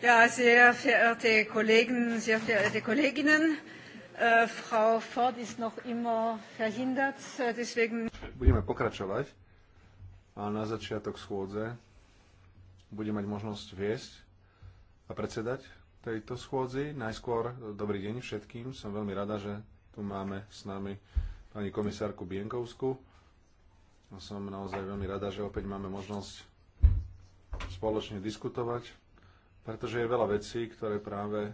Ja, sehr verehrte Kollegen, sehr verehrte Kolleginnen, äh, Frau Ford ist noch immer verhindert, äh, deswegen... Budeme pokračovať a na začiatok schôdze bude mať možnosť viesť a predsedať tejto schôdzi. Najskôr e, dobrý deň všetkým. Som veľmi rada, že tu máme s nami pani komisárku Bienkovsku. Som naozaj veľmi rada, že opäť máme možnosť spoločne diskutovať pretože je veľa vecí, ktoré práve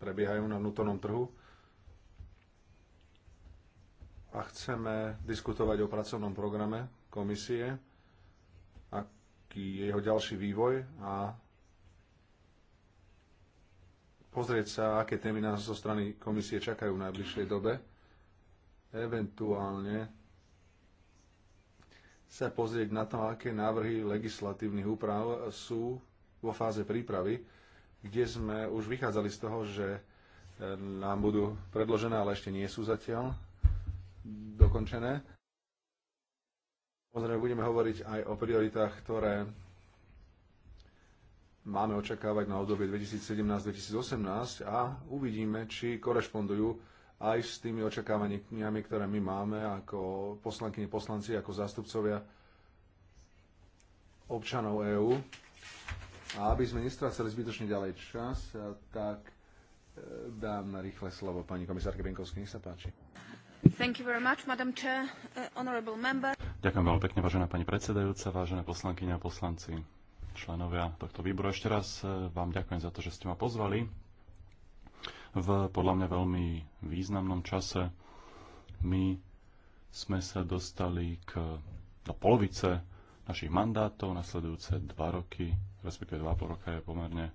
prebiehajú na vnútornom trhu a chceme diskutovať o pracovnom programe komisie, aký je jeho ďalší vývoj a pozrieť sa, aké témy nás zo strany komisie čakajú v najbližšej dobe. Eventuálne sa pozrieť na to, aké návrhy legislatívnych úprav sú vo fáze prípravy, kde sme už vychádzali z toho, že e, nám budú predložené, ale ešte nie sú zatiaľ dokončené. Samozrejme, budeme hovoriť aj o prioritách, ktoré máme očakávať na obdobie 2017-2018 a uvidíme, či korešpondujú aj s tými očakávaniami, ktoré my máme ako poslanky poslanci, ako zástupcovia občanov EÚ. A aby sme nestrácali zbytočne ďalej čas, eh, tak eh, dám rýchle slovo pani komisárke Benkovskej. Nech sa páči. Thank you very much, Madam Chair, eh, honorable member. Ďakujem veľmi pekne, vážená pani predsedajúca, vážené poslankyne a poslanci, členovia tohto výboru. Ešte raz vám ďakujem za to, že ste ma pozvali v podľa mňa veľmi významnom čase. My sme sa dostali k, do polovice našich mandátov, nasledujúce dva roky respektíve 2,5 roka je pomerne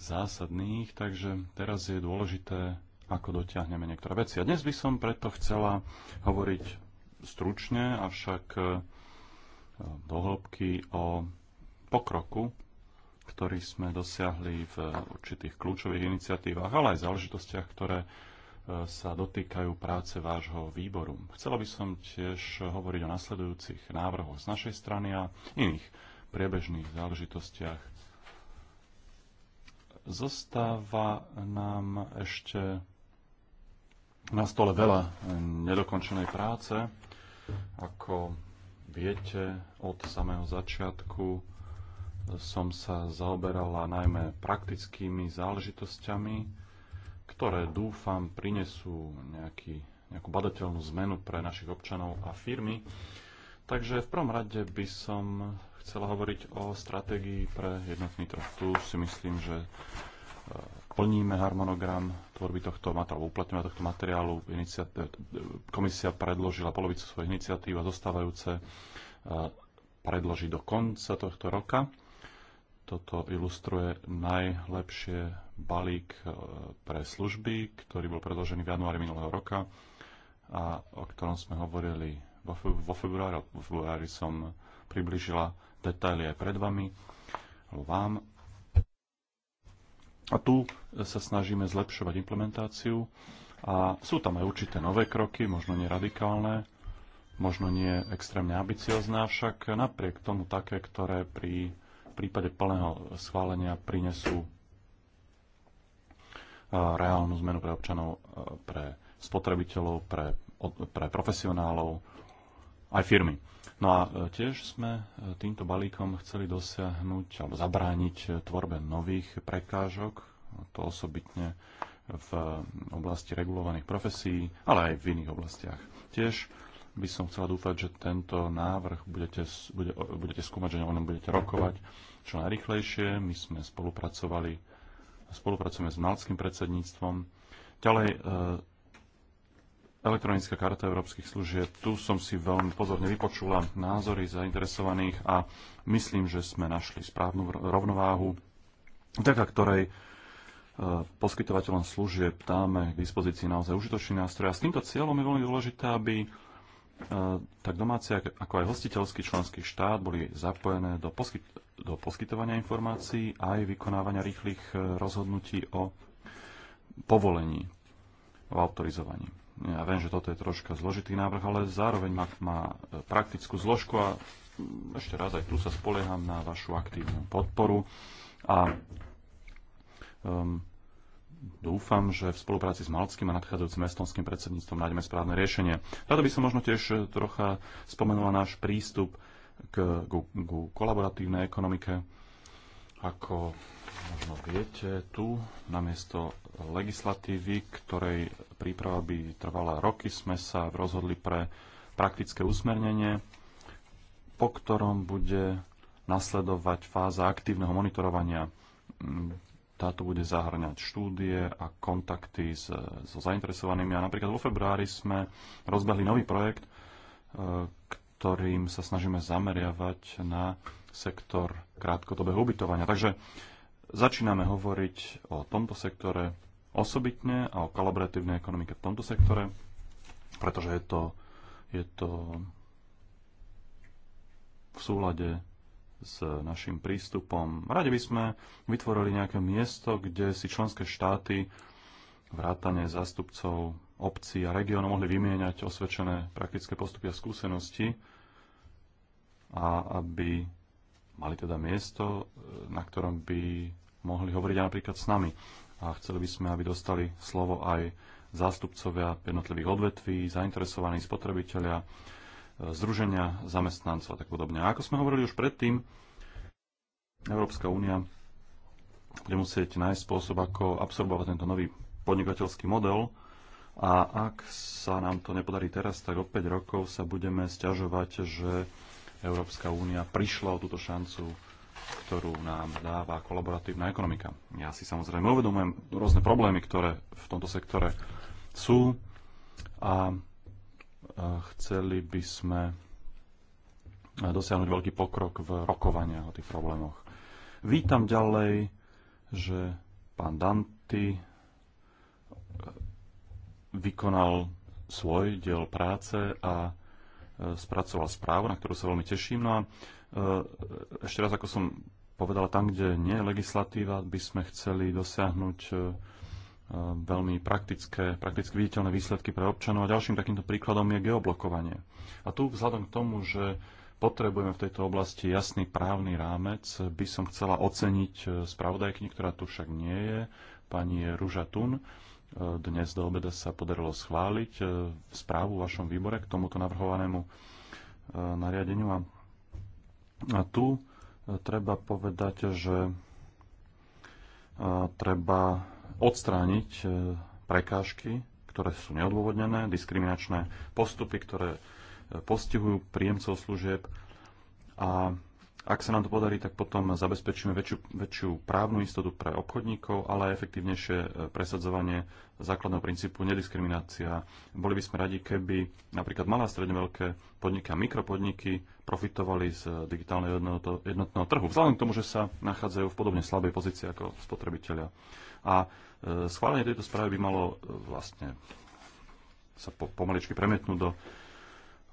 zásadných, takže teraz je dôležité, ako dotiahneme niektoré veci. A dnes by som preto chcela hovoriť stručne, avšak e, do hĺbky o pokroku, ktorý sme dosiahli v určitých kľúčových iniciatívach, ale aj záležitostiach, ktoré e, sa dotýkajú práce vášho výboru. Chcela by som tiež hovoriť o nasledujúcich návrhoch z našej strany a iných priebežných záležitostiach. Zostáva nám ešte na stole veľa nedokončenej práce. Ako viete, od samého začiatku som sa zaoberala najmä praktickými záležitosťami, ktoré dúfam prinesú nejaký, nejakú badateľnú zmenu pre našich občanov a firmy. Takže v prvom rade by som chcela hovoriť o stratégii pre jednotný trh. Tu si myslím, že e, plníme harmonogram tvorby tohto materiálu, uplatňovania tohto materiálu. E, komisia predložila polovicu svojich iniciatív a zostávajúce e, predloží do konca tohto roka. Toto ilustruje najlepšie balík pre služby, ktorý bol predložený v januári minulého roka a o ktorom sme hovorili vo februári. Vo februári som približila detaily aj pred vami, alebo vám. A tu sa snažíme zlepšovať implementáciu a sú tam aj určité nové kroky, možno neradikálne, možno nie extrémne ambiciozne, avšak napriek tomu také, ktoré pri prípade plného schválenia prinesú e, reálnu zmenu pre občanov, e, pre spotrebiteľov, pre, pre profesionálov, aj firmy. No a e, tiež sme e, týmto balíkom chceli dosiahnuť alebo zabrániť e, tvorbe nových prekážok, to osobitne v oblasti regulovaných profesí, ale aj v iných oblastiach. Tiež by som chcela dúfať, že tento návrh budete, bude, budete skúmať, že o ňom budete rokovať čo najrychlejšie. My sme spolupracovali, spolupracujeme s malckým predsedníctvom. Ďalej elektronická karta európskych služieb. Tu som si veľmi pozorne vypočula názory zainteresovaných a myslím, že sme našli správnu rovnováhu, taká ktorej e, poskytovateľom služieb dáme k dispozícii naozaj užitočný nástroj. A s týmto cieľom je veľmi dôležité, aby e, tak domáci ako aj hostiteľský členský štát boli zapojené do, poskyt- do poskytovania informácií a aj vykonávania rýchlych e, rozhodnutí o povolení, o autorizovaní. Ja viem, že toto je troška zložitý návrh, ale zároveň má, má praktickú zložku a ešte raz aj tu sa spolieham na vašu aktívnu podporu a um, dúfam, že v spolupráci s Malckým a nadchádzajúcim estonským predsedníctvom nájdeme správne riešenie. Rada by som možno tiež e, trocha spomenula náš prístup k, k, k kolaboratívnej ekonomike ako možno viete, tu namiesto legislatívy, ktorej príprava by trvala roky, sme sa rozhodli pre praktické usmernenie, po ktorom bude nasledovať fáza aktívneho monitorovania. Táto bude zahrňať štúdie a kontakty s, so zainteresovanými. A napríklad vo februári sme rozbehli nový projekt, e, ktorým sa snažíme zameriavať na sektor krátkodobého ubytovania. Takže začíname hovoriť o tomto sektore osobitne a o kolaboratívnej ekonomike v tomto sektore, pretože je to, je to v súlade s našim prístupom. Radi by sme vytvorili nejaké miesto, kde si členské štáty vrátane zástupcov obcí a regiónov mohli vymieňať osvedčené praktické postupy a skúsenosti a aby mali teda miesto, na ktorom by mohli hovoriť aj napríklad s nami. A chceli by sme, aby dostali slovo aj zástupcovia jednotlivých odvetví, zainteresovaní spotrebitelia, e, združenia zamestnancov a tak podobne. A ako sme hovorili už predtým, Európska únia bude musieť nájsť spôsob, ako absorbovať tento nový podnikateľský model a ak sa nám to nepodarí teraz, tak o 5 rokov sa budeme stiažovať, že Európska únia prišla o túto šancu ktorú nám dáva kolaboratívna ekonomika. Ja si samozrejme uvedomujem rôzne problémy, ktoré v tomto sektore sú a chceli by sme dosiahnuť veľký pokrok v rokovaniach o tých problémoch. Vítam ďalej, že pán Danty vykonal svoj diel práce a e, spracoval správu, na ktorú sa veľmi teším. No a E, ešte raz, ako som povedal, tam, kde nie je legislatíva, by sme chceli dosiahnuť e, veľmi praktické, prakticky viditeľné výsledky pre občanov. A ďalším takýmto príkladom je geoblokovanie. A tu vzhľadom k tomu, že potrebujeme v tejto oblasti jasný právny rámec, by som chcela oceniť e, spravodajkyni, ktorá tu však nie je, pani Ruža Tun. Dnes do obeda sa podarilo schváliť správu v vašom výbore k tomuto navrhovanému nariadeniu a a tu e, treba povedať, že e, treba odstrániť e, prekážky, ktoré sú neodôvodnené, diskriminačné postupy, ktoré postihujú príjemcov služieb a ak sa nám to podarí, tak potom zabezpečíme väčšiu, väčšiu právnu istotu pre obchodníkov, ale efektívnejšie e, presadzovanie základného princípu nediskriminácia. Boli by sme radi, keby napríklad malé a stredne veľké podniky a mikropodniky profitovali z digitálneho jednotného, jednotného trhu, vzhľadom k tomu, že sa nachádzajú v podobne slabej pozícii ako spotrebitelia. A e, schválenie tejto správy by malo e, vlastne sa po, pomaličky premietnúť do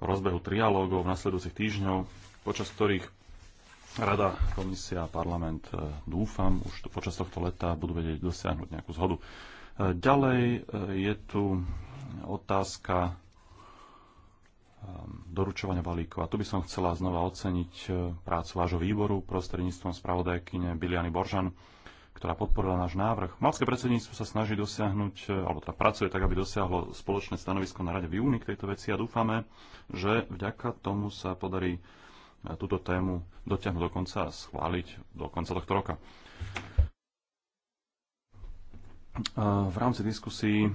rozbehu trialógov v nasledujúcich týždňov, počas ktorých Rada, komisia a parlament e, dúfam už to, počas tohto leta budú vedieť dosiahnuť nejakú zhodu. E, ďalej e, je tu otázka doručovania balíkov. A tu by som chcela znova oceniť prácu vášho výboru prostredníctvom spravodajkyne Biliany Boržan, ktorá podporila náš návrh. Malské predsedníctvo sa snaží dosiahnuť, alebo teda pracuje tak, aby dosiahlo spoločné stanovisko na rade v júni k tejto veci a dúfame, že vďaka tomu sa podarí túto tému dotiahnuť do konca a schváliť do konca tohto roka. V rámci diskusí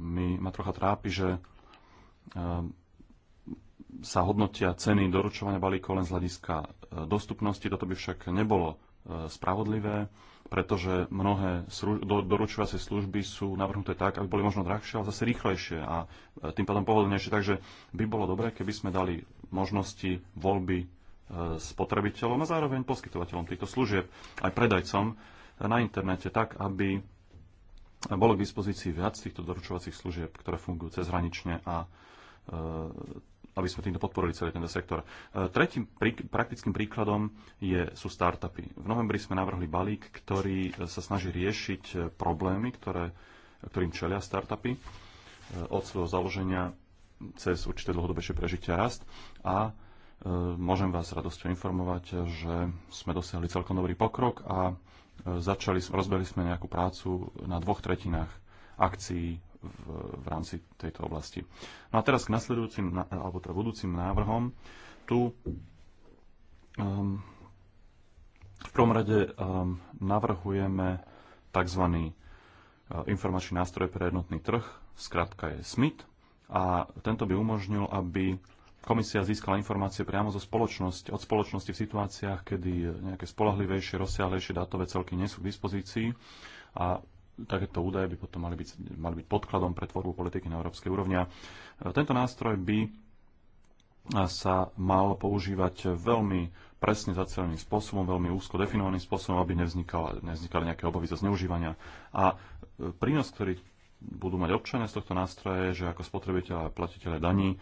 mi ma trocha trápi, že sa hodnotia ceny doručovania balíkov len z hľadiska e, dostupnosti. Toto by však nebolo e, spravodlivé, pretože mnohé doručovacie služby sú navrhnuté tak, aby boli možno drahšie, ale zase rýchlejšie a e, tým pádom pohodlnejšie. Takže by bolo dobré, keby sme dali možnosti voľby e, spotrebiteľom a zároveň poskytovateľom týchto služieb, aj predajcom na internete, tak, aby bolo k dispozícii viac týchto doručovacích služieb, ktoré fungujú cezhranične a e, aby sme týmto podporili celý tento sektor. E, tretím prí, praktickým príkladom je, sú startupy. V novembri sme navrhli balík, ktorý sa snaží riešiť problémy, ktoré, ktorým čelia startupy od svojho založenia cez určité dlhodobejšie prežitia rast a e, môžem vás radosťou informovať, že sme dosiahli celkom dobrý pokrok a e, začali, rozbehli sme nejakú prácu na dvoch tretinách akcií v, v rámci tejto oblasti. No a teraz k nasledujúcim, alebo teda budúcim návrhom. Tu um, v prvom rade um, navrhujeme tzv. E, informačný nástroj pre jednotný trh, zkrátka je SMIT, a tento by umožnil, aby komisia získala informácie priamo zo spoločnosti, od spoločnosti v situáciách, kedy nejaké spolahlivejšie, rozsiahlejšie dátové celky nie sú k dispozícii a takéto údaje by potom mali byť, mali byť podkladom pre tvorbu politiky na európskej úrovni. E, tento nástroj by e, sa mal používať veľmi presne zaceleným spôsobom, veľmi úzko definovaným spôsobom, aby nevznikali, nevznikali nejaké obavy zo zneužívania. A e, prínos, ktorý budú mať občania z tohto nástroje, že ako spotrebiteľ a platiteľe daní,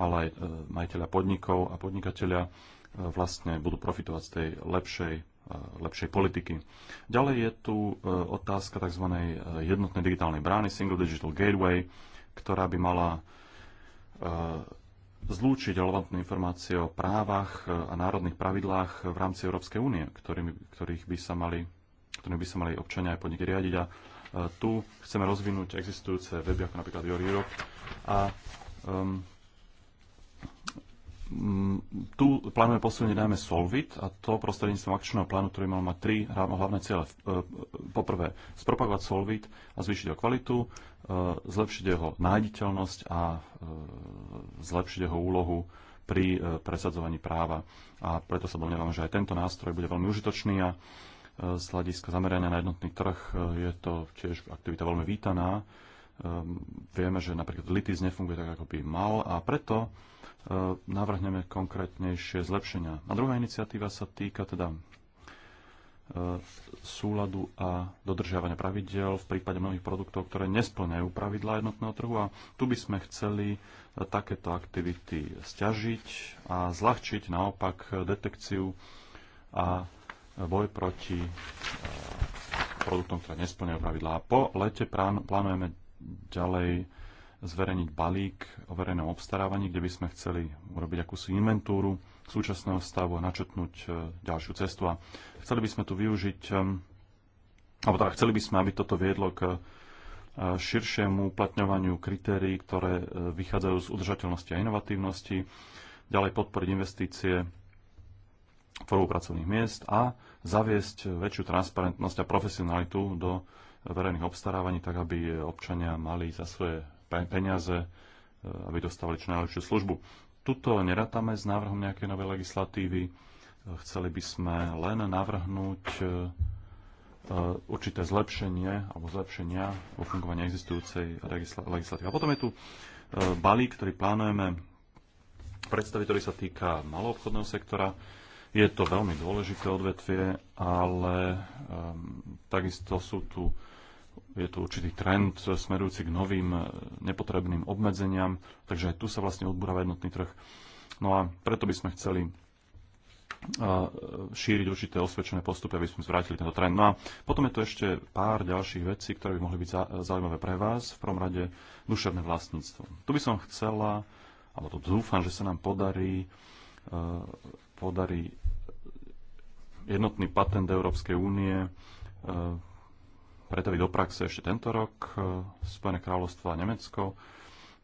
ale aj e, majiteľa podnikov a podnikateľia e, vlastne budú profitovať z tej lepšej, e, lepšej politiky. Ďalej je tu otázka tzv. jednotnej digitálnej brány, Single Digital Gateway, ktorá by mala zlúčiť relevantné informácie o právach a národných pravidlách v rámci Európskej únie, ktorými, ktorých by sa mali, ktorými by sa mali občania aj podniky riadiť a tu chceme rozvinúť existujúce weby, ako napríklad Your Europe. A um, mm, tu plánujeme posunieť najmä Solvit a to prostredníctvom akčného plánu, ktorý mal mať tri hlavné ciele. E, poprvé, spropagovať Solvit a zvýšiť jeho kvalitu, e, zlepšiť jeho nájditeľnosť a e, zlepšiť jeho úlohu pri presadzovaní práva. A preto sa domnievam, že aj tento nástroj bude veľmi užitočný a z hľadiska zamerania na jednotný trh e, je to tiež aktivita veľmi vítaná. E, vieme, že napríklad litis nefunguje tak, ako by mal a preto e, navrhneme konkrétnejšie zlepšenia. A druhá iniciatíva sa týka teda súladu a dodržiavania pravidel v prípade mnohých produktov, ktoré nesplňajú pravidlá jednotného trhu a tu by sme chceli takéto aktivity stiažiť a zľahčiť naopak detekciu a boj proti e, produktom, ktoré nesplňajú pravidlá. Po lete plánujeme ďalej zverejniť balík o verejnom obstarávaní, kde by sme chceli urobiť akúsi inventúru súčasného stavu a načetnúť e, ďalšiu cestu. A chceli by sme tu využiť, e, alebo teda chceli by sme, aby toto viedlo k širšiemu uplatňovaniu kritérií, ktoré vychádzajú z udržateľnosti a inovatívnosti, ďalej podporiť investície tvorbu pracovných miest a zaviesť väčšiu transparentnosť a profesionalitu do verejných obstarávaní, tak aby občania mali za svoje peniaze, eh, aby dostávali čo najlepšiu službu. Tuto neratáme s návrhom nejakej novej legislatívy. Chceli by sme len navrhnúť eh, určité zlepšenie alebo zlepšenia vo fungovaní existujúcej legislatívy. A potom je tu eh, balík, ktorý plánujeme predstaviť, ktorý sa týka maloobchodného sektora je to veľmi dôležité odvetvie, ale um, takisto sú tu, je tu určitý trend smerujúci k novým e, nepotrebným obmedzeniam, takže aj tu sa vlastne odburáva jednotný trh. No a preto by sme chceli uh, šíriť určité osvedčené postupy, aby sme zvrátili tento trend. No a potom je tu ešte pár ďalších vecí, ktoré by mohli byť e, zaujímavé pre vás, v prvom rade duševné vlastníctvo. Tu by som chcela, alebo to dúfam, že sa nám podarí, uh, podarí jednotný patent Európskej únie e, pretaviť do praxe ešte tento rok. E, Spojené kráľovstvo a Nemecko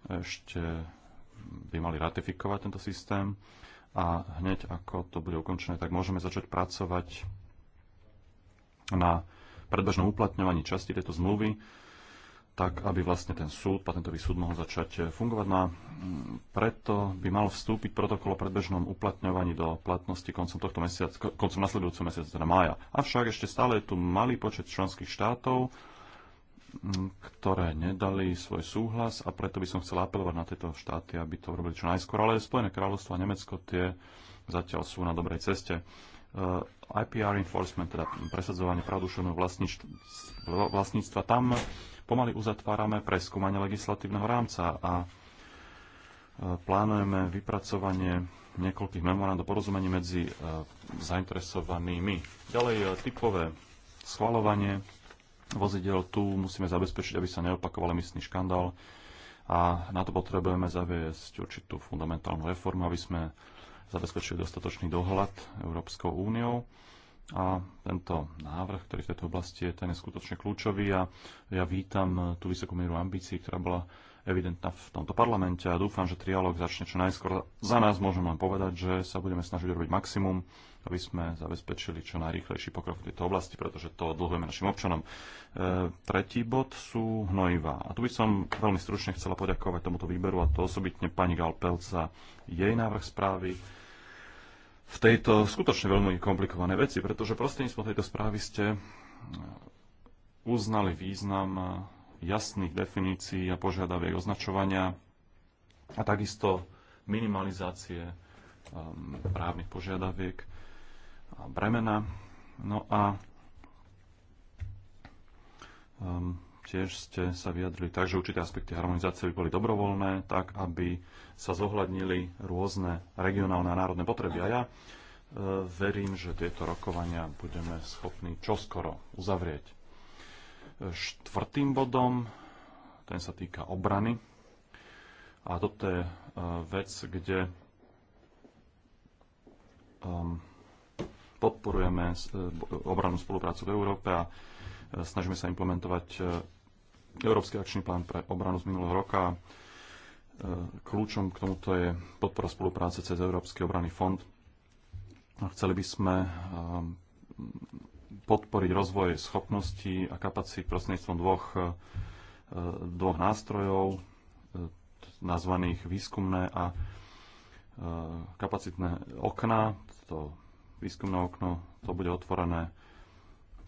ešte by mali ratifikovať tento systém a hneď ako to bude ukončené, tak môžeme začať pracovať na predbežnom uplatňovaní časti tejto zmluvy tak aby vlastne ten súd, patentový súd mohol začať eh, fungovať. No a mm, preto by mal vstúpiť protokol o predbežnom uplatňovaní do platnosti koncom tohto mesiaca, koncom nasledujúceho mesiaca, teda mája. Avšak ešte stále je tu malý počet členských štátov, mm, ktoré nedali svoj súhlas a preto by som chcel apelovať na tieto štáty, aby to robili čo najskôr. Ale Spojené kráľovstvo a Nemecko tie zatiaľ sú na dobrej ceste. Eh, IPR enforcement, teda presadzovanie pravdušovného vlastníctva, tam pomaly uzatvárame preskúmanie legislatívneho rámca a e, plánujeme vypracovanie niekoľkých memorandov porozumení medzi e, zainteresovanými. Ďalej e, typové schvalovanie vozidel. Tu musíme zabezpečiť, aby sa neopakoval emisný škandál a na to potrebujeme zaviesť určitú fundamentálnu reformu, aby sme zabezpečili dostatočný dohľad Európskou úniou. A tento návrh, ktorý v tejto oblasti je, ten je skutočne kľúčový a ja vítam tú vysokú mieru ambícií, ktorá bola evidentná v tomto parlamente a dúfam, že trialóg začne čo najskôr. Za nás môžem len povedať, že sa budeme snažiť robiť maximum, aby sme zabezpečili čo najrýchlejší pokrok v tejto oblasti, pretože to dlhujeme našim občanom. E, tretí bod sú hnojivá. A tu by som veľmi stručne chcela poďakovať tomuto výberu a to osobitne pani Galpelca jej návrh správy tejto skutočne veľmi komplikované veci, pretože prostredníctvom tejto správy ste eh, uznali význam eh, jasných definícií a požiadaviek označovania a takisto minimalizácie eh, právnych požiadaviek a bremena. No a um, tiež ste sa vyjadrili tak, že určité aspekty harmonizácie by boli dobrovoľné, tak aby sa zohľadnili rôzne regionálne a národné potreby. A ja e, verím, že tieto rokovania budeme schopní čoskoro uzavrieť. E, štvrtým bodom, ten sa týka obrany. A toto je e, vec, kde podporujeme obranú spoluprácu v Európe a Snažíme sa implementovať e, Európsky akčný plán pre obranu z minulého roka. E, kľúčom k tomuto je podpora spolupráce cez Európsky obranný fond. Chceli by sme e, podporiť rozvoj schopností a kapacít prostredníctvom dvoch, dvoch nástrojov, nazvaných výskumné a kapacitné okná. To výskumné okno to bude otvorené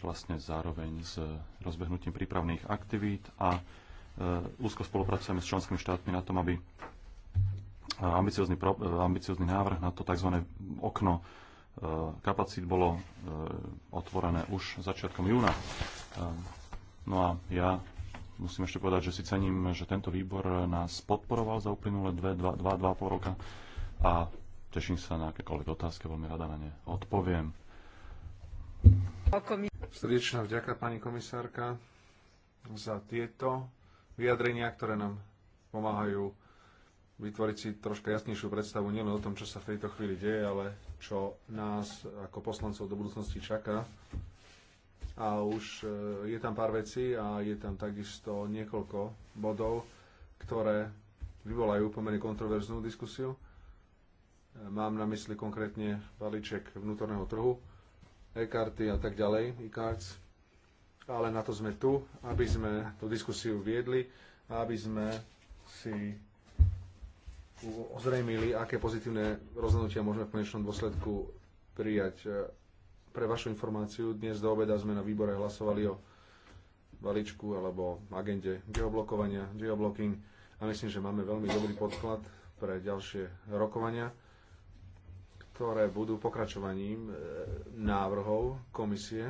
vlastne zároveň s rozbehnutím prípravných aktivít a e, úzko spolupracujeme s členskými štátmi na tom, aby e, ambiciózny, e, ambiciózny návrh na to tzv. okno kapacít bolo otvorené už začiatkom júna. No a ja musím ešte povedať, že si cením, že tento výbor nás podporoval za uplynulé 2-2,5 roka a teším sa na akékoľvek otázky, veľmi rada na ne odpoviem. Srdečná vďaka, pani komisárka, za tieto vyjadrenia, ktoré nám pomáhajú vytvoriť si troška jasnejšiu predstavu nielen o tom, čo sa v tejto chvíli deje, ale čo nás ako poslancov do budúcnosti čaká. A už e, je tam pár vecí a je tam takisto niekoľko bodov, ktoré vyvolajú pomerne kontroverznú diskusiu. E, mám na mysli konkrétne balíček vnútorného trhu, e-karty a tak ďalej, e-cards. Ale na to sme tu, aby sme tú diskusiu viedli a aby sme si ozrejmili, aké pozitívne rozhodnutia môžeme v konečnom dôsledku prijať. E, pre vašu informáciu, dnes do obeda sme na výbore hlasovali o balíčku alebo agende geoblokovania, geoblocking a myslím, že máme veľmi dobrý podklad pre ďalšie rokovania ktoré budú pokračovaním e, návrhov komisie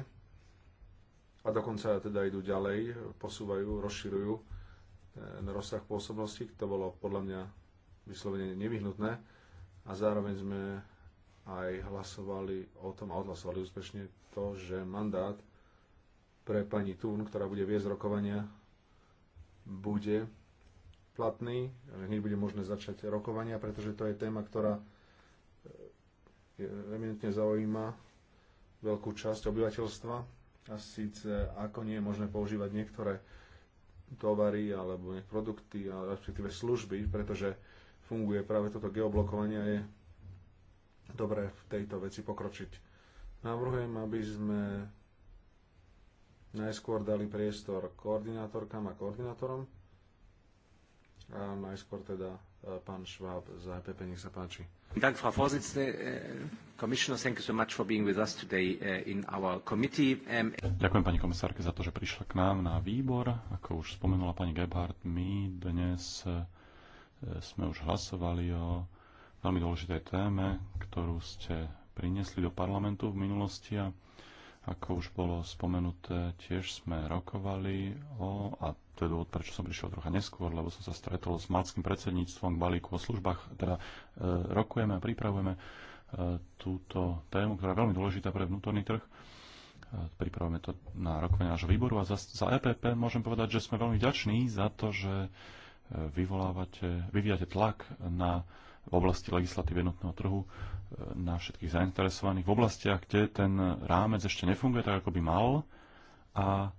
a dokonca teda idú ďalej, posúvajú, rozširujú ten rozsah pôsobnosti. To bolo podľa mňa vyslovene nevyhnutné a zároveň sme aj hlasovali o tom a odhlasovali úspešne to, že mandát pre pani Tún, ktorá bude viesť rokovania, bude platný, e, hneď bude možné začať rokovania, pretože to je téma, ktorá eminentne zaujíma veľkú časť obyvateľstva a síce ako nie je možné používať niektoré tovary alebo produkty a respektíve služby, pretože funguje práve toto geoblokovanie a je dobré v tejto veci pokročiť. Navrhujem, aby sme najskôr dali priestor koordinátorkám a koordinátorom a najskôr teda Eh, pán Schwab z EPP, nech sa páči. Dank, Frau Vorsitzende. Eh, Commissioner, thank you so much for being with us today eh, in our committee. Um, Ďakujem pani komisárke za to, že prišla k nám na výbor. Ako už spomenula pani Gebhardt, my dnes sme už hlasovali o veľmi dôležitej téme, ktorú ste priniesli do parlamentu v minulosti a ako už bolo spomenuté, tiež sme rokovali o, a to je dôvod, prečo som prišiel trocha neskôr, lebo som sa stretol s malským predsedníctvom k balíku o službách, teda e, rokujeme a pripravujeme e, túto tému, ktorá je veľmi dôležitá pre vnútorný trh. E, pripravujeme to na rokovanie nášho výboru a za, za EPP môžem povedať, že sme veľmi vďační za to, že e, vyvolávate, vyvíjate tlak na v oblasti legislatívy jednotného trhu e, na všetkých zainteresovaných, v oblastiach, kde ten rámec ešte nefunguje tak, ako by mal a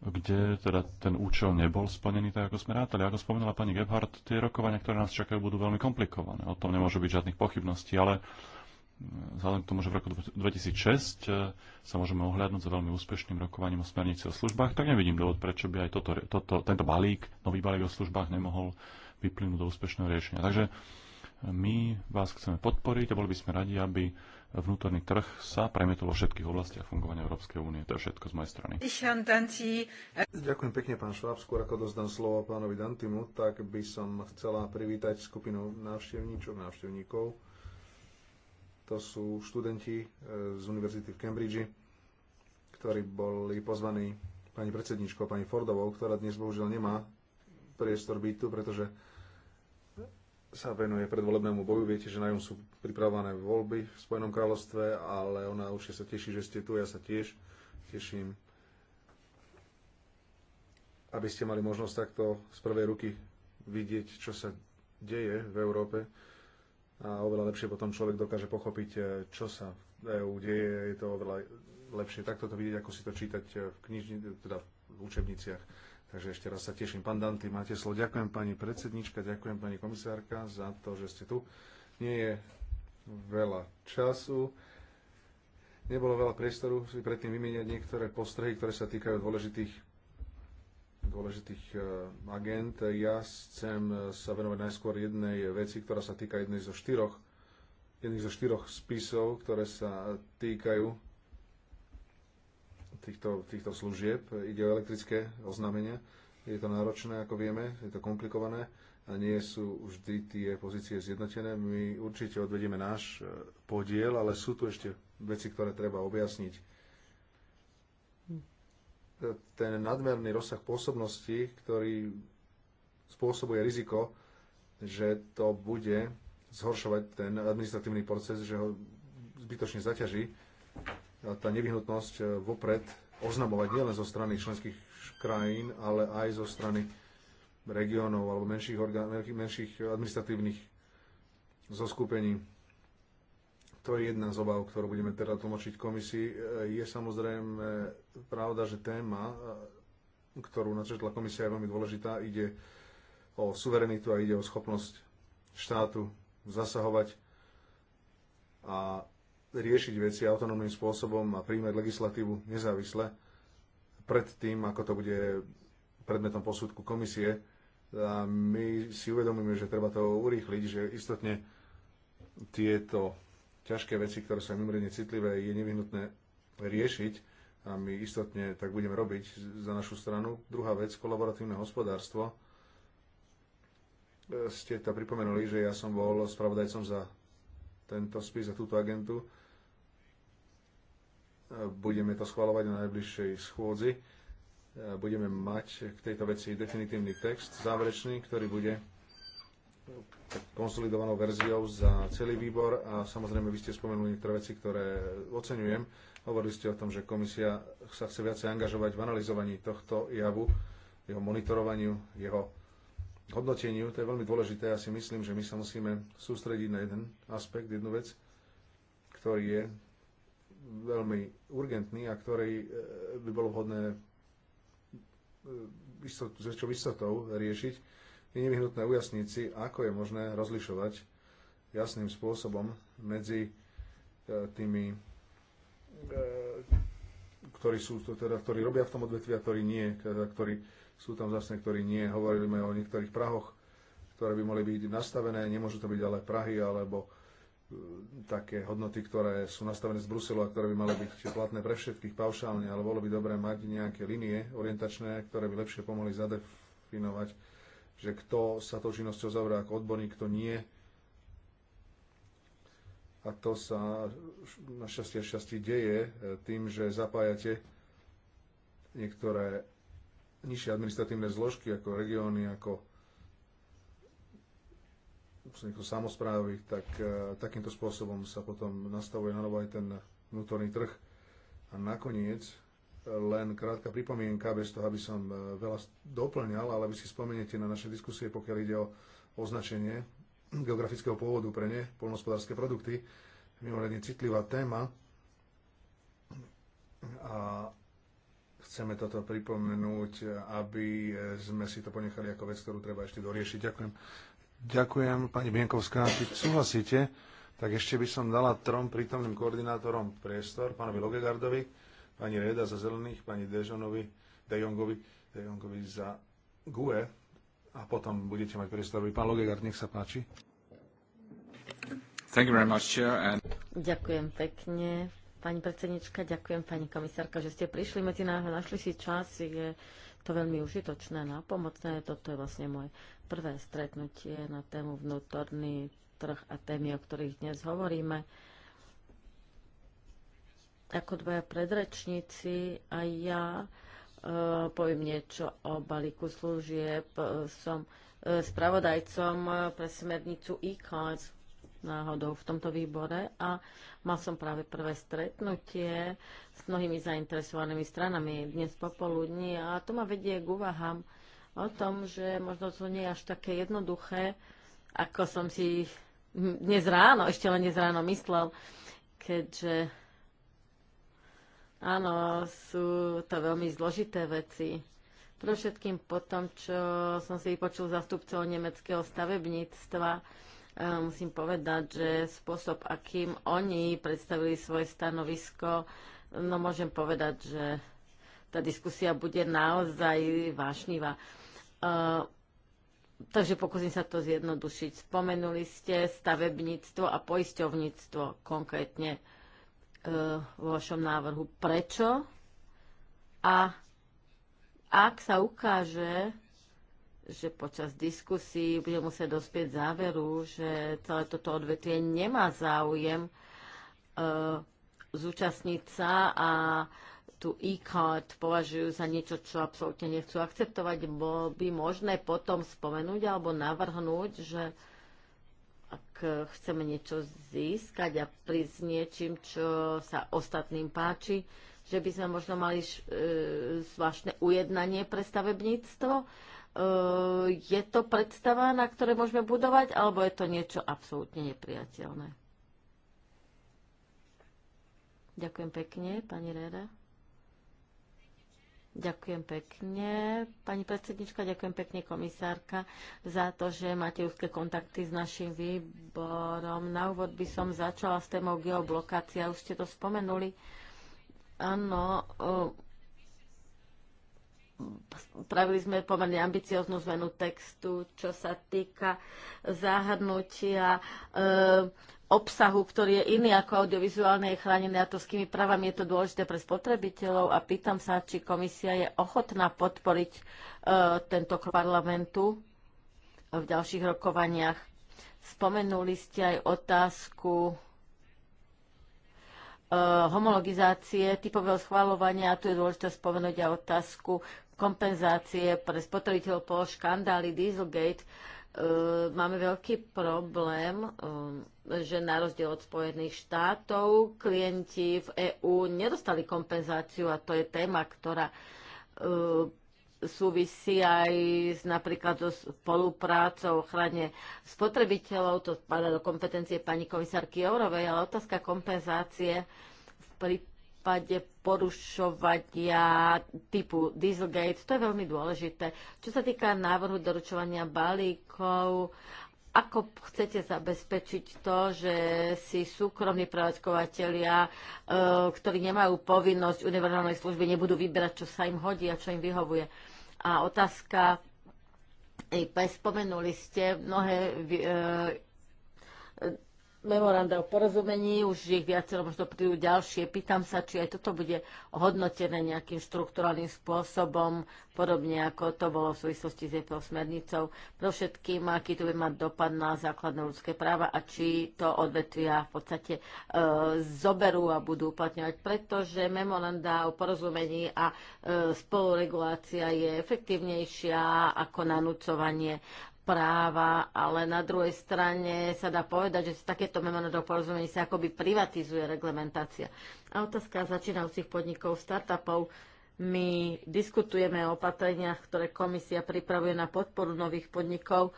kde teda ten účel nebol splnený tak, ako sme rátali. Ako spomínala pani Gebhardt, tie rokovania, ktoré nás čakajú, budú veľmi komplikované. O tom nemôže byť žiadnych pochybností, ale e, vzhľadom k tomu, že v roku 2006 e, sa môžeme ohľadnúť za veľmi úspešným rokovaním o smernici o službách, tak nevidím dôvod, prečo by aj toto, toto, tento balík, nový balík o službách nemohol vyplynúť do úspešného riešenia. Takže my vás chceme podporiť a boli by sme radi, aby vnútorný trh sa premietol vo všetkých oblastiach fungovania Európskej únie. To je všetko z mojej strany. Ďakujem pekne, pán Šváb. Skôr ako dozdám slovo pánovi Dantimu, tak by som chcela privítať skupinu návštevníčov, návštevníkov. To sú študenti eh, z Univerzity v Cambridge, ktorí boli pozvaní pani predsedničkou, pani Fordovou, ktorá dnes bohužiaľ nemá priestor byť tu, pretože sa venuje predvolebnému boju. Viete, že na ňom sú pripravené voľby v Spojenom kráľovstve, ale ona určite sa teší, že ste tu. Ja sa tiež teším, aby ste mali možnosť takto z prvej ruky vidieť, čo sa deje v Európe. A oveľa lepšie potom človek dokáže pochopiť, eh, čo sa v EU deje. Je to oveľa lepšie takto to vidieť, ako si to čítať eh, v knižni, teda v učebniciach. Takže ešte raz sa teším. Pán Danty, máte slovo. Ďakujem pani predsednička, ďakujem pani komisárka za to, že ste tu. Nie je veľa času. Nebolo veľa priestoru si predtým vymieňať niektoré postrehy, ktoré sa týkajú dôležitých, dôležitých e, agent. Ja chcem e, sa venovať najskôr jednej veci, ktorá sa týka jednej zo štyroch, jedných zo štyroch spisov, ktoré sa týkajú týchto, týchto služieb. Ide o elektrické oznámenia. Je to náročné, ako vieme, je to komplikované a nie sú vždy tie pozície zjednotené. My určite odvedieme náš e, podiel, ale sú tu ešte veci, ktoré treba objasniť. Ten nadmerný rozsah pôsobnosti, ktorý spôsobuje riziko, že to bude zhoršovať ten administratívny proces, že ho zbytočne zaťaží tá nevyhnutnosť e, vopred oznamovať nielen zo strany členských krajín, ale aj zo strany regiónov alebo menších, orgán, menších administratívnych zoskupení. To je jedna z obav, ktorú budeme teda tlmočiť komisii. E, je samozrejme pravda, že téma, e, ktorú načetla komisia, je veľmi dôležitá. Ide o suverenitu a ide o schopnosť štátu zasahovať a riešiť veci autonómnym spôsobom a príjmať legislatívu nezávisle pred tým, ako to bude predmetom posudku komisie. A my si uvedomíme, že treba to urýchliť, že istotne tieto ťažké veci, ktoré sú mimoriadne citlivé, je nevyhnutné riešiť a my istotne tak budeme robiť za našu stranu. Druhá vec, kolaboratívne hospodárstvo. E, ste to pripomenuli, že ja som bol spravodajcom za tento spis a túto agentu. E, budeme to schvalovať na najbližšej schôdzi. E, budeme mať k tejto veci definitívny text, záverečný, ktorý bude konsolidovanou verziou za celý výbor a samozrejme vy ste spomenuli niektoré veci, ktoré oceňujem. Hovorili ste o tom, že komisia sa chce viacej angažovať v analyzovaní tohto javu, jeho monitorovaniu, jeho hodnoteniu, to je veľmi dôležité. Ja si myslím, že my sa musíme sústrediť na jeden aspekt, jednu vec, ktorý je veľmi urgentný a ktorý e, by bolo vhodné e, s väčšou istotou riešiť. Je nevyhnutné ujasniť si, ako je možné rozlišovať jasným spôsobom medzi e, tými, ktorí, sú, teda, ktorí robia v tom odvetvi a ktorí nie, teda, ktorí sú tam zase ktorí nie. Hovorili sme o niektorých prahoch, ktoré by mohli byť nastavené. Nemôžu to byť ale prahy alebo e, také hodnoty, ktoré sú nastavené z Bruselu a ktoré by mali byť platné pre všetkých paušálne, ale bolo by dobré mať nejaké linie orientačné, ktoré by lepšie pomohli zadefinovať, že kto sa tou činnosťou zaoberá ako odborník, kto nie. A to sa na šťastie šťastie deje e, tým, že zapájate niektoré nižšie administratívne zložky ako regióny, ako ako samozprávy, tak e, takýmto spôsobom sa potom nastavuje na aj ten vnútorný trh. A nakoniec len krátka pripomienka, bez toho, aby som e, veľa doplňal, ale vy si spomeniete na naše diskusie, pokiaľ ide o označenie geografického pôvodu pre ne, polnospodárske produkty, mimoriadne citlivá téma. A chceme toto pripomenúť, aby sme si to ponechali ako vec, ktorú treba ešte doriešiť. Ďakujem. Ďakujem, pani Bienkovská. Keď súhlasíte, tak ešte by som dala trom prítomným koordinátorom priestor, pánovi Logegardovi, pani Reda za Zelených, pani Dežonovi, Dejongovi, Dejongovi za GUE a potom budete mať priestor. Pán Logegard, nech sa páči. Much, and... Ďakujem pekne Pani predsednička, ďakujem pani komisárka, že ste prišli medzi nás a našli si čas. Je to veľmi užitočné a pomocné. Toto je vlastne moje prvé stretnutie na tému vnútorný trh a témy, o ktorých dnes hovoríme. Ako dvaja predrečníci a ja e, poviem niečo o balíku služieb. E, som e, spravodajcom e, pre smernicu e-cards náhodou v tomto výbore a mal som práve prvé stretnutie s mnohými zainteresovanými stranami dnes popoludní a to ma vedie k úvahám o tom, že možno to nie je až také jednoduché, ako som si dnes ráno, ešte len dnes ráno myslel, keďže áno, sú to veľmi zložité veci. Pro všetkým po tom, čo som si vypočul zastupcov nemeckého stavebníctva, musím povedať, že spôsob, akým oni predstavili svoje stanovisko, no môžem povedať, že tá diskusia bude naozaj vášnivá. takže pokúsim sa to zjednodušiť. Spomenuli ste stavebníctvo a poisťovníctvo konkrétne e, vo vašom návrhu. Prečo? A ak sa ukáže, že počas diskusí bude musieť dospieť záveru, že celé toto odvetvie nemá záujem e, zúčastniť sa a tú e-card považujú za niečo, čo absolútne nechcú akceptovať, bolo by možné potom spomenúť alebo navrhnúť, že ak chceme niečo získať a prísť niečím, čo sa ostatným páči, že by sme možno mali e, zvláštne ujednanie pre stavebníctvo, Eh, je to predstava, na ktoré môžeme budovať, alebo je to niečo absolútne nepriateľné? Ďakujem pekne, pani Rera. Ďakujem pekne, pani predsednička, ďakujem pekne, komisárka, za to, že máte úzke kontakty s našim výborom. Na úvod by som začala s témou geoblokácia, už ste to spomenuli. Áno, eh, Spravili sme pomerne ambicioznú zmenu textu, čo sa týka zahrnutia e, obsahu, ktorý je iný ako audiovizuálne, je s kými právami. Je to dôležité pre spotrebiteľov a pýtam sa, či komisia je ochotná podporiť e, tento parlamentu v ďalších rokovaniach. Spomenuli ste aj otázku eh, homologizácie typového a tu je dôležité spomenúť aj otázku kompenzácie pre spotrebiteľov po škandáli Dieselgate e, máme veľký problém, e, že na rozdiel od Spojených štátov klienti v EÚ nedostali kompenzáciu a to je téma, ktorá e, súvisí aj s, napríklad so spoluprácou ochrane spotrebiteľov, to spadá do kompetencie pani komisárky Eurovej, ale otázka kompenzácie v prípade prípade porušovania typu Dieselgate. To je veľmi dôležité. Čo sa týka návrhu doručovania balíkov, ako chcete zabezpečiť to, že si súkromní prevádzkovateľia, e, ktorí nemajú povinnosť univerzálnej služby, nebudú vyberať, čo sa im hodí a čo im vyhovuje. A otázka, e spomenuli ste mnohé e, memoranda o porozumení, už ich viacero, možno prídu ďalšie. Pýtam sa, či aj toto bude hodnotené nejakým štruktúralným spôsobom, podobne ako to bolo v súvislosti s EPO smernicou. Pro všetkým, aký to bude mať dopad na základné ľudské práva a či to odvetvia v podstate e, zoberú a budú uplatňovať, pretože memoranda o porozumení a e, spoluregulácia je efektívnejšia ako nanúcovanie e, práva, ale na druhej strane sa dá povedať, že takéto memorandum porozumenie sa akoby privatizuje reglementácia. A otázka začínajúcich podnikov, startupov. My diskutujeme o opatreniach, ktoré komisia pripravuje na podporu nových podnikov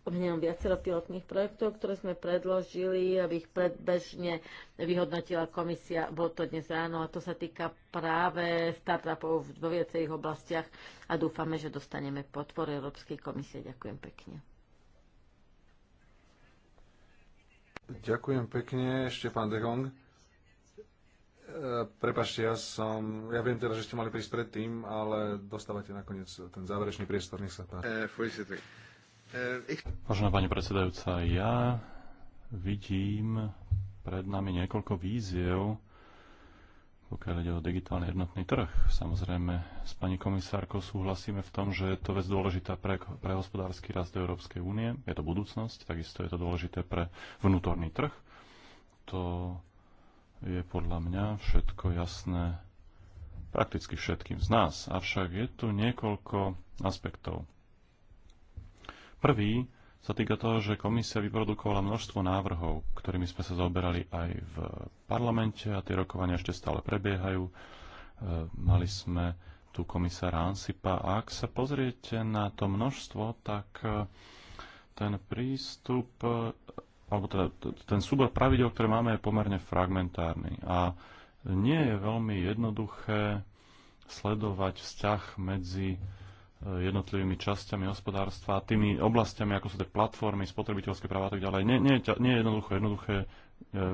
spomínam viacero pilotných projektov, ktoré sme predložili, aby ich predbežne vyhodnotila komisia. Bolo to dnes ráno a to sa týka práve startupov v viacerých oblastiach a dúfame, že dostaneme podporu Európskej komisie. Ďakujem pekne. Ďakujem pekne, pán de Gong. E, Prepašte, ja som, ja viem teda, že ste mali prísť predtým, ale dostávate nakoniec ten záverečný priestor, nech sa páči. E, Eh, Vážená pani predsedajúca, ja vidím pred nami niekoľko víziev, pokiaľ ide o digitálny jednotný trh. Samozrejme, s pani komisárkou súhlasíme v tom, že je to vec dôležitá pre, pre hospodársky rast Európskej únie, je to budúcnosť, takisto je to dôležité pre vnútorný trh. To je podľa mňa všetko jasné prakticky všetkým z nás. Avšak je tu niekoľko aspektov. Prvý sa týka toho, že komisia vyprodukovala množstvo návrhov, ktorými sme sa zaoberali aj v parlamente a tie rokovania ešte stále prebiehajú. E, mali sme tu komisára Ansipa a ak sa pozriete na to množstvo, tak e, ten prístup, e, alebo teda ten súbor pravidel, ktoré máme, je pomerne fragmentárny a nie je veľmi jednoduché sledovať vzťah medzi jednotlivými časťami hospodárstva, tými oblastiami, ako sú tie platformy, spotrebiteľské práva a tak ďalej. Nie, nie, nie je jednoducho, jednoduché e,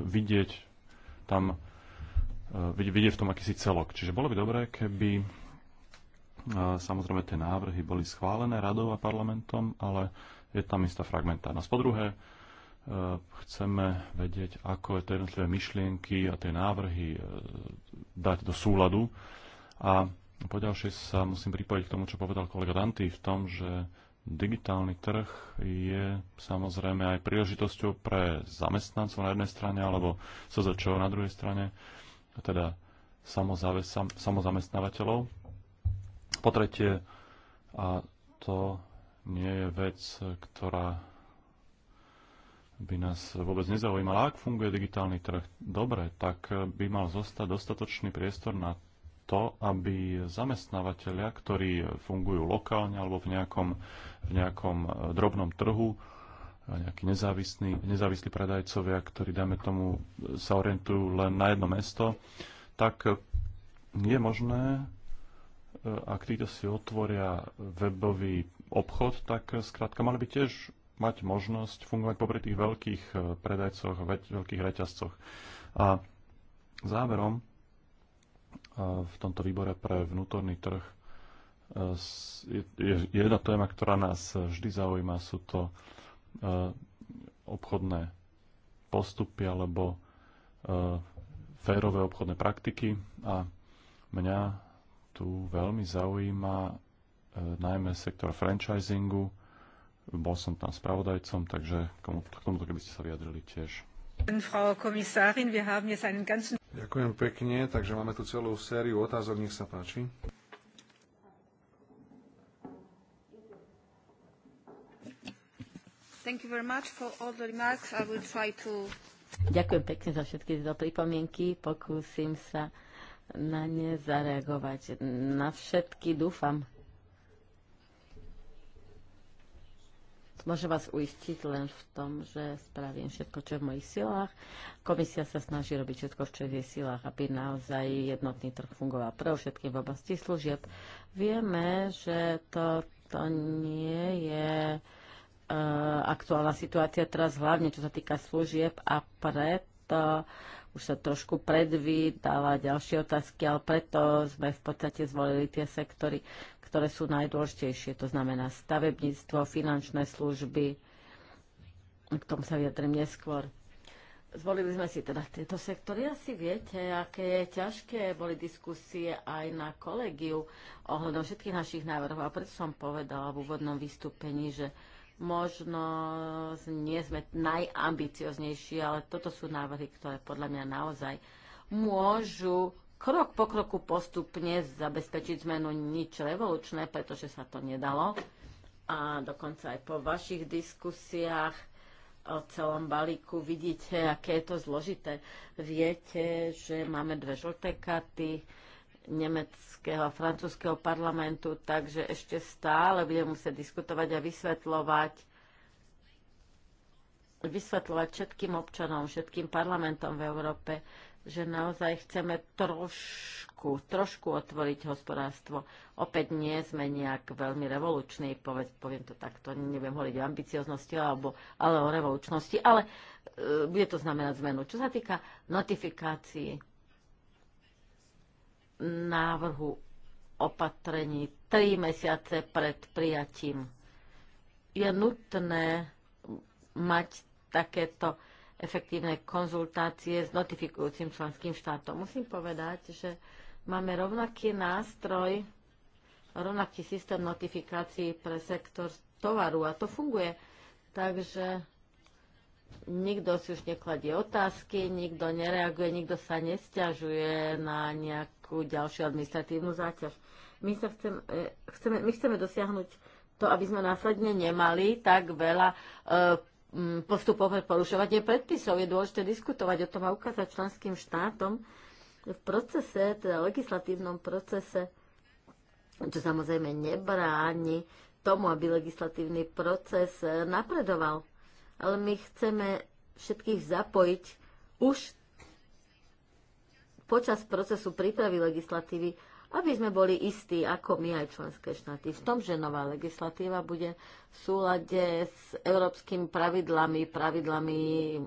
vidieť tam, e, vidieť v tom akýsi celok. Čiže bolo by dobré, keby e, samozrejme tie návrhy boli schválené radou a parlamentom, ale je tam istá fragmentárnosť. Po druhé, chceme vedieť, ako je tie jednotlivé myšlienky a tie návrhy dať do súladu. A Poďalšie sa musím pripojiť k tomu, čo povedal kolega Danty, v tom, že digitálny trh je samozrejme aj príležitosťou pre zamestnancov na jednej strane alebo SZČO na druhej strane, teda samozamestnávateľov. Po tretie, a to nie je vec, ktorá by nás vôbec nezaujímala. Ak funguje digitálny trh dobre, tak by mal zostať dostatočný priestor na to, aby zamestnávateľia, ktorí fungujú lokálne alebo v nejakom, v nejakom e, drobnom trhu, e, nejakí nezávislí, predajcovia, ktorí, dáme tomu, sa orientujú len na jedno mesto, tak je možné, e, ak títo si otvoria webový obchod, tak skrátka mali by tiež mať možnosť fungovať popri tých veľkých predajcoch, veľkých reťazcoch. A záverom, v tomto výbore pre vnútorný trh e, je, jedna téma, ktorá nás vždy zaujíma, sú to e, obchodné postupy alebo e, férové obchodné praktiky a mňa tu veľmi zaujíma najmä sektor franchisingu. Bol som tam spravodajcom, takže k tomuto, keby ste sa vyjadrili tiež. Frau Kommissarin, wir haben jetzt einen ganzen Ďakujem pekne, takže máme tu celú sériu otázok, nech sa páči. To... Ďakujem pekne za všetky tieto pripomienky. Pokúsim sa na ne zareagovať. Na všetky dúfam. Môžem vás uistiť len v tom, že spravím všetko, čo je v mojich silách. Komisia sa snaží robiť všetko, čo je v jej silách, aby naozaj jednotný trh fungoval pre všetky v oblasti služieb. Vieme, že to, to nie je e, aktuálna situácia teraz, hlavne čo sa týka služieb a preto už sa trošku predvídala ďalšie otázky, ale preto sme v podstate zvolili tie sektory, ktoré sú najdôležitejšie, to znamená stavebníctvo, finančné služby, k tomu sa vyjadrím neskôr. Zvolili sme si teda tieto sektory. Asi viete, aké je ťažké boli diskusie aj na kolegiu ohľadom všetkých našich návrhov. A preto som povedala v úvodnom vystúpení, že Možno nie sme najambicioznejší, ale toto sú návrhy, ktoré podľa mňa naozaj môžu krok po kroku postupne zabezpečiť zmenu nič revolučné, pretože sa to nedalo. A dokonca aj po vašich diskusiách o celom balíku vidíte, aké je to zložité. Viete, že máme dve žlté karty, nemeckého a francúzského parlamentu, takže ešte stále budem musieť diskutovať a vysvetľovať vysvetľovať všetkým občanom, všetkým parlamentom v Európe, že naozaj chceme trošku, trošku otvoriť hospodárstvo. Opäť nie sme nejak veľmi revoluční, povedz, poviem to takto, neviem hovoriť o ambicioznosti alebo ale o revolučnosti, ale e, bude to znamenať zmenu. Čo sa týka notifikácií, návrhu opatrení 3 mesiace pred prijatím. Je nutné mať takéto efektívne konzultácie s notifikujúcim členským štátom. Musím povedať, že máme rovnaký nástroj, rovnaký systém notifikácií pre sektor tovaru a to funguje. Takže nikto si už nekladie otázky, nikto nereaguje, nikto sa nesťažuje na nejakú ďalšiu administratívnu záťaž. My, sa chcem, e, chceme, my chceme dosiahnuť to, aby sme následne nemali tak veľa e, postupov pre porušovanie predpisov. Je dôležité diskutovať o tom a ukázať členským štátom v procese, teda legislatívnom procese, čo samozrejme nebráni tomu, aby legislatívny proces napredoval ale my chceme všetkých zapojiť už počas procesu prípravy legislatívy, aby sme boli istí, ako my aj členské štáty, v tom, že nová legislatíva bude v súlade s európskymi pravidlami, pravidlami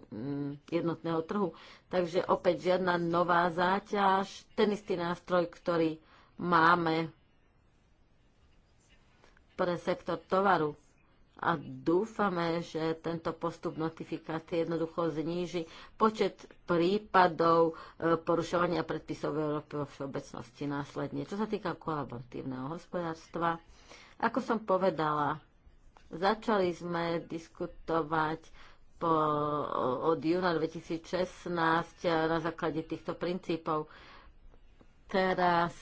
mm, jednotného trhu. Takže opäť žiadna nová záťaž, ten istý nástroj, ktorý máme pre sektor tovaru a dúfame, že tento postup notifikácie jednoducho zníži počet prípadov e, porušovania predpisov Európy vo všeobecnosti následne. Čo sa týka kolaboratívneho hospodárstva, ako som povedala, začali sme diskutovať po, od júna 2016 na základe týchto princípov. Teraz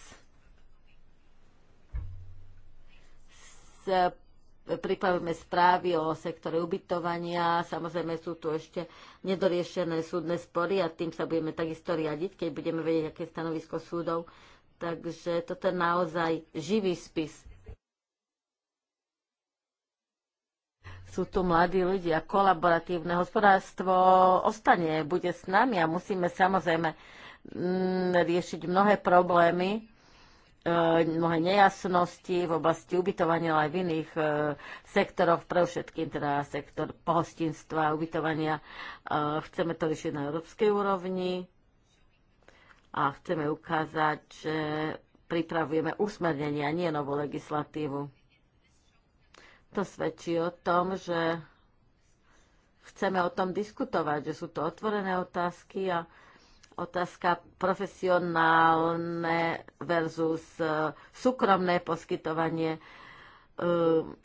pripravujeme správy o sektore ubytovania, samozrejme sú tu ešte nedoriešené súdne spory a tým sa budeme takisto riadiť, keď budeme vedieť, aké je stanovisko súdov. Takže toto je naozaj živý spis. Sú tu mladí ľudia, kolaboratívne hospodárstvo ostane, bude s nami a musíme samozrejme mm, riešiť mnohé problémy E, mnohé nejasnosti v oblasti ubytovania, ale aj v iných e, sektoroch, pre všetkým teda sektor pohostinstva, a ubytovania. E, chceme to riešiť na európskej úrovni a chceme ukázať, že pripravujeme usmernenie a nie novú legislatívu. To svedčí o tom, že chceme o tom diskutovať, že sú to otvorené otázky a otázka profesionálne versus e, súkromné poskytovanie. E,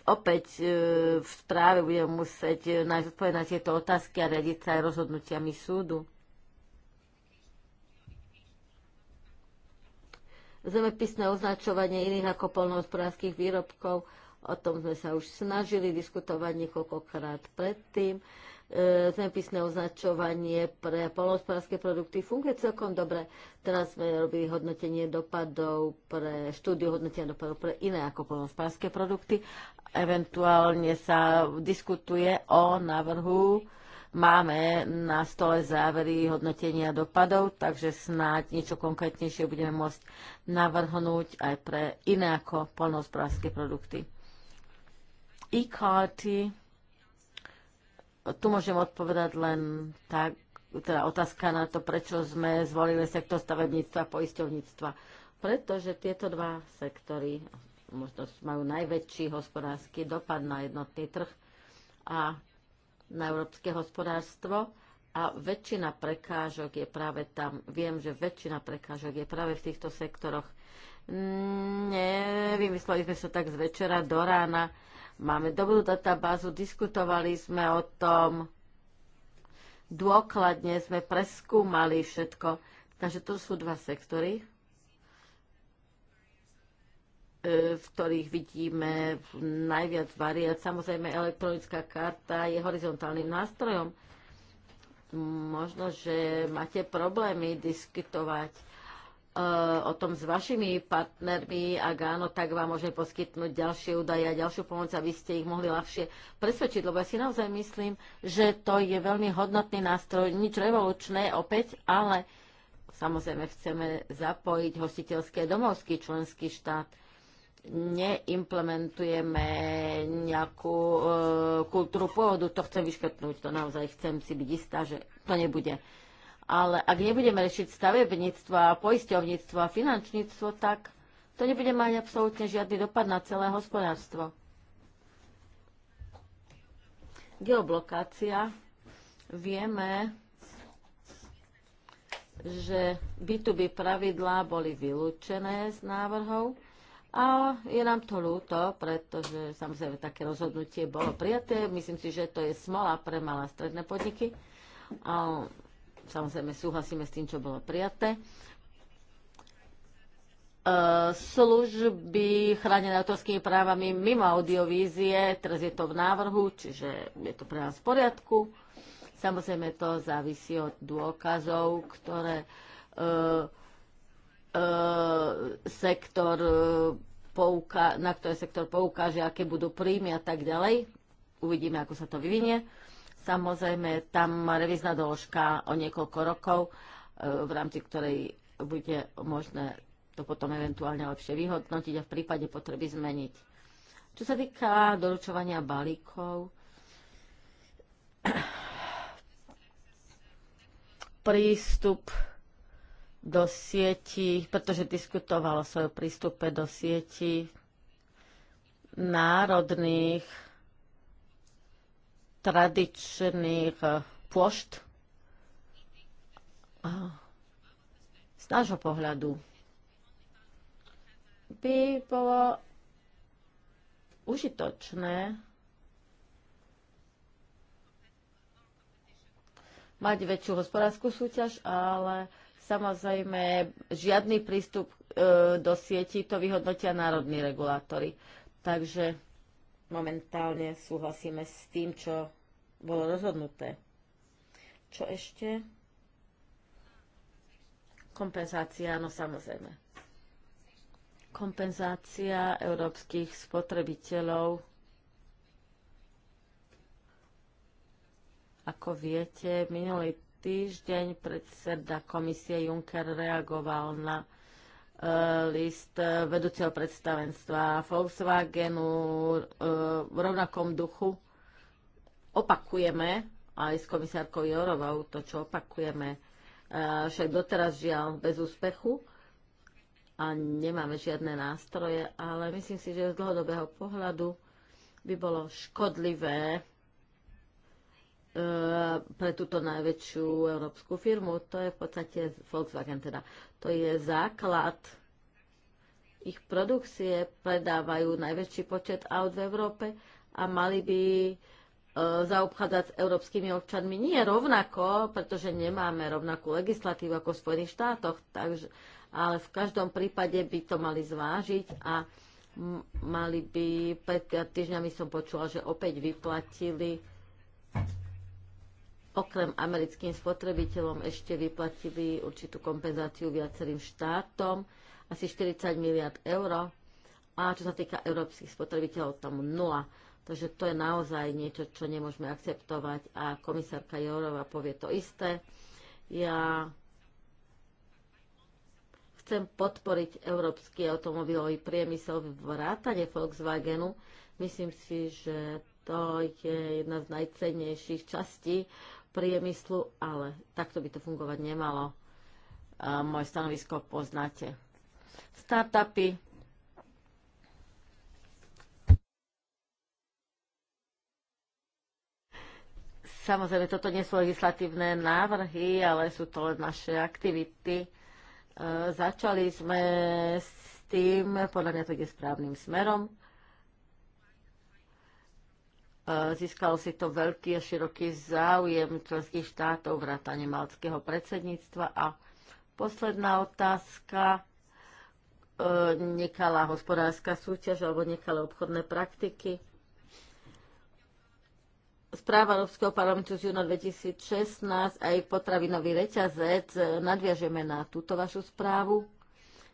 opäť e, v správe budem musieť nájsť odpovedať na tieto otázky a riadiť sa aj rozhodnutiami súdu. Zemepisné označovanie iných ako polnohospodárských výrobkov, o tom sme sa už snažili diskutovať niekoľkokrát predtým zemepisné označovanie pre polnohospodárske produkty funguje celkom dobre. Teraz sme robili hodnotenie dopadov pre štúdiu hodnotenia dopadov pre iné ako polnohospodárske produkty. Eventuálne sa diskutuje o návrhu Máme na stole závery hodnotenia dopadov, takže snáď niečo konkrétnejšie budeme môcť navrhnúť aj pre iné ako polnohospodárske produkty. E-karty tu môžem odpovedať len tak, teda otázka na to, prečo sme zvolili sektor stavebníctva a poisťovníctva. Pretože tieto dva sektory možno majú najväčší hospodársky dopad na jednotný trh a na európske hospodárstvo a väčšina prekážok je práve tam. Viem, že väčšina prekážok je práve v týchto sektoroch. Nevymysleli sme sa tak z večera do rána Máme dobrú databázu, diskutovali sme o tom, dôkladne sme preskúmali všetko. Takže to sú dva sektory, e, v ktorých vidíme najviac variát. Samozrejme, elektronická karta je horizontálnym nástrojom. Možno, že máte problémy diskutovať o tom s vašimi partnermi, ak áno, tak vám môže poskytnúť ďalšie údaje a ďalšiu pomoc, aby ste ich mohli ľahšie presvedčiť, lebo ja si naozaj myslím, že to je veľmi hodnotný nástroj, nič revolučné opäť, ale samozrejme chceme zapojiť hostiteľské domovský členský štát neimplementujeme nejakú e, kultúru pôvodu, to chcem vyškrtnúť, to naozaj chcem si byť istá, že to nebude ale ak nebudeme riešiť stavebníctvo a poisťovníctvo a finančníctvo, tak to nebude mať absolútne žiadny dopad na celé hospodárstvo. Geoblokácia. Vieme, že by tu by pravidlá boli vylúčené z návrhov a je nám to ľúto, pretože samozrejme také rozhodnutie bolo prijaté. Myslím si, že to je smola pre malé stredné podniky. A Samozrejme súhlasíme s tým, čo bolo prijaté. E, služby chránené autorskými právami mimo audiovízie, teraz je to v návrhu, čiže je to pre nás v poriadku. Samozrejme to závisí od dôkazov, ktoré uh, uh, sektor pouka- na ktoré sektor poukáže, aké budú príjmy a tak ďalej. Uvidíme, ako sa to vyvinie. Samozrejme, tam revizná doložka o niekoľko rokov, e, v rámci ktorej bude možné to potom eventuálne lepšie vyhodnotiť a v prípade potreby zmeniť. Čo sa týka doručovania balíkov, prístup do sieti, pretože diskutovala o prístupe do sieti národných tradičných eh, pošt. Z nášho pohľadu by bolo užitočné mať väčšiu hospodárskú súťaž, ale samozrejme žiadny prístup eh, do sieti to vyhodnotia národní regulátory. Takže momentálne súhlasíme s tým, čo bolo rozhodnuté. Čo ešte? Kompenzácia, no samozrejme. Kompenzácia európskych spotrebiteľov. Ako viete, minulý týždeň predseda komisie Juncker reagoval na list eh, vedúceho predstavenstva Volkswagenu eh, v rovnakom duchu. Opakujeme aj s komisárkou Jorovou to, čo opakujeme, eh, však doteraz žiaľ bez úspechu a nemáme žiadne nástroje, ale myslím si, že z dlhodobého pohľadu by bolo škodlivé E, pre túto najväčšiu európsku firmu. To je v podstate Volkswagen teda. To je základ ich produkcie, predávajú najväčší počet aut v Európe a mali by e, zaobchádzať s európskymi občanmi nie rovnako, pretože nemáme rovnakú legislatívu ako v Spojených štátoch, takže, ale v každom prípade by to mali zvážiť a mali by, pred týždňami som počula, že opäť vyplatili okrem americkým spotrebiteľom ešte vyplatili určitú kompenzáciu viacerým štátom, asi 40 miliard eur. A čo sa týka európskych spotrebiteľov, tam nula. Takže to je naozaj niečo, čo nemôžeme akceptovať a komisárka Jourova povie to isté. Ja chcem podporiť európsky automobilový priemysel v vrátane Volkswagenu. Myslím si, že to je jedna z najcennejších častí priemyslu, ale takto by to fungovať nemalo. Moje stanovisko poznáte. Startupy, Samozrejme, toto nie sú legislatívne návrhy, ale sú to len naše aktivity. E, začali sme s tým, podľa mňa to ide správnym smerom. Eh, získalo si to veľký a široký záujem členských štátov, vrátane malckého predsedníctva. A posledná otázka, eh, nekalá hospodárska súťaž alebo nekalé obchodné praktiky. Správa Európskeho parlamentu z júna 2016 aj potravinový reťazec. Eh, nadviažeme na túto vašu správu.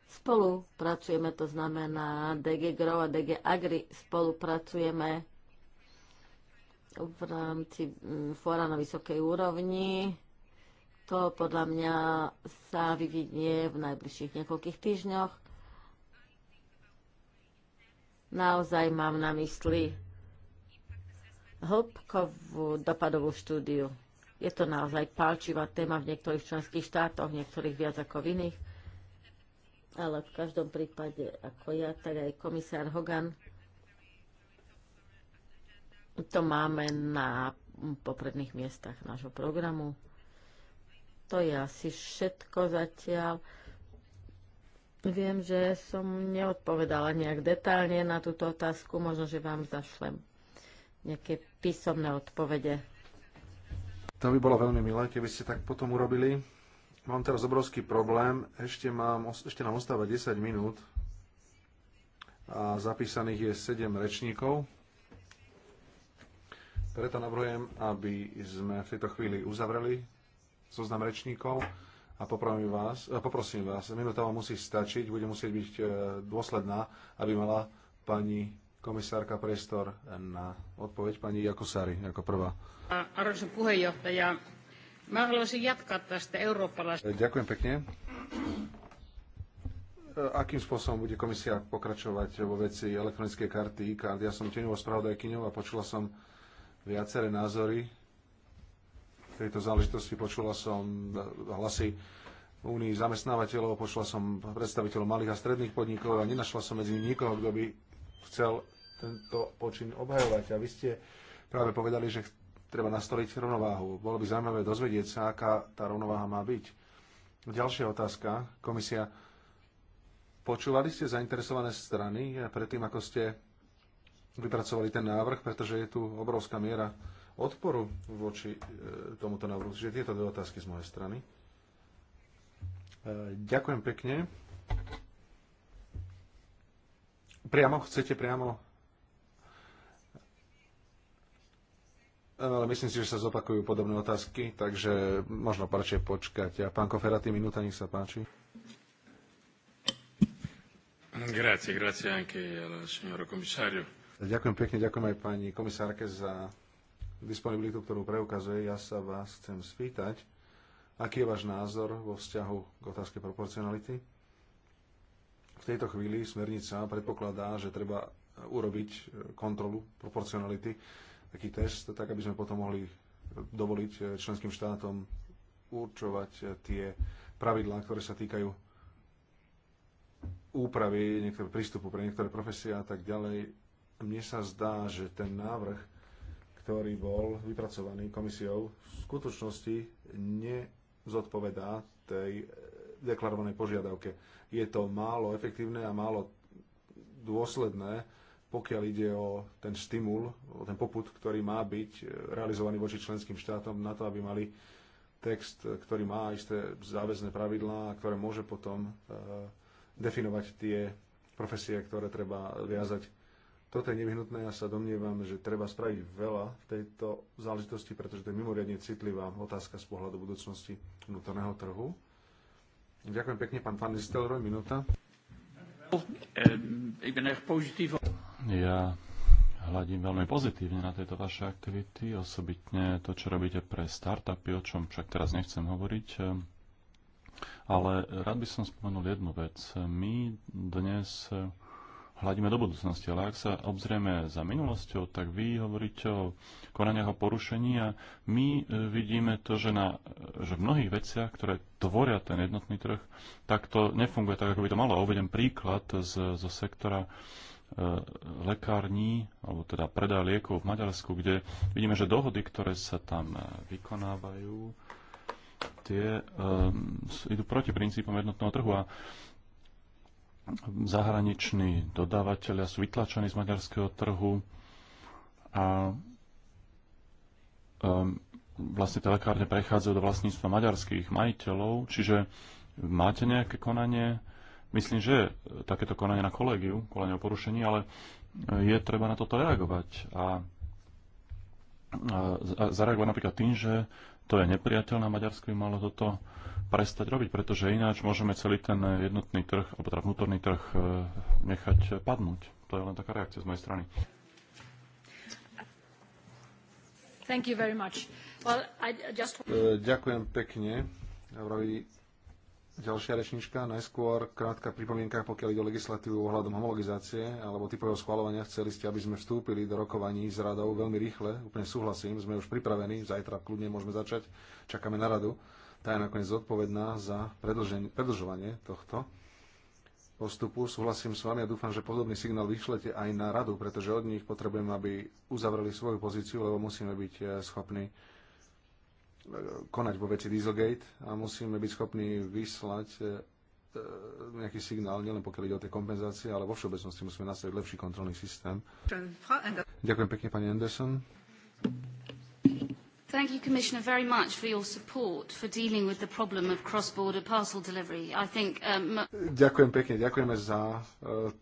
Spolupracujeme, to znamená DG Grow a DG Agri spolupracujeme v rámci mm, fóra na vysokej úrovni. To podľa mňa sa vyvinie v najbližších niekoľkých týždňoch. Naozaj mám na mysli hĺbkovú dopadovú štúdiu. Je to naozaj palčivá téma v niektorých členských štátoch, v niektorých viac ako v iných. Ale v každom prípade, ako ja, tak aj komisár Hogan to máme na popredných miestach nášho programu. To je asi všetko zatiaľ. Viem, že som neodpovedala nejak detálne na túto otázku. Možno, že vám zašlem nejaké písomné odpovede. To by bolo veľmi milé, keby ste tak potom urobili. Mám teraz obrovský problém. Ešte, mám, ešte nám ostáva 10 minút a zapísaných je 7 rečníkov. Preto navrhujem, aby sme v tejto chvíli uzavreli zoznam rečníkov a poprosím vás, poprosím vás, minúta vám musí stačiť, bude musieť byť e, dôsledná, aby mala pani komisárka priestor na odpoveď pani Jakosari ako prvá. Arvoisa puheenjohtaja, mä haluaisin jatkaa tästä eurooppalaisesta. E, ďakujem pekne e, akým spôsobom bude komisia pokračovať vo veci elektronickej karty e-card. Ja som tieňovou spravodajkyňou a počula som viaceré názory v tejto záležitosti. Počula som hlasy Únii zamestnávateľov, počula som predstaviteľov malých a stredných podnikov a nenašla som medzi nimi nikoho, kto by chcel tento počin obhajovať. A vy ste práve povedali, že treba nastoliť rovnováhu. Bolo by zaujímavé dozvedieť sa, aká tá rovnováha má byť. Ďalšia otázka. Komisia, počúvali ste zainteresované strany eh, predtým, ako ste vypracovali ten návrh, pretože je tu obrovská miera odporu voči e, tomuto návrhu. Čiže tieto dve otázky z mojej strany. E, ďakujem pekne. Priamo, chcete priamo? Ale myslím si, že sa zopakujú podobné otázky, takže možno radšej počkať. A pán Koferati, minúta, nech sa páči. Grazie, grazie anche al signor commissario. Ďakujem pekne, ďakujem aj pani komisárke za disponibilitu, ktorú preukazuje. Ja sa vás chcem spýtať, aký je váš názor vo vzťahu k otázke proporcionality? V tejto chvíli smernica predpokladá, že treba urobiť kontrolu proporcionality, taký test, tak aby sme potom mohli dovoliť členským štátom určovať tie pravidlá, ktoré sa týkajú úpravy niektoré prístupu pre niektoré profesie a tak ďalej mne sa zdá, že ten návrh, ktorý bol vypracovaný komisiou, v skutočnosti nezodpovedá tej eh, deklarovanej požiadavke. Je to málo efektívne a málo dôsledné, pokiaľ ide o ten stimul, o ten poput, ktorý má byť eh, realizovaný voči členským štátom na to, aby mali text, eh, ktorý má isté záväzné pravidlá, ktoré môže potom definovať tie profesie, ktoré treba viazať toto je nevyhnutné ja sa domnievam, že treba spraviť veľa v tejto záležitosti, pretože to je mimoriadne citlivá otázka z pohľadu budúcnosti vnútorného trhu. Ďakujem pekne, pán pán Stelroj, minúta. Eh, ja hľadím veľmi pozitívne na tieto vaše aktivity, osobitne to, čo robíte pre startupy, o čom však teraz nechcem hovoriť. Eh, ale rád by som spomenul jednu vec. My dnes eh, hľadíme do budúcnosti. Ale ak sa obzrieme za minulosťou, tak vy hovoríte o konaniach o porušení a my e, vidíme to, že, na, že v mnohých veciach, ktoré tvoria ten jednotný trh, tak to nefunguje tak, ako by to malo. Uvedem príklad z, zo sektora e, lekární, alebo teda predaj liekov v Maďarsku, kde vidíme, že dohody, ktoré sa tam e, vykonávajú, tie e, idú proti princípom jednotného trhu a zahraniční dodávateľia sú vytlačení z maďarského trhu a um, vlastne tie lekárne prechádzajú do vlastníctva maďarských majiteľov, čiže máte nejaké konanie? Myslím, že takéto konanie na kolegiu, konanie o porušení, ale je treba na toto reagovať a zareagovať napríklad tým, že to je nepriateľné, maďarským, ale toto prestať robiť, pretože ináč môžeme celý ten jednotný trh, alebo teda vnútorný trh e, nechať padnúť. To je len taká reakcia z mojej strany. Thank you very much. Well, I just... E, ďakujem pekne. Dobrý. ďalšia rečnička. Najskôr krátka pripomienka, pokiaľ ide o legislatívu ohľadom homologizácie alebo typového schvalovania. Chceli ste, aby sme vstúpili do rokovaní s radou veľmi rýchle. Úplne súhlasím, sme už pripravení. Zajtra kľudne môžeme začať. Čakáme na radu tá je nakoniec zodpovedná za predlžovanie tohto postupu. Súhlasím s vami a dúfam, že podobný signál vyšlete aj na radu, pretože od nich potrebujem, aby uzavreli svoju pozíciu, lebo musíme byť eh, schopní eh, konať vo veci Dieselgate a musíme byť schopní vyslať eh, nejaký signál, nielen pokiaľ ide o tie kompenzácie, ale vo všeobecnosti musíme nastaviť lepší kontrolný systém. Ďakujem pekne, pani Anderson. Thank you, Commissioner, very much for your support for dealing with the problem of cross-border parcel delivery. I think, um... Ďakujem pekne, ďakujeme za uh,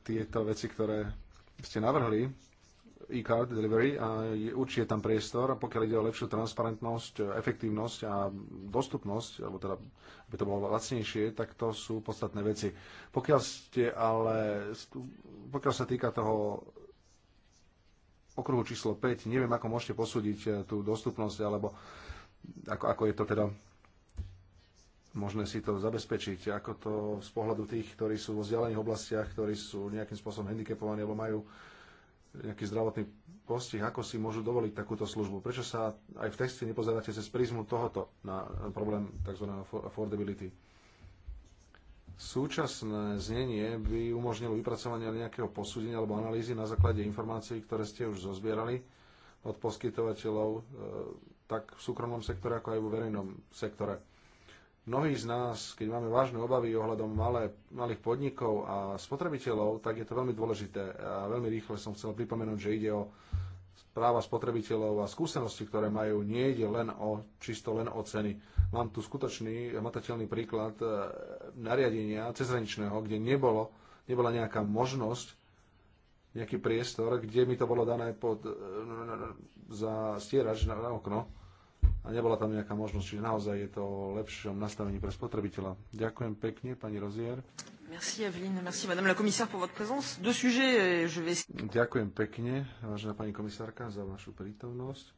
tieto veci, ktoré ste navrhli e-card delivery a je, určite tam priestor, pokiaľ ide o lepšiu transparentnosť, efektívnosť a dostupnosť, alebo teda by to bolo lacnejšie, tak to sú podstatné veci. Pokiaľ ste ale, pokiaľ sa týka toho okruhu číslo 5, neviem, ako môžete posúdiť eh, tú dostupnosť, alebo ako, ako je to teda možné si to zabezpečiť, ako to z pohľadu tých, ktorí sú vo vzdialených oblastiach, ktorí sú nejakým spôsobom handicapovaní alebo majú nejaký zdravotný postih, ako si môžu dovoliť takúto službu. Prečo sa aj v texte nepozeráte cez prízmu tohoto na problém tzv. affordability? Súčasné znenie by umožnilo vypracovanie nejakého posúdenia alebo analýzy na základe informácií, ktoré ste už zozbierali od poskytovateľov e, tak v súkromnom sektore, ako aj vo verejnom sektore. Mnohí z nás, keď máme vážne obavy ohľadom malé, malých podnikov a spotrebiteľov, tak je to veľmi dôležité. A veľmi rýchle som chcel pripomenúť, že ide o práva spotrebiteľov a skúsenosti, ktoré majú, nie ide len o, čisto len o ceny. Mám tu skutočný matateľný príklad e, nariadenia cezhraničného, kde nebolo, nebola nejaká možnosť, nejaký priestor, kde mi to bolo dané pod, e, za stierač na, na okno a nebola tam nejaká možnosť, čiže naozaj je to lepšom nastavení pre spotrebiteľa. Ďakujem pekne, pani Rozier. Euh, Ďakujem pekne, vážená pani komisárka, za vašu prítomnosť.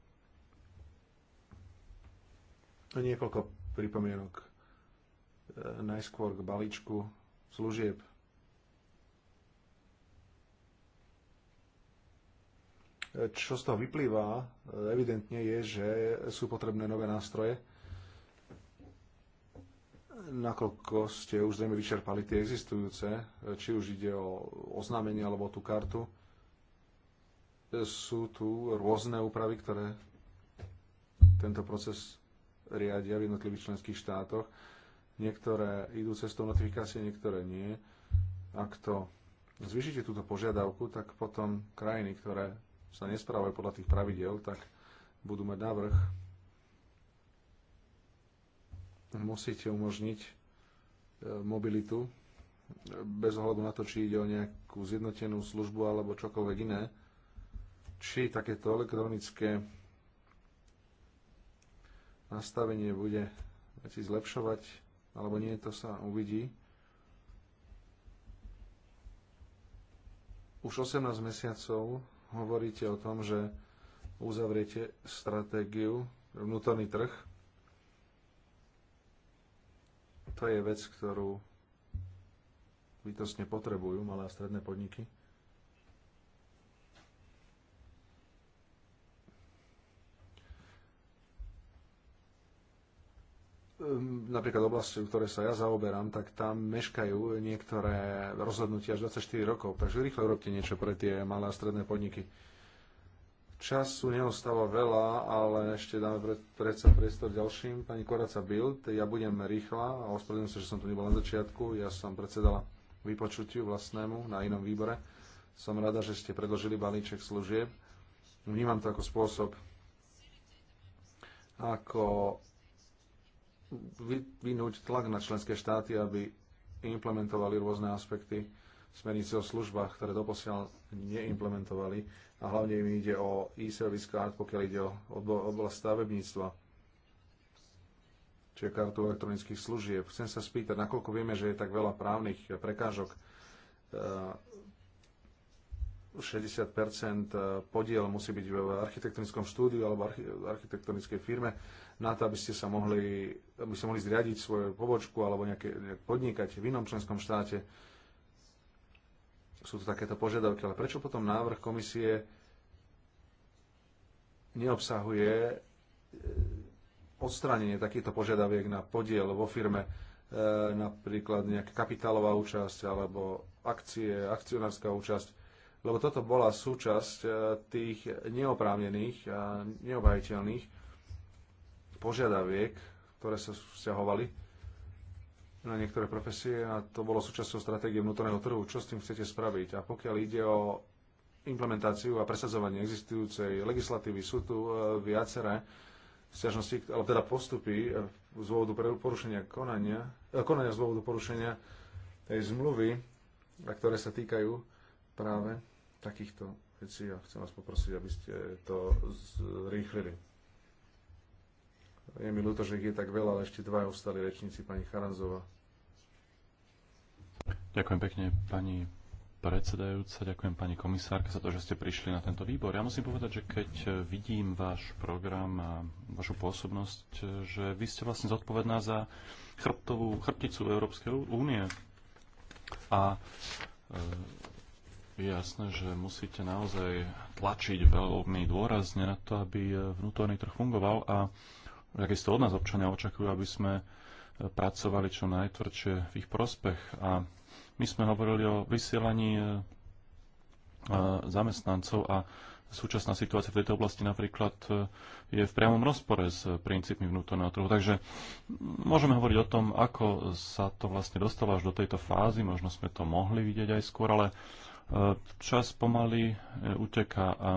Niekoľko pripomienok. E, najskôr k balíčku služieb. E, čo z toho vyplýva, e, evidentne je, že sú potrebné nové nástroje, nakoľko ste už zrejme vyčerpali tie existujúce, či už ide o oznámenie alebo o tú kartu, sú tu rôzne úpravy, ktoré tento proces riadia v jednotlivých členských štátoch. Niektoré idú cestou notifikácie, niektoré nie. Ak to zvýšite túto požiadavku, tak potom krajiny, ktoré sa nesprávajú podľa tých pravidel, tak budú mať návrh musíte umožniť e, mobilitu e, bez ohľadu na to, či ide o nejakú zjednotenú službu alebo čokoľvek iné, či takéto elektronické nastavenie bude veci zlepšovať, alebo nie, to sa uvidí. Už 18 mesiacov hovoríte o tom, že uzavriete stratégiu vnútorný trh To je vec, ktorú bytostne potrebujú malé a stredné podniky. Ehm, napríklad oblasti, ktorej sa ja zaoberám, tak tam meškajú niektoré rozhodnutia až 24 rokov. Takže rýchlo robte niečo pre tie malé a stredné podniky. Času neostáva veľa, ale ešte dáme pred, predsa priestor ďalším. Pani Koraca Bild, ja budem rýchla a ospravedlňujem sa, že som tu nebola na začiatku. Ja som predsedala vypočutiu vlastnému na inom výbore. Som rada, že ste predložili balíček služieb. Vnímam to ako spôsob, ako vyvinúť tlak na členské štáty, aby implementovali rôzne aspekty smernice o službách, ktoré doposiaľ neimplementovali a hlavne im ide o e-service card, pokiaľ ide o oblasť stavebníctva, čiže kartu elektronických služieb. Chcem sa spýtať, nakoľko vieme, že je tak veľa právnych prekážok, 60 eh, eh, podiel musí byť v architektonickom štúdiu alebo architektonickej firme na to, aby ste sa mohli, aby ste mohli zriadiť svoju pobočku alebo nejaké, nejak podnikať v inom členskom štáte sú to takéto požiadavky, ale prečo potom návrh komisie neobsahuje e, odstránenie takýchto požiadaviek na podiel vo firme, e, napríklad nejaká kapitálová účasť alebo akcie, akcionárska účasť, lebo toto bola súčasť e, tých neoprávnených a neobhajiteľných požiadaviek, ktoré sa vzťahovali na niektoré profesie a to bolo súčasťou stratégie vnútorného trhu. Čo s tým chcete spraviť? A pokiaľ ide o implementáciu a presadzovanie existujúcej legislatívy, sú tu e, viaceré stiažnosti, ale teda postupy e, z dôvodu porušenia konania, e, konania z dôvodu porušenia tej zmluvy, a ktoré sa týkajú práve takýchto vecí a chcem vás poprosiť, aby ste to zrýchlili. Je mi ľúto, že ich je tak veľa, ale ešte dvaja ostali rečníci, pani Charanzová. Ďakujem pekne, pani predsedajúca, ďakujem pani komisárka za to, že ste prišli na tento výbor. Ja musím povedať, že keď vidím váš program a vašu pôsobnosť, že vy ste vlastne zodpovedná za chrbtovú, chrbticu Európskej únie. A e, je jasné, že musíte naozaj tlačiť veľmi dôrazne na to, aby vnútorný trh fungoval a takisto od nás občania očakujú, aby sme e, pracovali čo najtvrdšie v ich prospech. A my sme hovorili o vysielaní e, e, zamestnancov a súčasná situácia v tejto oblasti napríklad je v priamom rozpore s princípmi vnútorného trhu. Takže môžeme hovoriť o tom, ako sa to vlastne dostalo až do tejto fázy, možno sme to mohli vidieť aj skôr, ale čas pomaly uteká a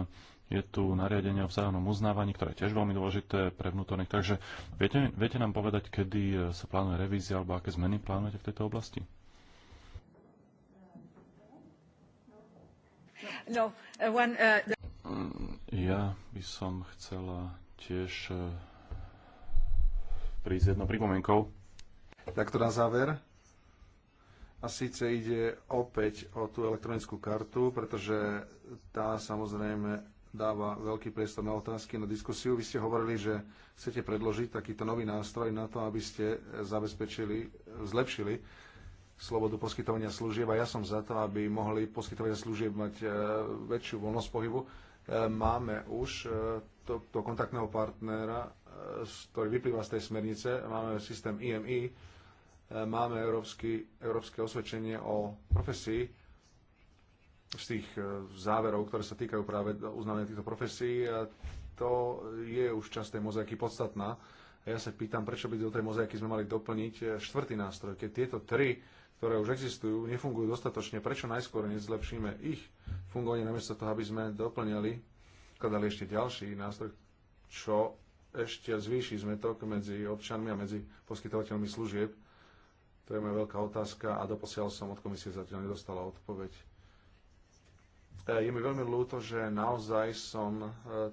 je tu nariadenie o vzájomnom uznávaní, ktoré je tiež veľmi dôležité pre vnútorných. Takže viete, viete nám povedať, kedy e, sa plánuje revízia alebo aké zmeny plánujete v tejto oblasti? No, uh, the... Mm, ja by som chcela tiež prísť jednou pripomienkou. Tak to na záver. A síce ide opäť o tú elektronickú kartu, pretože tá samozrejme dáva veľký priestor na otázky, na diskusiu. Vy ste hovorili, že chcete predložiť takýto nový nástroj na to, aby ste zabezpečili, zlepšili slobodu poskytovania služieb a ja som za to, aby mohli poskytovania služieb mať e, väčšiu voľnosť pohybu. E, máme už e, to, to kontaktného partnera, ktorý vyplýva z tej smernice, máme systém IMI, máme európsky, európske osvedčenie o profesii, z tých e, záverov, ktoré sa týkajú práve uznania týchto profesí, to je už časť tej mozaiky podstatná. A ja sa pýtam, prečo by do tej mozaiky sme mali doplniť e, štvrtý nástroj. Keď tieto tri, ktoré už existujú, nefungujú dostatočne, prečo najskôr nezlepšíme ich fungovanie namiesto toho, aby sme doplňali, kladali ešte ďalší nástroj, čo ešte zvýši zmetok medzi občanmi a medzi poskytovateľmi služieb. To je moja veľká otázka a doposiaľ som od komisie zatiaľ nedostala odpoveď. E, je mi veľmi ľúto, že naozaj som e,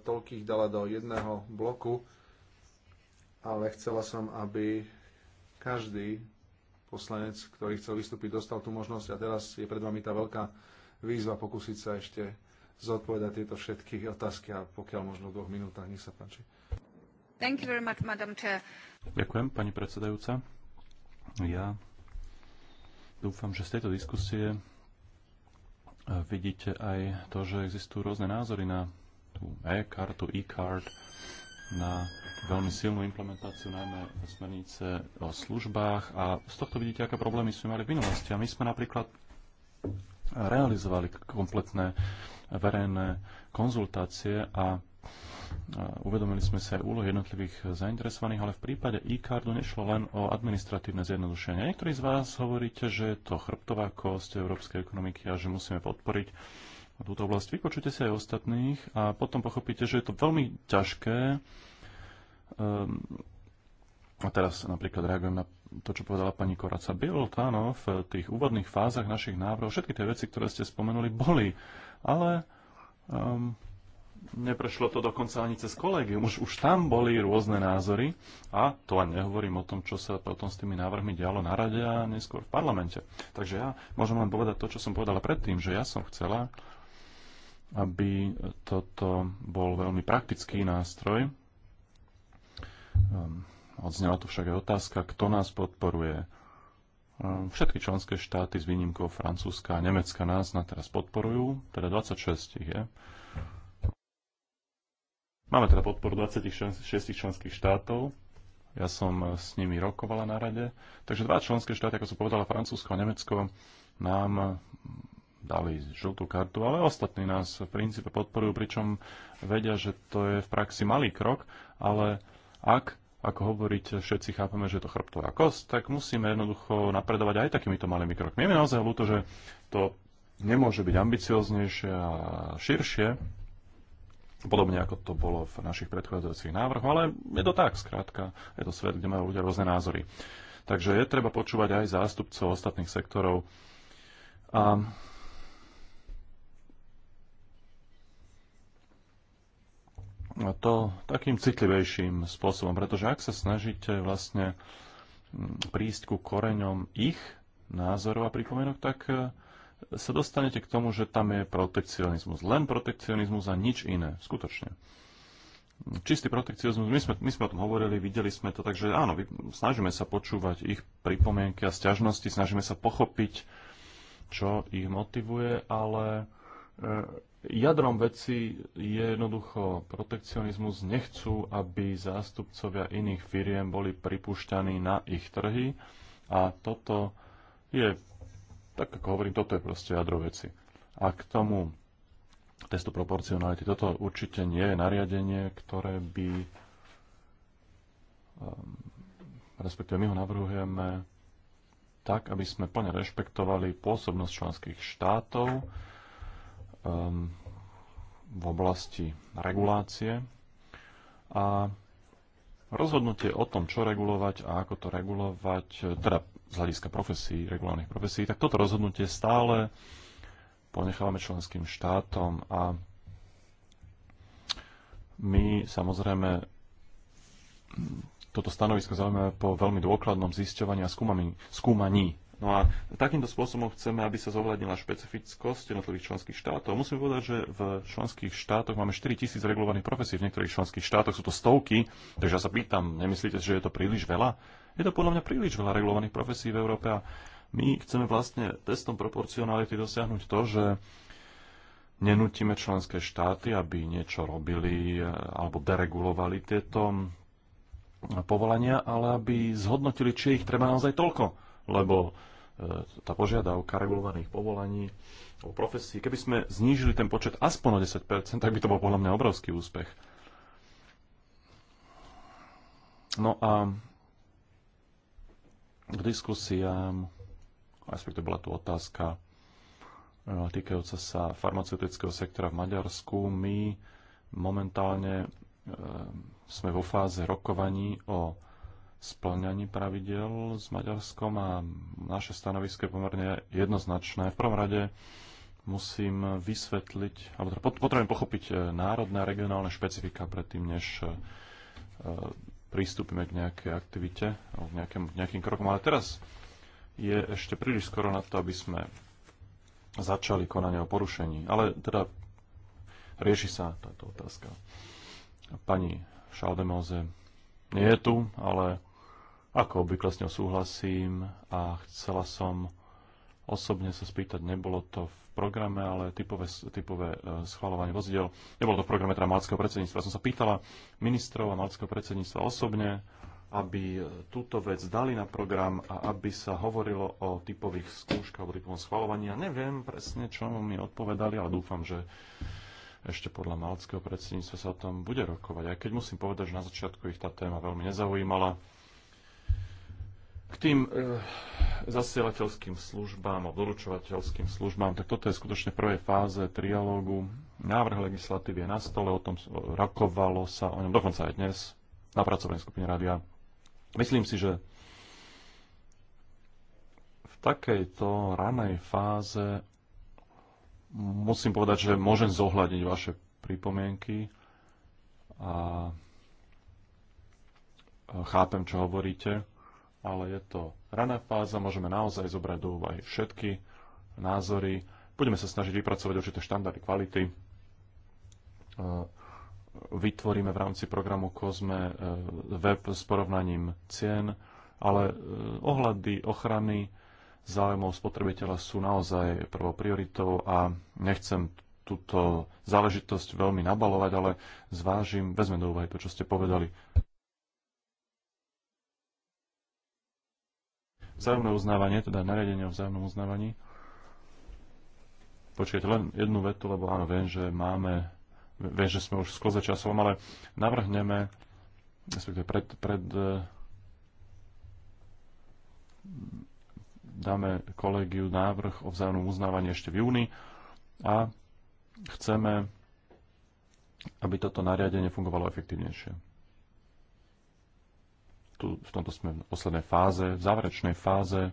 toľkých dala do jedného bloku, ale chcela som, aby každý poslanec, ktorý chcel vystúpiť, dostal tú možnosť a teraz je pred vami tá veľká výzva pokúsiť sa ešte zodpovedať tieto všetky otázky a pokiaľ možno v dvoch minútach, nech sa páči. Thank you very much, Madam Chair. Ďakujem, pani predsedajúca. Ja dúfam, že z tejto diskusie vidíte aj to, že existujú rôzne názory na tú e-kartu, e-card, na veľmi silnú implementáciu najmä smernice o službách a z tohto vidíte, aké problémy sme mali v minulosti. A my sme napríklad realizovali kompletné verejné konzultácie a Uvedomili sme sa aj úlohy jednotlivých zainteresovaných, ale v prípade e-cardu nešlo len o administratívne zjednodušenie. Niektorí z vás hovoríte, že je to chrbtová kosť európskej ekonomiky a že musíme podporiť túto oblasť. Vypočujte si aj ostatných a potom pochopíte, že je to veľmi ťažké. Um, a teraz napríklad reagujem na to, čo povedala pani Koraca Bild. Áno, v tých úvodných fázach našich návrhov všetky tie veci, ktoré ste spomenuli, boli. Ale um, neprešlo to dokonca ani cez kolegium. Už, už tam boli rôzne názory a to ani nehovorím o tom, čo sa potom s tými návrhmi dialo na rade a neskôr v parlamente. Takže ja môžem len povedať to, čo som povedala predtým, že ja som chcela, aby toto bol veľmi praktický nástroj. Ehm, odznela tu však aj otázka, kto nás podporuje. Ehm, všetky členské štáty s výnimkou Francúzska a Nemecka nás na teraz podporujú, teda 26 ich je. Máme teda podporu 26 členských štátov. Ja som eh, s nimi rokovala na rade. Takže dva členské štáty, ako som povedala, Francúzsko a Nemecko, nám eh, dali žltú kartu, ale ostatní nás v princípe podporujú, pričom vedia, že to je v praxi malý krok, ale ak, ako hovoríte, všetci chápeme, že je to chrbtová kost, tak musíme jednoducho napredovať aj takýmito malými krokmi. Je mi naozaj ľúto, že to nemôže byť ambicioznejšie a širšie, podobne ako to bolo v našich predchádzajúcich návrhoch, ale je to tak, skrátka, je to svet, kde majú ľudia rôzne názory. Takže je treba počúvať aj zástupcov ostatných sektorov. A to takým citlivejším spôsobom, pretože ak sa snažíte vlastne hm, prísť ku koreňom ich názorov a pripomienok, tak sa dostanete k tomu, že tam je protekcionizmus. Len protekcionizmus a nič iné, skutočne. Čistý protekcionizmus, my sme, my sme o tom hovorili, videli sme to, takže áno, snažíme sa počúvať ich pripomienky a stiažnosti, snažíme sa pochopiť, čo ich motivuje, ale e, jadrom veci je jednoducho protekcionizmus. Nechcú, aby zástupcovia iných firiem boli pripúšťaní na ich trhy a toto je tak ako hovorím, toto je proste jadro veci. A k tomu testu proporcionality, toto určite nie je nariadenie, ktoré by, ehm, respektíve my ho navrhujeme tak, aby sme plne rešpektovali pôsobnosť členských štátov um, v oblasti regulácie a rozhodnutie o tom, čo regulovať a ako to regulovať, teda z hľadiska profesí, regulárnych profesí, tak toto rozhodnutie stále ponechávame členským štátom a my samozrejme toto stanovisko zaujímavé po veľmi dôkladnom zisťovaní a skúmaní, skúmaní No a takýmto spôsobom chceme, aby sa zohľadnila špecifickosť jednotlivých členských štátov. Musím povedať, že v členských štátoch máme 4 tisíc regulovaných profesí, v niektorých členských štátoch sú to stovky, takže ja sa pýtam, nemyslíte, že je to príliš veľa? Je to podľa mňa príliš veľa regulovaných profesí v Európe a my chceme vlastne testom proporcionality dosiahnuť to, že nenútime členské štáty, aby niečo robili eh, alebo deregulovali tieto mm, povolania, ale aby zhodnotili, či ich treba naozaj toľko. Lebo eh, tá požiadavka regulovaných povolaní o profesí, keby sme znížili ten počet aspoň o 10%, tak by to bol podľa mňa obrovský úspech. No a k diskusiám, respektive bola tu otázka e, týkajúca sa farmaceutického sektora v Maďarsku. My momentálne e, sme vo fáze rokovaní o splňaní pravidel s Maďarskom a naše stanovisko je pomerne jednoznačné. V prvom rade musím vysvetliť, alebo teda potrebujem pochopiť e, národné a regionálne špecifika predtým, než pristúpime k nejakej aktivite alebo k nejakým, nejakým krokom. Ale teraz je ešte príliš skoro na to, aby sme začali konanie o porušení. Ale teda rieši sa táto otázka. Pani Šaldemoze nie je tu, ale ako obvykle s ňou súhlasím a chcela som osobne sa spýtať, nebolo to v programe, ale typové, typové e, schvalovanie vozidel. Nebolo to v programe teda malckého predsedníctva. Som sa pýtala ministrov a malckého predsedníctva osobne, aby e, túto vec dali na program a aby sa hovorilo o typových skúškach, o typovom schvalovaní. Ja neviem presne, čo mi odpovedali, ale dúfam, že ešte podľa malckého predsedníctva sa o tom bude rokovať. Aj keď musím povedať, že na začiatku ich tá téma veľmi nezaujímala, k tým e, zasielateľským službám a doručovateľským službám, tak toto je skutočne prvé prvej fáze trialógu. Návrh legislatívy je na stole, o tom rakovalo sa o ňom dokonca aj dnes na pracovnej skupine rádia. Myslím si, že v takejto ranej fáze musím povedať, že môžem zohľadniť vaše pripomienky a e, chápem, čo hovoríte ale je to raná fáza, môžeme naozaj zobrať do úvahy všetky názory, budeme sa snažiť vypracovať určité štandardy kvality, e, vytvoríme v rámci programu COSME e, web s porovnaním cien, ale e, ohľady ochrany záujmov spotrebiteľa sú naozaj prvou prioritou a nechcem túto záležitosť veľmi nabalovať, ale zvážim, vezmem do úvahy to, čo ste povedali. vzájomné uznávanie, teda nariadenie o vzájomnom uznávaní. Počujete len jednu vetu, lebo áno, viem, že máme, viem, že sme už skloze časom, ale navrhneme, respektíve pred, pred eh, dáme kolegiu návrh o vzájomnom uznávaní ešte v júni a chceme, aby toto nariadenie fungovalo efektívnejšie tu, v tomto sme v poslednej fáze, v záverečnej fáze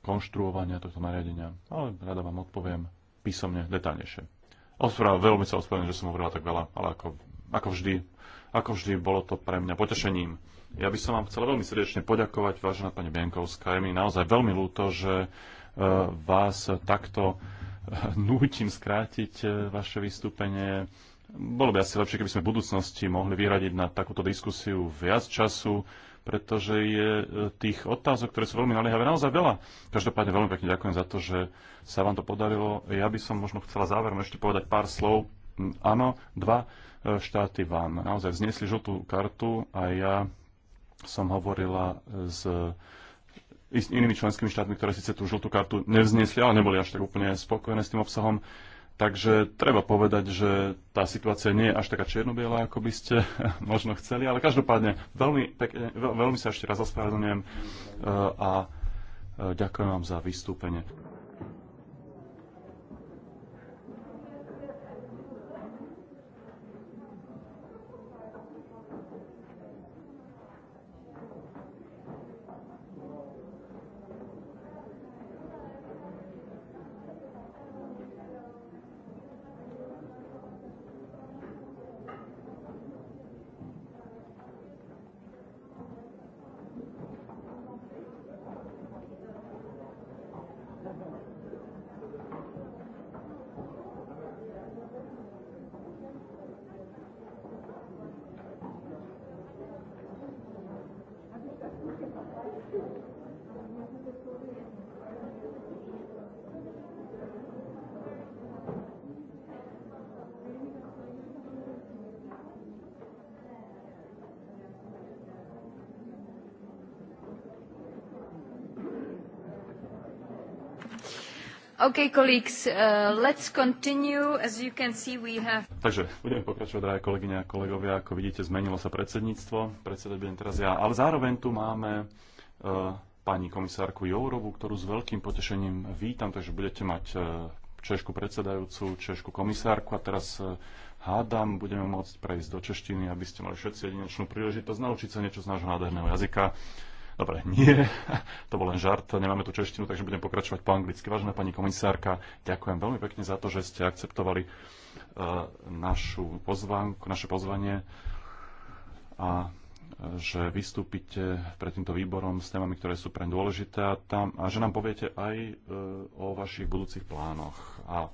konštruovania tohto nariadenia, ale rada vám odpoviem písomne detaľnejšie. Ospravedl, veľmi sa ospravedlňujem, že som hovorila tak veľa, ale ako, ako, vždy, ako vždy bolo to pre mňa potešením. Ja by som vám chcel veľmi srdečne poďakovať, vážená pani Bienkovská. Je mi naozaj veľmi ľúto, že e, vás takto e, nútim skrátiť e, vaše vystúpenie. Bolo by asi lepšie, keby sme v budúcnosti mohli vyradiť na takúto diskusiu viac času, pretože je e, tých otázok, ktoré sú veľmi naliehavé, naozaj veľa. Každopádne veľmi pekne ďakujem za to, že sa vám to podarilo. Ja by som možno chcela záverom ešte povedať pár slov. Mm, áno, dva e, štáty vám naozaj vznesli žltú kartu a ja som hovorila s inými členskými štátmi, ktoré síce tú žltú kartu nevznesli, ale neboli až tak úplne spokojné s tým obsahom Takže treba povedať, že tá situácia nie je až taká čiernobiela, ako by ste možno chceli, ale každopádne veľmi, pekne, veľmi sa ešte raz ospravedlňujem e, a e, ďakujem vám za vystúpenie. Okay, colleagues, uh, let's continue. As you can see, we have... Takže budeme pokračovať, drahé kolegyne a kolegovia. Ako vidíte, zmenilo sa predsedníctvo. Predsedať budem teraz ja. Ale zároveň tu máme uh, pani komisárku Jourovu, ktorú s veľkým potešením vítam. Takže budete mať uh, Češku predsedajúcu, Češku komisárku. A teraz uh, hádam, budeme môcť prejsť do češtiny, aby ste mali všetci jedinečnú príležitosť naučiť sa niečo z nášho nádherného jazyka. Uh, Dobre, nie, to bol len žart, nemáme tu češtinu, takže budem pokračovať po anglicky. Vážená pani komisárka, ďakujem veľmi pekne za to, že ste akceptovali e, našu pozvánku, naše pozvanie a e, že vystúpite pred týmto výborom s témami, ktoré sú pre dôležité a, tam, a že nám poviete aj e, o vašich budúcich plánoch. A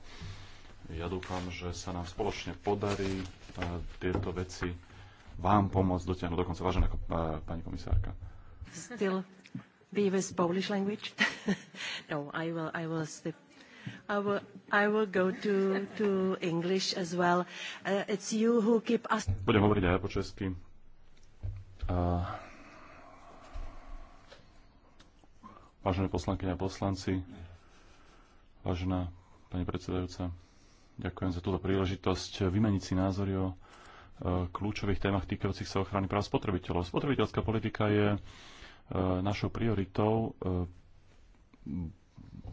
ja dúfam, že sa nám spoločne podarí tieto veci vám pomôcť dotiahnuť dokonca, vážená vážená pani komisárka still be with Polish language? no, I will, I will skip. I will, I will go to, to English as well. Uh, it's you who keep us... Budem hovoriť aj po česky. vážené poslankyne a poslanci, vážená pani predsedajúca, ďakujem za túto príležitosť vymeniť si názory o e, kľúčových témach týkajúcich sa ochrany práv spotrebiteľov. Spotrebiteľská politika je E, našou prioritou e,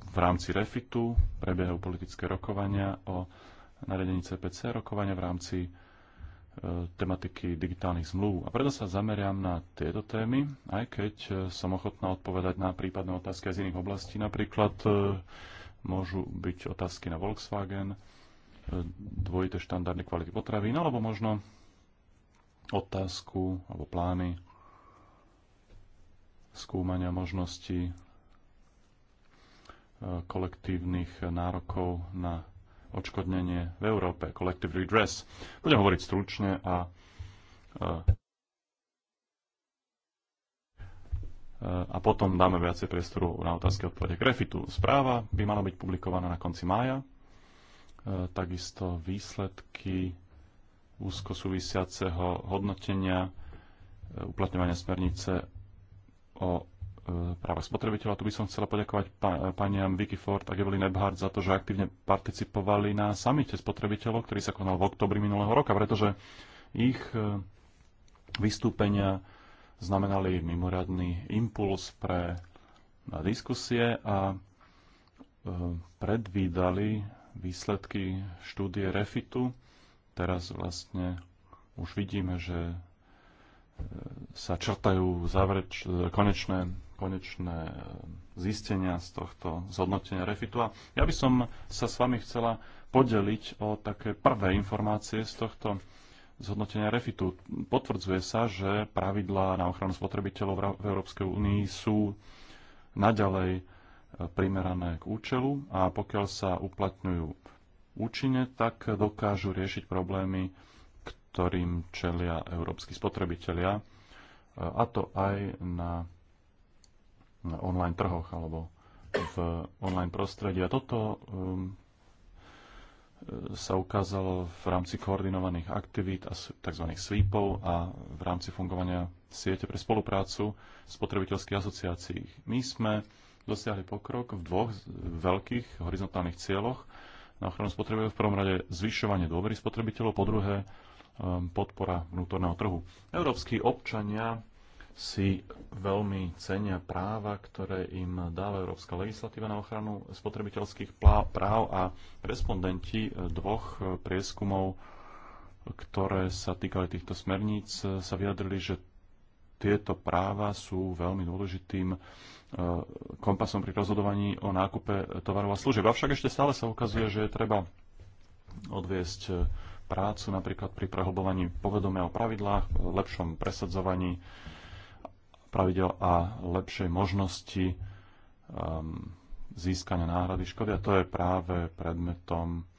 v rámci refitu prebiehajú politické rokovania o nariadení CPC, rokovania v rámci e, tematiky digitálnych zmluv. A preto sa zameriam na tieto témy, aj keď som ochotná odpovedať na prípadné otázky aj z iných oblastí. Napríklad môžu byť otázky na Volkswagen, dvojité štandardy kvality potravín, alebo možno otázku alebo plány skúmania možností e, kolektívnych nárokov na odškodnenie v Európe, collective redress. Budem hovoriť stručne a e, a potom dáme viacej priestoru na otázky odpovede k refitu. Správa by mala byť publikovaná na konci mája. E, takisto výsledky úzko súvisiaceho hodnotenia uplatňovania smernice o e, práva spotrebiteľa. Tu by som chcela poďakovať paniam Vicky Ford a Evelyn Ebhardt za to, že aktívne participovali na samite spotrebiteľov, ktorý sa konal v oktobri minulého roka, pretože ich e, vystúpenia znamenali mimoriadný impuls pre diskusie a e, predvídali výsledky štúdie Refitu. Teraz vlastne už vidíme, že sa črtajú zavreč, konečné, konečné eh, zistenia z tohto zhodnotenia refitu. A ja by som sa s vami chcela podeliť o také prvé informácie z tohto zhodnotenia refitu. Potvrdzuje sa, že pravidlá na ochranu spotrebiteľov v Európskej únii sú naďalej eh, primerané k účelu a pokiaľ sa uplatňujú účinne, tak dokážu riešiť problémy ktorým čelia európsky spotrebitelia, e, a to aj na, online trhoch alebo v online prostredí. A toto um, e, sa ukázalo v rámci koordinovaných aktivít a tzv. sweepov a v rámci fungovania siete pre spoluprácu spotrebiteľských asociácií. My sme dosiahli pokrok v dvoch veľkých horizontálnych cieľoch na ochranu spotrebiteľov. V prvom rade zvyšovanie dôvery spotrebiteľov, po druhé Um, podpora vnútorného trhu. Európsky občania si veľmi cenia práva, ktoré im dáva európska legislatíva na ochranu spotrebiteľských práv a respondenti eh, dvoch eh, prieskumov, ktoré sa týkali týchto smerníc, eh, sa vyjadrili, že tieto práva sú veľmi dôležitým kompasom pri rozhodovaní o nákupe tovarov a služieb. Avšak ešte stále sa ukazuje, že je treba odviesť prácu napríklad pri prehlbovaní povedomia o pravidlách, lepšom presadzovaní pravidel a lepšej možnosti um, získania náhrady škody. A to je práve predmetom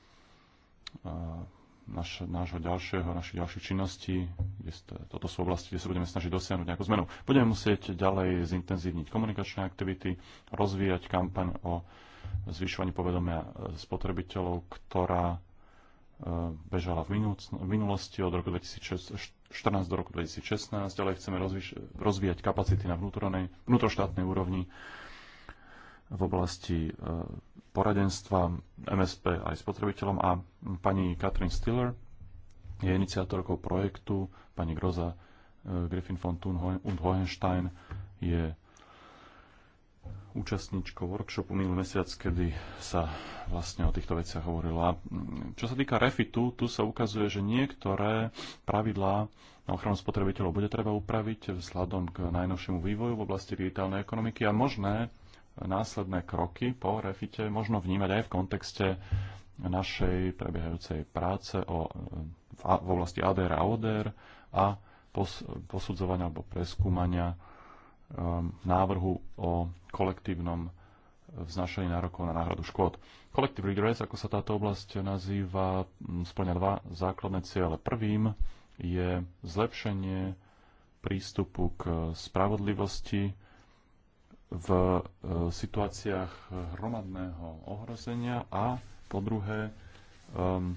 uh, naš, nášho ďalšieho, našich ďalších činností. Kde ste, toto sú oblasti, kde sa budeme snažiť dosiahnuť nejakú zmenu. Budeme musieť ďalej zintenzívniť komunikačné aktivity, rozvíjať kampaň o zvyšovaní povedomia spotrebiteľov, ktorá Eh, bežala v minulosti od roku 2014 do roku 2016, ale chceme rozvíjať kapacity na vnútroštátnej úrovni v oblasti eh, poradenstva MSP aj spotrebiteľom a pani Katrin Stiller je iniciátorkou projektu, pani Groza eh, Griffin von Thun und Hohenstein je účastníčkou workshopu minulý mesiac, kedy sa vlastne o týchto veciach hovorilo. A mm, čo sa týka refitu, tu sa ukazuje, že niektoré pravidlá na ochranu spotrebiteľov bude treba upraviť vzhľadom k najnovšiemu vývoju v oblasti digitálnej ekonomiky a možné následné kroky po refite možno vnímať aj v kontexte našej prebiehajúcej práce o, v, oblasti ADR a ODR a posudzovania alebo preskúmania Um, návrhu o kolektívnom vznašení nárokov na náhradu škôd. Collective redress, ako sa táto oblasť nazýva, mm, splňa dva základné ciele. Prvým je zlepšenie prístupu k spravodlivosti v e, situáciách hromadného ohrozenia a po druhé um,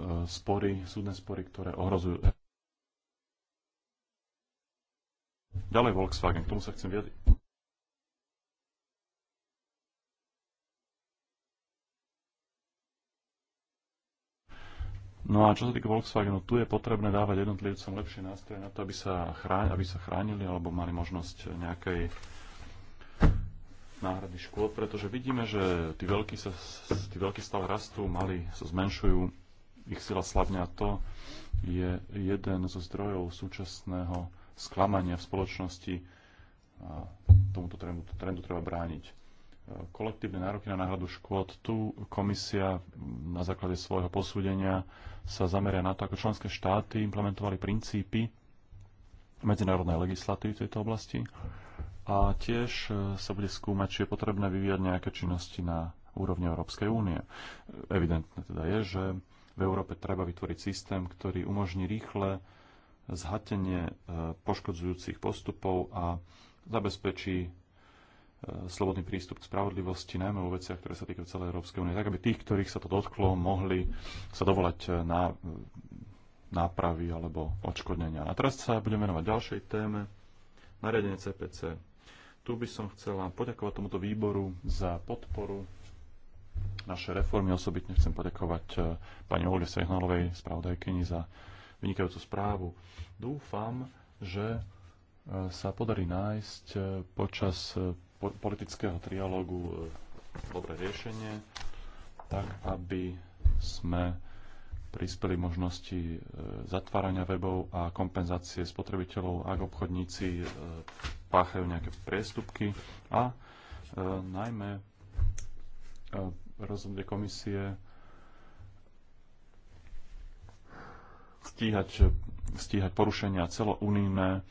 e, spory, súdne spory, ktoré ohrozujú Ďalej Volkswagen, k tomu sa chcem vyjadriť. No a čo sa týka Volkswagenu, tu je potrebné dávať jednotlivcom lepšie nástroje na to, aby sa, chráň, aby sa chránili alebo mali možnosť nejakej náhrady škôd, pretože vidíme, že tí veľkí, sa, tí veľkí stále rastú, mali sa zmenšujú, ich sila slabne a to je jeden zo zdrojov súčasného sklamania v spoločnosti. A tomuto trendu, trendu treba brániť. Kolektívne nároky na náhradu škôd. Tu komisia na základe svojho posúdenia sa zameria na to, ako členské štáty implementovali princípy medzinárodnej legislatívy v tejto oblasti a tiež e, sa bude skúmať, či je potrebné vyvíjať nejaké činnosti na úrovni Európskej únie. Evidentné teda je, že v Európe treba vytvoriť systém, ktorý umožní rýchle zhatenie e, poškodzujúcich postupov a zabezpečí e, slobodný prístup k spravodlivosti, najmä vo veciach, ktoré sa týkajú celej Európskej únie, tak aby tých, ktorých sa to dotklo, mohli sa dovolať e, na nápravy alebo odškodnenia. A teraz sa budeme venovať ďalšej téme, nariadenie CPC. Tu by som chcela poďakovať tomuto výboru za podporu naše reformy. Osobitne chcem poďakovať pani Olge Sehnalovej, spravodajkyni, za vynikajúcu správu. Dúfam, že e, sa podarí nájsť e, počas e, politického trialógu dobré riešenie, tak aby sme prispeli možnosti zatvárania webov a kompenzácie spotrebiteľov, ak obchodníci páchajú nejaké priestupky a najmä rozhodne komisie stíhať, stíhať porušenia celounijné. E,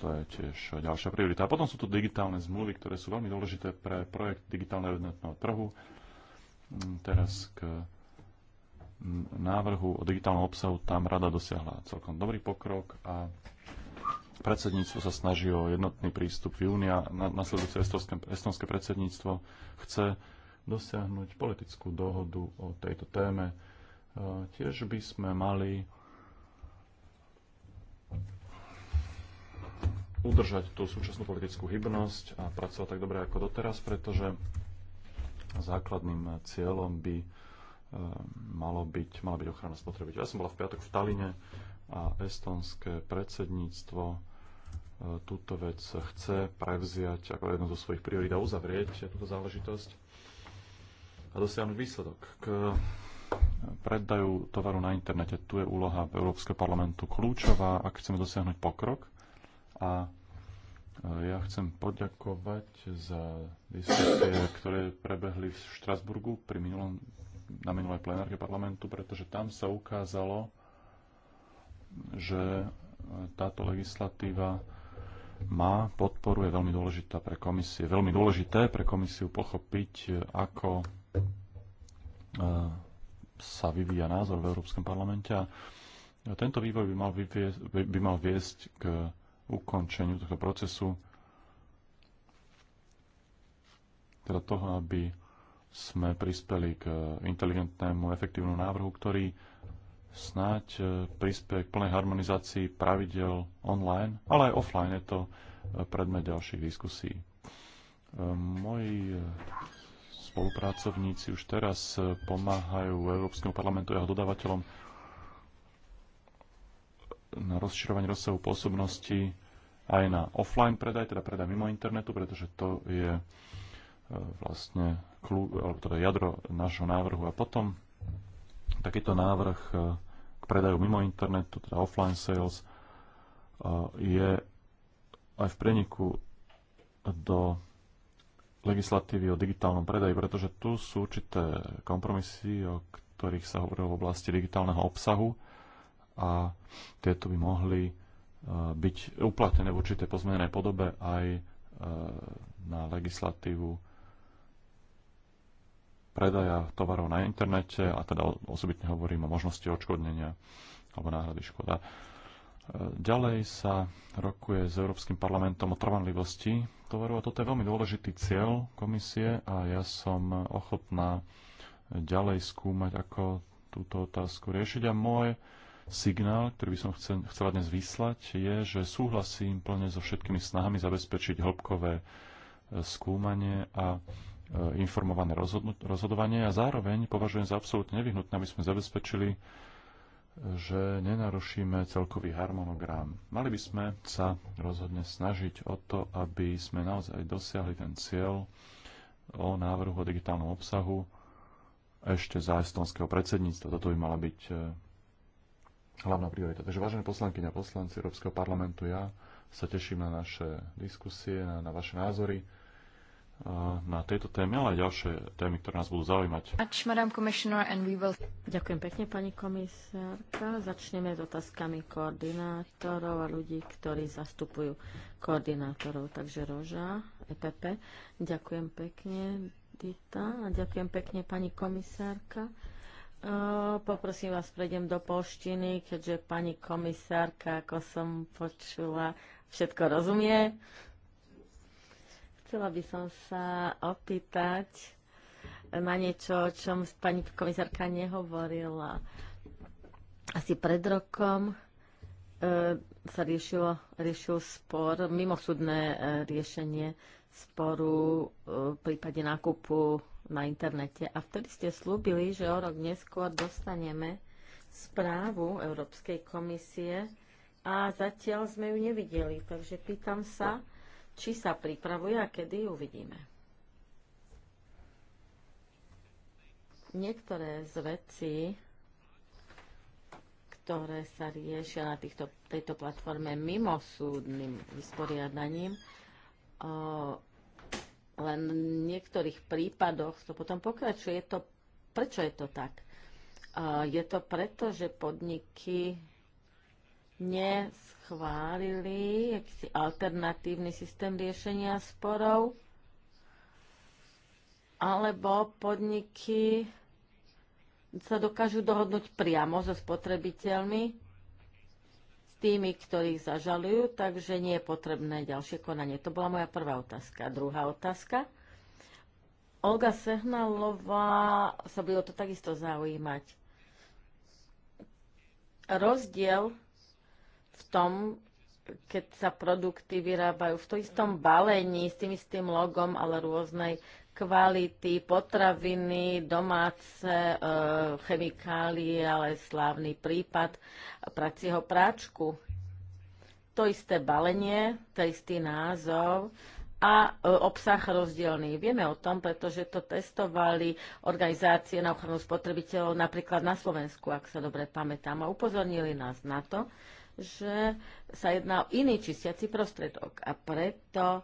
to je tiež ďalšia priorita. A potom sú tu digitálne zmluvy, ktoré sú veľmi dôležité pre projekt digitálneho jednotného trhu. Mm, teraz k mm, návrhu o digitálnom obsahu tam rada dosiahla celkom dobrý pokrok a predsedníctvo sa snaží o jednotný prístup v júnia. Nasledujúce estonské, estonské predsedníctvo chce dosiahnuť politickú dohodu o tejto téme Eh, tiež by sme mali udržať tú súčasnú politickú hybnosť a pracovať tak dobre ako doteraz, pretože základným cieľom by eh, malo byť, malo byť ochrana spotrebiteľa. Ja som bola v piatok v Taline a estonské predsedníctvo eh, túto vec chce prevziať ako jednu zo svojich priorít a uzavrieť túto záležitosť a dosiahnuť výsledok. K predajú tovaru na internete. Tu je úloha Európskeho parlamentu kľúčová, ak chceme dosiahnuť pokrok. A e, ja chcem poďakovať za diskusie, ktoré prebehli v Štrasburgu pri minulom, na minulej plenárke parlamentu, pretože tam sa ukázalo, že e, táto legislatíva má podporu, je veľmi dôležitá pre komisie, veľmi dôležité pre komisiu pochopiť, ako e, sa vyvíja názor v Európskom parlamente a tento vývoj by mal, vyviesť, by mal viesť k ukončeniu tohto procesu, teda toho, aby sme prispeli k inteligentnému, efektívnemu návrhu, ktorý snáď e, prispie k plnej harmonizácii pravidel online, ale aj offline je to e, predmet ďalších diskusí. E, Moji spolupracovníci už teraz eh, pomáhajú Európskemu parlamentu a jeho dodávateľom na rozširovanie rozsahu pôsobnosti aj na offline predaj, teda predaj mimo internetu, pretože to je eh, vlastne klú, alebo teda jadro nášho návrhu. A potom takýto návrh eh, k predaju mimo internetu, teda offline sales, je aj v preniku do legislatívy o digitálnom predaji, pretože tu sú určité kompromisy, o ktorých sa hovorilo v oblasti digitálneho obsahu a tieto by mohli e, byť uplatnené v určitej pozmenenej podobe aj e, na legislatívu predaja tovarov na internete a teda osobitne hovorím o možnosti odškodnenia alebo náhrady škoda. Ďalej sa rokuje s Európskym parlamentom o trvanlivosti tovaru a toto je veľmi dôležitý cieľ komisie a ja som ochotná ďalej skúmať, ako túto otázku riešiť. A môj signál, ktorý by som chcel, chcela dnes vyslať, je, že súhlasím plne so všetkými snahami zabezpečiť hĺbkové e, skúmanie a e, informované rozhodovanie a zároveň považujem za absolútne nevyhnutné, aby sme zabezpečili že nenarušíme celkový harmonogram. Mali by sme sa rozhodne snažiť o to, aby sme naozaj dosiahli ten cieľ o návrhu o digitálnom obsahu ešte za estonského predsedníctva. Toto by mala byť e, hlavná priorita. Takže vážené poslanky a poslanci Európskeho parlamentu, ja sa teším na naše diskusie, na, na vaše názory na tejto téme, ale aj ďalšie témy, ktoré nás budú zaujímať. Ďakujem pekne, pani komisárka. Začneme s otázkami koordinátorov a ľudí, ktorí zastupujú koordinátorov. Takže Roža, EPP. Ďakujem pekne, Dita. A ďakujem pekne, pani komisárka. Poprosím vás, prejdem do polštiny, keďže pani komisárka, ako som počula, všetko rozumie. Chcela by som sa opýtať na niečo, o čom pani komisárka nehovorila. Asi pred rokom e, sa riešilo, riešil spor, mimosudné e, riešenie sporu e, v prípade nákupu na internete. A vtedy ste slúbili, že o rok neskôr dostaneme správu Európskej komisie a zatiaľ sme ju nevideli. Takže pýtam sa, či sa pripravuje a kedy uvidíme. Niektoré z vecí, ktoré sa riešia na týchto, tejto platforme mimo súdnym vysporiadaním, o, len v niektorých prípadoch to potom pokračuje. Je to, prečo je to tak? Je to preto, že podniky nes schválili jakýsi alternatívny systém riešenia sporov, alebo podniky sa dokážu dohodnúť priamo so spotrebiteľmi, s tými, ktorých zažalujú, takže nie je potrebné ďalšie konanie. To bola moja prvá otázka. Druhá otázka. Olga Sehnalová sa bude o to takisto zaujímať. Rozdiel v tom, keď sa produkty vyrábajú v tom istom balení, s tým istým logom, ale rôznej kvality, potraviny, domáce, e, chemikálie, ale slávny prípad pracieho práčku. To isté balenie, to istý názov a e, obsah rozdielný. Vieme o tom, pretože to testovali organizácie na ochranu spotrebiteľov napríklad na Slovensku, ak sa dobre pamätám, a upozornili nás na to, že sa jedná o iný čistiaci prostredok. a preto e,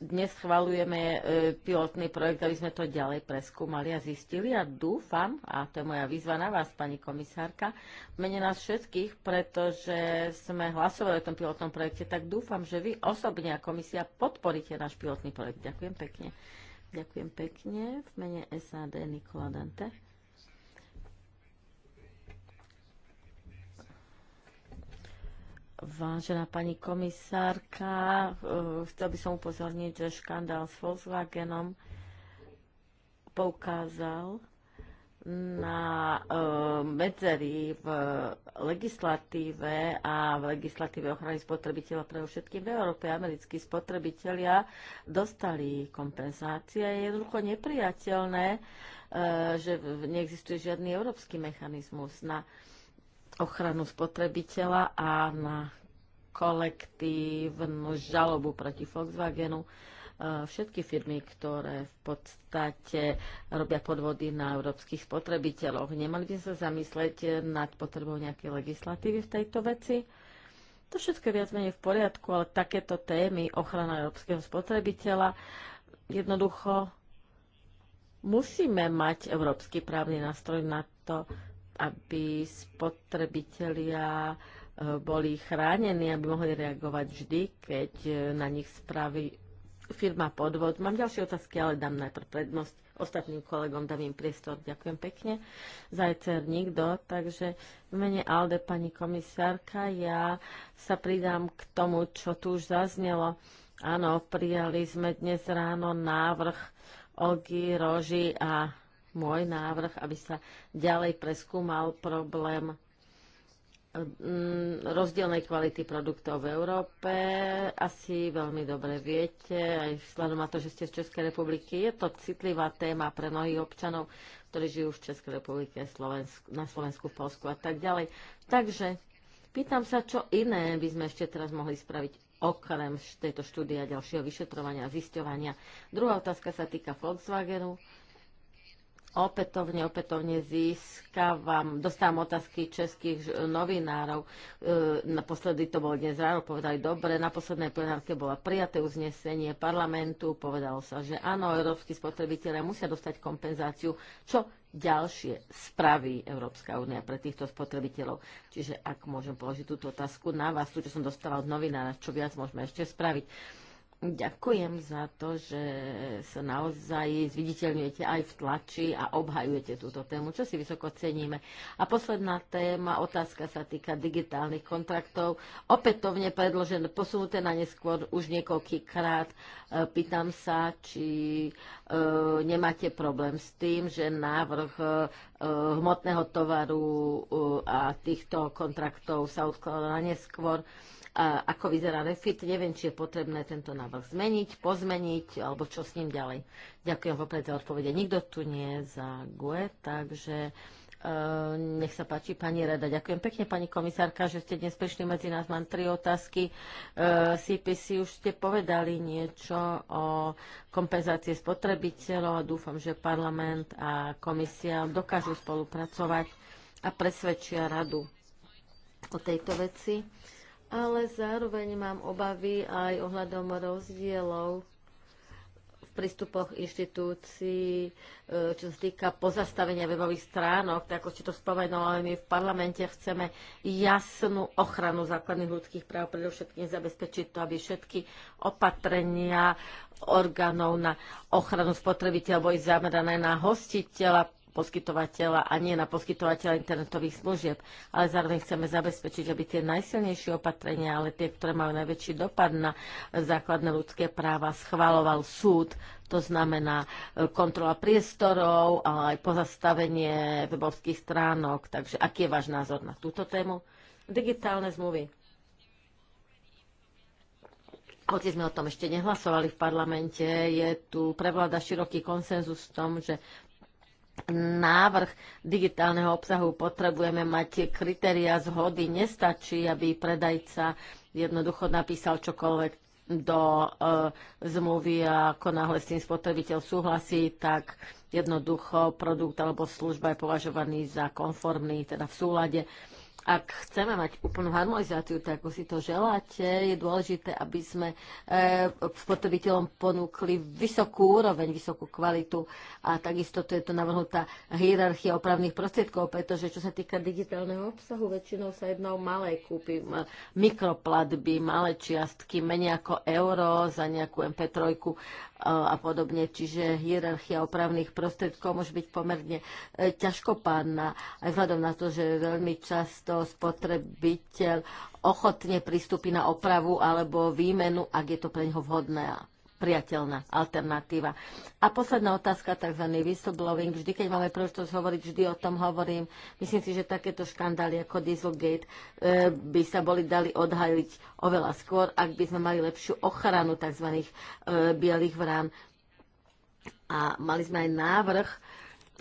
dnes schvalujeme e, pilotný projekt, aby sme to ďalej preskúmali a zistili a dúfam, a to je moja výzva na vás, pani komisárka, mene nás všetkých, pretože sme hlasovali o tom pilotnom projekte, tak dúfam, že vy osobne a komisia podporíte náš pilotný projekt. Ďakujem pekne. Ďakujem pekne. V mene SAD Nikola Dante. Vážená pani komisárka, eh, chcel by som upozorniť, že škandál s Volkswagenom poukázal na eh, medzery v legislatíve a v legislatíve ochrany spotrebiteľa pre všetkým v Európe. Americkí spotrebitelia dostali kompenzácie. Je jednoducho nepriateľné, eh, že neexistuje žiadny európsky mechanizmus na ochranu spotrebiteľa a na kolektívnu žalobu proti Volkswagenu. E, všetky firmy, ktoré v podstate robia podvody na európskych spotrebiteľoch, nemali by sa zamyslieť nad potrebou nejakej legislatívy v tejto veci? To všetko je viac menej v poriadku, ale takéto témy, ochrana európskeho spotrebiteľa, jednoducho musíme mať európsky právny nástroj na to, aby spotrebitelia e, boli chránení, aby mohli reagovať vždy, keď e, na nich spraví firma podvod. Mám ďalšie otázky, ale dám najprv prednosť. Ostatným kolegom dám im priestor. Ďakujem pekne. Zajcer nikto, takže v mene Alde, pani komisárka, ja sa pridám k tomu, čo tu už zaznelo. Áno, prijali sme dnes ráno návrh Olgy, Roži a môj návrh, aby sa ďalej preskúmal problém mm, rozdielnej kvality produktov v Európe. Asi veľmi dobre viete, aj vzhľadom na to, že ste z Českej republiky, je to citlivá téma pre mnohých občanov, ktorí žijú v Českej republike, Slovensku, na Slovensku, v Polsku a tak ďalej. Takže pýtam sa, čo iné by sme ešte teraz mohli spraviť okrem tejto štúdia ďalšieho vyšetrovania a zisťovania. Druhá otázka sa týka Volkswagenu opätovne, opätovne získavam, dostávam otázky českých novinárov. E, naposledy to bolo dnes ráno, povedali dobre, na poslednej plenárke bola prijaté uznesenie parlamentu, povedalo sa, že áno, európsky spotrebitelia musia dostať kompenzáciu, čo ďalšie spraví Európska únia pre týchto spotrebiteľov. Čiže ak môžem položiť túto otázku na vás, tú, čo som dostala od novinára, čo viac môžeme ešte spraviť Ďakujem za to, že sa naozaj zviditeľňujete aj v tlači a obhajujete túto tému, čo si vysoko ceníme. A posledná téma, otázka sa týka digitálnych kontraktov. Opätovne predložené, posunuté na neskôr už niekoľký krát. E, pýtam sa, či e, nemáte problém s tým, že návrh e, E, hmotného tovaru e, a týchto kontraktov sa odkladá neskôr. A ako vyzerá refit, neviem, či je potrebné tento návrh zmeniť, pozmeniť, alebo čo s ním ďalej. Ďakujem vopred za odpovede. Nikto tu nie je za GUE, takže Eh, nech sa páči, pani Rada. Ďakujem pekne, pani komisárka, že ste dnes prišli medzi nás. Mám tri otázky. CPC eh, už ste povedali niečo o kompenzácie spotrebiteľov a dúfam, že parlament a komisia dokážu spolupracovať a presvedčia radu o tejto veci. Ale zároveň mám obavy aj ohľadom rozdielov v prístupoch inštitúcií, e, čo sa týka pozastavenia webových stránok, tak ako ste to spomenuli, my v parlamente chceme jasnú ochranu základných ľudských práv, predovšetkým zabezpečiť to, aby všetky opatrenia orgánov na ochranu spotrebiteľa boli zamerané na hostiteľa, poskytovateľa a nie na poskytovateľa internetových služieb. Ale zároveň chceme zabezpečiť, aby tie najsilnejšie opatrenia, ale tie, ktoré majú najväčší dopad na základné ľudské práva, schváloval súd. To znamená e, kontrola priestorov, ale aj pozastavenie webovských stránok. Takže aký je váš názor na túto tému? Digitálne zmluvy. Hoci sme o tom ešte nehlasovali v parlamente, je tu prevláda široký konsenzus v tom, že návrh digitálneho obsahu potrebujeme mať kritéria zhody. Nestačí, aby predajca jednoducho napísal čokoľvek do e, zmluvy a ako náhle s tým spotrebiteľ súhlasí, tak jednoducho produkt alebo služba je považovaný za konformný, teda v súlade ak chceme mať úplnú harmonizáciu, tak ako si to želáte, je dôležité, aby sme e, spotrebiteľom ponúkli vysokú úroveň, vysokú kvalitu a takisto to je to navrhnutá hierarchia opravných prostriedkov, pretože čo sa týka digitálneho obsahu, väčšinou sa jednou malé kúpy, mikroplatby, malé čiastky, menej ako euro za nejakú MP3 e, a podobne. Čiže hierarchia opravných prostriedkov môže byť pomerne e, ťažkopádna, aj vzhľadom na to, že veľmi často takisto spotrebiteľ ochotne pristúpi na opravu alebo výmenu, ak je to pre neho vhodné a priateľná alternatíva. A posledná otázka, tzv. whistleblowing. Vždy, keď máme príležitosť hovoriť, vždy o tom hovorím. Myslím si, že takéto škandály ako Dieselgate e, by sa boli dali odhaliť oveľa skôr, ak by sme mali lepšiu ochranu tzv. E, bielých vrán. A mali sme aj návrh,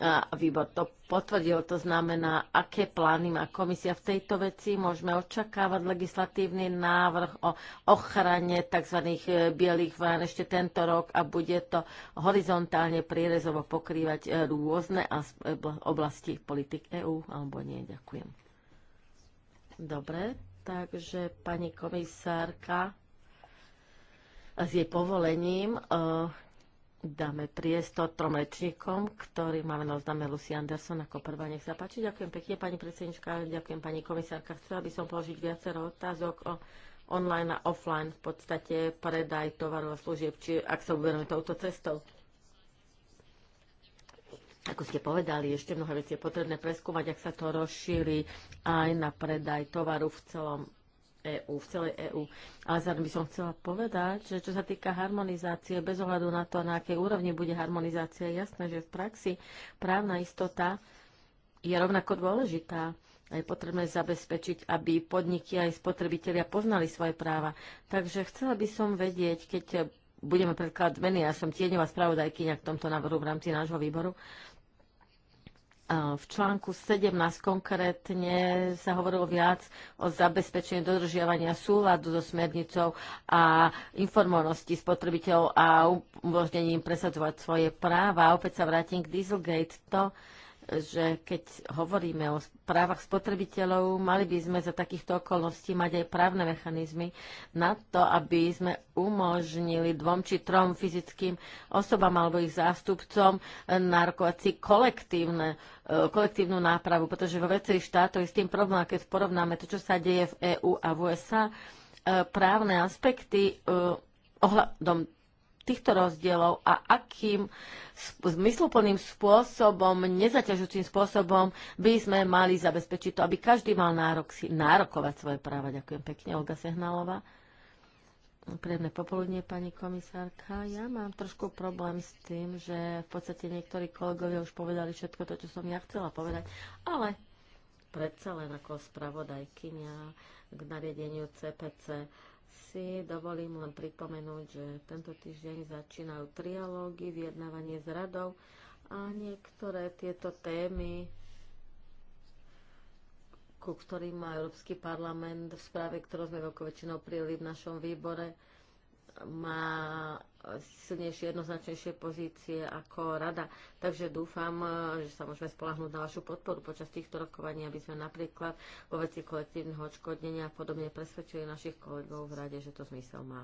a výbor to potvrdil. To znamená, aké plány má komisia v tejto veci. Môžeme očakávať legislatívny návrh o ochrane tzv. E, bielých ván ešte tento rok a bude to horizontálne prierezovo pokrývať e, rôzne e, oblasti politik EÚ alebo nie. Ďakujem. Dobre, takže pani komisárka s jej povolením dáme priestor trom rečníkom, ktorý máme na oznáme Lucy Anderson ako prvá. Nech sa páči. Ďakujem pekne, pani predsednička, ďakujem pani komisárka. Chcela by som položiť viacero otázok o online a offline v podstate predaj tovaru a služieb, či ak sa uberme touto cestou. Ako ste povedali, ešte mnohé veci je potrebné preskúmať, ak sa to rozšíri aj na predaj tovaru v celom EÚ, v celej EÚ. Ale zároveň by som chcela povedať, že čo sa týka harmonizácie, bez ohľadu na to, na akej úrovni bude harmonizácia, je jasné, že v praxi právna istota je rovnako dôležitá. A je potrebné zabezpečiť, aby podniky aj spotrebitelia poznali svoje práva. Takže chcela by som vedieť, keď budeme predkladať zmeny, ja som tieňová spravodajkyňa k tomto návrhu v rámci nášho výboru, v článku 17 konkrétne sa hovorilo viac o zabezpečení dodržiavania súladu so smernicou a informovanosti spotrebiteľov a umožnením presadzovať svoje práva. Opäť sa vrátim k Dieselgate. To že keď hovoríme o právach spotrebiteľov, mali by sme za takýchto okolností mať aj právne mechanizmy na to, aby sme umožnili dvom či trom fyzickým osobám alebo ich zástupcom nárokovať si kolektívne, e, kolektívnu nápravu, pretože vo viacerých štátoch je s tým problém, keď porovnáme to, čo sa deje v EÚ a v USA, e, právne aspekty e, ohľadom týchto rozdielov a akým zmysluplným spôsobom, nezaťažujúcim spôsobom by sme mali zabezpečiť to, aby každý mal nárok si nárokovať svoje práva. Ďakujem pekne, Olga Sehnalová. Príjemné popoludne, pani komisárka. Ja mám trošku problém s tým, že v podstate niektorí kolegovia už povedali všetko to, čo som ja chcela povedať, ale predsa len ako spravodajkynia k nariadeniu CPC si dovolím len pripomenúť, že tento týždeň začínajú trialógy, vyjednávanie s radou a niektoré tieto témy, ku ktorým má Európsky parlament v správe, ktorú sme veľkou väčšinou prijeli v našom výbore, má silnejšie, jednoznačnejšie pozície ako rada. Takže dúfam, že sa môžeme spolahnúť na vašu podporu počas týchto rokovaní, aby sme napríklad vo veci kolektívneho odškodnenia a podobne presvedčili našich kolegov v rade, že to zmysel má.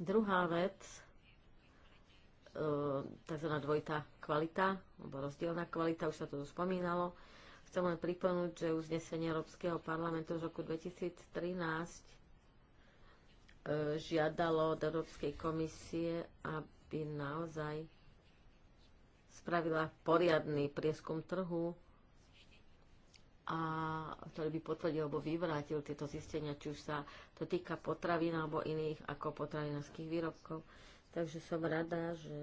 Druhá vec, e, tzv. dvojitá kvalita, alebo rozdielna kvalita, už sa to tu spomínalo. Chcem len pripomenúť, že uznesenie Európskeho parlamentu z roku 2013 E, žiadalo od Európskej komisie, aby naozaj spravila poriadny prieskum trhu, a ktorý by potvrdil alebo vyvrátil tieto zistenia, či už sa to týka potravín alebo iných ako potravinárskych výrobkov. Takže som rada, že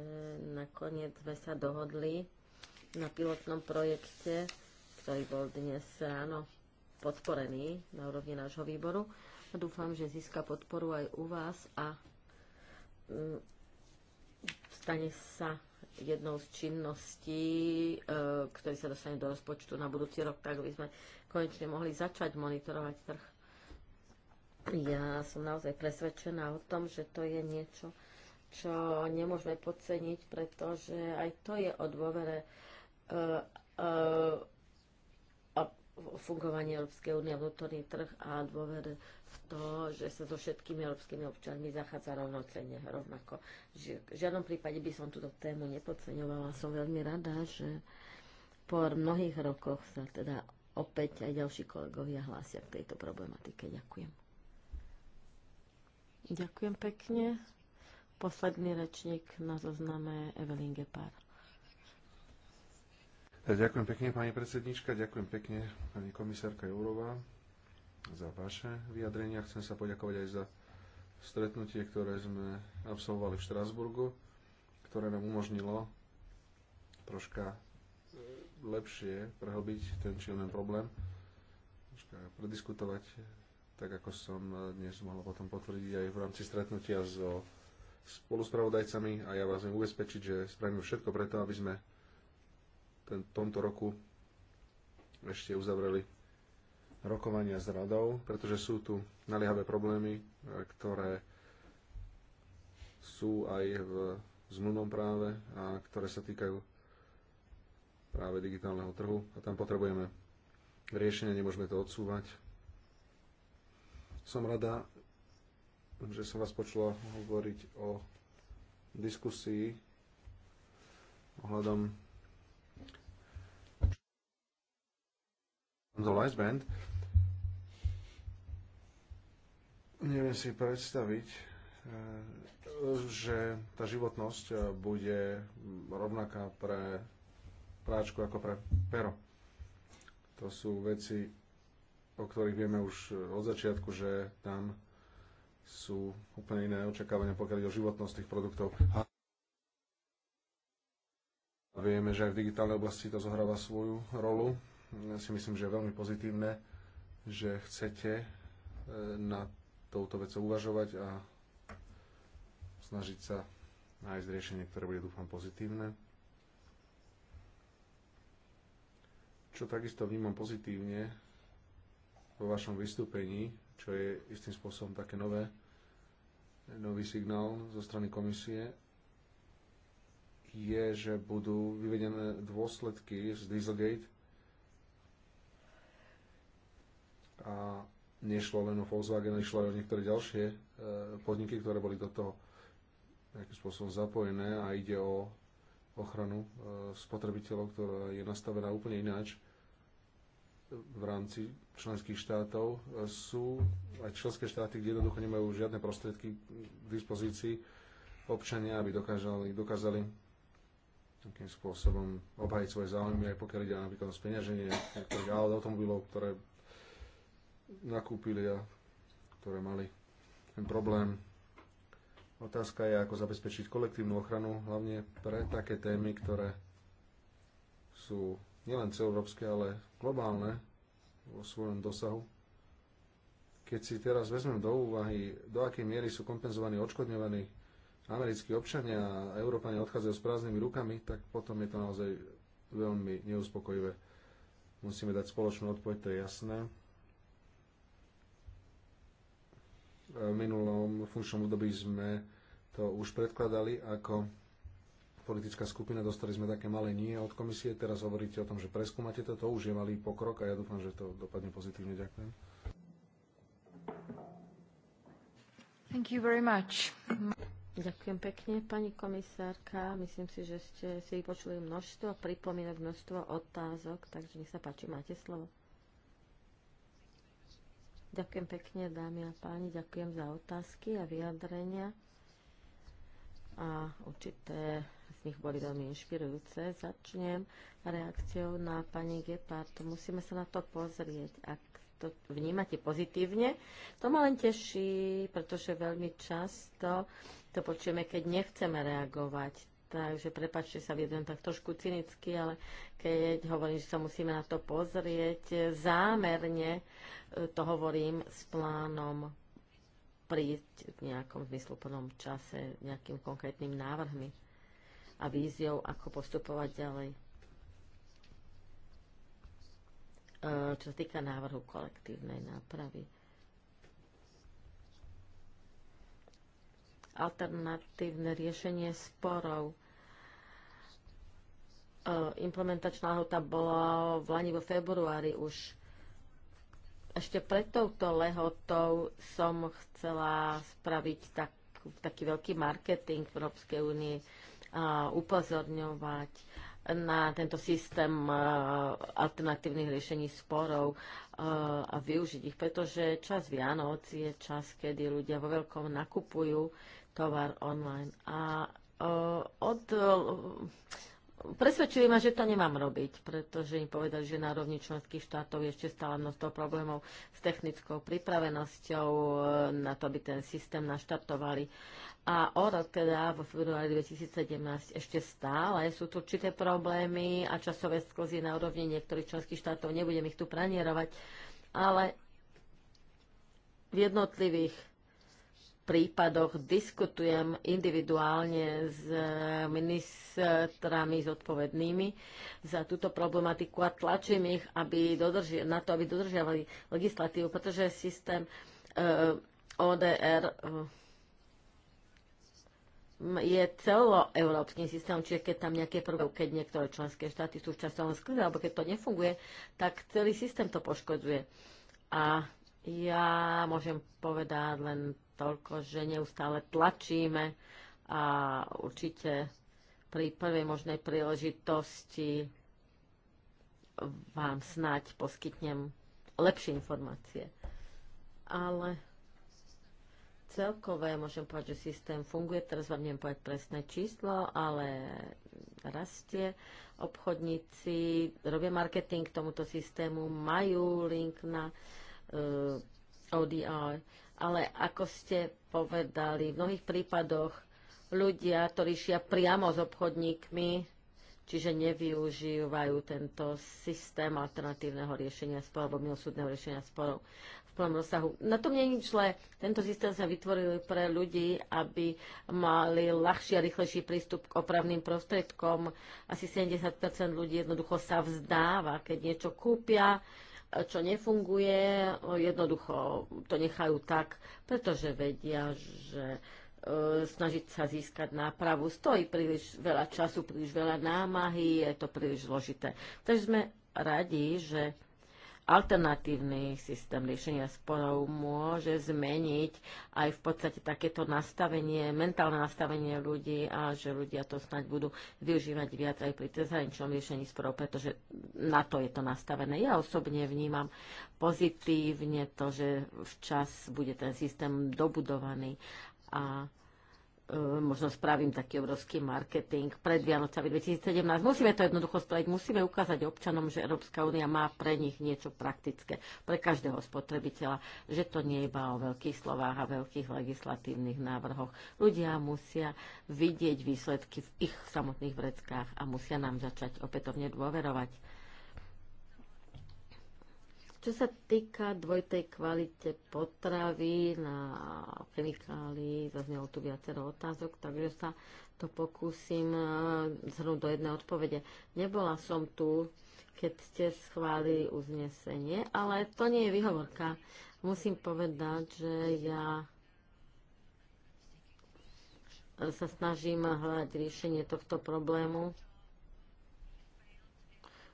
nakoniec sme sa dohodli na pilotnom projekte, ktorý bol dnes ráno podporený na úrovni nášho výboru. Dúfam, že získa podporu aj u vás a mm, stane sa jednou z činností, e, ktorý sa dostane do rozpočtu na budúci rok, tak by sme konečne mohli začať monitorovať trh. Ja som naozaj presvedčená o tom, že to je niečo, čo nemôžeme podceniť, pretože aj to je o dôvere e, e, a fungovanie Európskej únie, vnútorný trh a dôvere to, že sa so všetkými európskymi občanmi zachádza rovnocenne, rovnako. V žiadnom prípade by som túto tému nepodceňovala. Som veľmi rada, že po mnohých rokoch sa teda opäť aj ďalší kolegovia hlásia k tejto problematike. Ďakujem. Ďakujem pekne. Posledný rečník na zozname Evelyn Gepard. Ďakujem pekne, pani predsednička, ďakujem pekne, pani komisárka Jourová za vaše vyjadrenia. Chcem sa poďakovať aj za stretnutie, ktoré sme absolvovali v Štrasburgu, ktoré nám umožnilo troška e, lepšie prehlbiť ten či onen problém, troška prediskutovať, tak ako som e, dnes mohol potom potvrdiť aj v rámci stretnutia so spoluspravodajcami a ja vás viem ubezpečiť, že spravím všetko preto, aby sme ten, tomto roku ešte uzavreli rokovania s radou, pretože sú tu naliehavé problémy, e, ktoré sú aj v zmluvnom práve a ktoré sa týkajú práve digitálneho trhu a tam potrebujeme riešenie, nemôžeme to odsúvať. Som rada, že som vás počula hovoriť o diskusii ohľadom The Band Neviem si predstaviť, e, že tá životnosť e, bude rovnaká pre práčku ako pre pero. To sú veci, o ktorých vieme už od začiatku, že tam sú úplne iné očakávania, pokiaľ ide o životnosť tých produktov. A vieme, že aj v digitálnej oblasti to zohráva svoju rolu. Ja si myslím, že je veľmi pozitívne, že chcete e, na touto vecou uvažovať a snažiť sa nájsť riešenie, ktoré bude, dúfam, pozitívne. Čo takisto vnímam pozitívne vo vašom vystúpení, čo je istým spôsobom také nové, nový signál zo strany komisie, je, že budú vyvedené dôsledky z Dieselgate a nešlo len o Volkswagen, išlo aj o niektoré ďalšie e, podniky, ktoré boli do toho nejakým spôsobom zapojené a ide o ochranu e, spotrebiteľov, ktorá je nastavená úplne ináč v rámci členských štátov. E, sú aj členské štáty, kde jednoducho nemajú žiadne prostriedky k dispozícii občania, aby dokázali, dokázali takým spôsobom obhajiť svoje záujmy, aj pokiaľ ide napríklad o speňaženie niektorých automobilov, ktoré nakúpili a ktoré mali ten problém. Otázka je, ako zabezpečiť kolektívnu ochranu, hlavne pre také témy, ktoré sú nielen celoeurópske, ale globálne vo svojom dosahu. Keď si teraz vezmem do úvahy, do akej miery sú kompenzovaní, odškodňovaní americkí občania a Európania odchádzajú s prázdnymi rukami, tak potom je to naozaj veľmi neuspokojivé. Musíme dať spoločnú odpoveď, to je jasné. minulom funkčnom období sme to už predkladali ako politická skupina, dostali sme také malé nie od komisie, teraz hovoríte o tom, že preskúmate to, to už je malý pokrok a ja dúfam, že to dopadne pozitívne. Ďakujem. Thank you very much. Ďakujem pekne, pani komisárka. Myslím si, že ste si vypočuli množstvo pripomienok, množstvo otázok, takže nech sa páči, máte slovo. Ďakujem pekne, dámy a páni, ďakujem za otázky a vyjadrenia. A určité z nich boli veľmi inšpirujúce. Začnem reakciou na pani Gepard. Musíme sa na to pozrieť. Ak to vnímate pozitívne. To ma len teší, pretože veľmi často to počujeme, keď nechceme reagovať. Takže prepačte sa, viedem tak trošku cynicky, ale keď hovorím, že sa musíme na to pozrieť zámerne, to hovorím s plánom prísť v nejakom zmysluplnom čase, nejakým konkrétnym návrhmi a víziou, ako postupovať ďalej. E, čo sa týka návrhu kolektívnej nápravy. Alternatívne riešenie sporov e, implementačná hota bola v Lani vo februári už ešte pred touto lehotou som chcela spraviť tak, taký veľký marketing v Európskej únii a upozorňovať na tento systém alternatívnych riešení sporov a využiť ich, pretože čas Vianoc je čas, kedy ľudia vo veľkom nakupujú tovar online a od presvedčili ma, že to nemám robiť, pretože im povedali, že na rovni členských štátov je ešte stále množstvo problémov s technickou pripravenosťou e, na to, aby ten systém naštartovali. A o rok teda vo februári 2017 ešte stále sú tu určité problémy a časové sklzy na úrovni niektorých členských štátov, nebudem ich tu pranierovať, ale v jednotlivých prípadoch diskutujem individuálne s ministrami zodpovednými za túto problematiku a tlačím ich aby dodrži- na to, aby dodržiavali legislatívu, pretože systém uh, eh, ODR uh, eh, je celoeurópskym systémom, čiže keď tam nejaké prvky, keď niektoré členské štáty sú v časovom sklize, alebo keď to nefunguje, tak celý systém to poškodzuje. A ja môžem povedať len toľko, že neustále tlačíme a určite pri prvej možnej príležitosti vám snáď poskytnem lepšie informácie. Ale celkové môžem povedať, že systém funguje. Teraz vám neviem povedať presné číslo, ale rastie. Obchodníci robia marketing k tomuto systému, majú link na uh, eh, ODR ale ako ste povedali, v mnohých prípadoch ľudia ktorí šia priamo s obchodníkmi, čiže nevyužívajú tento systém alternatívneho riešenia sporov alebo milosúdneho riešenia sporov v plnom rozsahu. Na tom nie je nič zlé. Tento systém sa vytvoril pre ľudí, aby mali ľahší a rýchlejší prístup k opravným prostriedkom. Asi 70 ľudí jednoducho sa vzdáva, keď niečo kúpia, čo nefunguje, jednoducho to nechajú tak, pretože vedia, že e, snažiť sa získať nápravu stojí príliš veľa času, príliš veľa námahy, je to príliš zložité. Takže sme radi, že alternatívny systém riešenia sporov môže zmeniť aj v podstate takéto nastavenie, mentálne nastavenie ľudí a že ľudia to snáď budú využívať viac aj pri cezhraničnom riešení sporov, pretože na to je to nastavené. Ja osobne vnímam pozitívne to, že včas bude ten systém dobudovaný a E, možno spravím taký obrovský marketing pred Vianocami 2017. Musíme to jednoducho spraviť, musíme ukázať občanom, že Európska únia má pre nich niečo praktické, pre každého spotrebiteľa, že to nie je iba o veľkých slovách a veľkých legislatívnych návrhoch. Ľudia musia vidieť výsledky v ich samotných vreckách a musia nám začať opätovne dôverovať. Čo sa týka dvojtej kvalite potravy na chemikáli, zaznelo tu viacero otázok, takže sa to pokúsim eh, zhrnúť do jednej odpovede. Nebola som tu, keď ste schválili uznesenie, ale to nie je vyhovorka. Musím povedať, že ja sa snažím hľadať riešenie tohto problému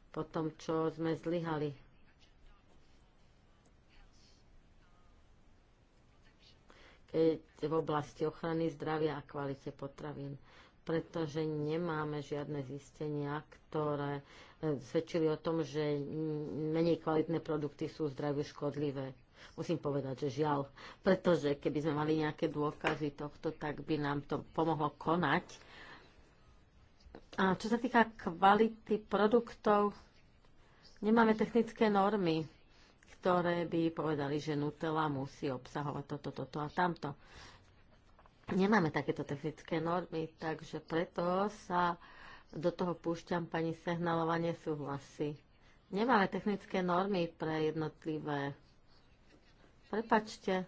po tom, čo sme zlyhali keď v oblasti ochrany zdravia a kvalite potravín pretože nemáme žiadne zistenia, ktoré e, svedčili o tom, že menej kvalitné produkty sú zdraviu škodlivé. Musím povedať, že žiaľ, pretože keby sme mali nejaké dôkazy tohto, tak by nám to pomohlo konať. A čo sa týka kvality produktov, nemáme technické normy ktoré by povedali, že Nutella musí obsahovať toto, toto a tamto. Nemáme takéto technické normy, takže preto sa do toho púšťam, pani Sehnalova nesúhlasí. Nemáme technické normy pre jednotlivé. Prepačte.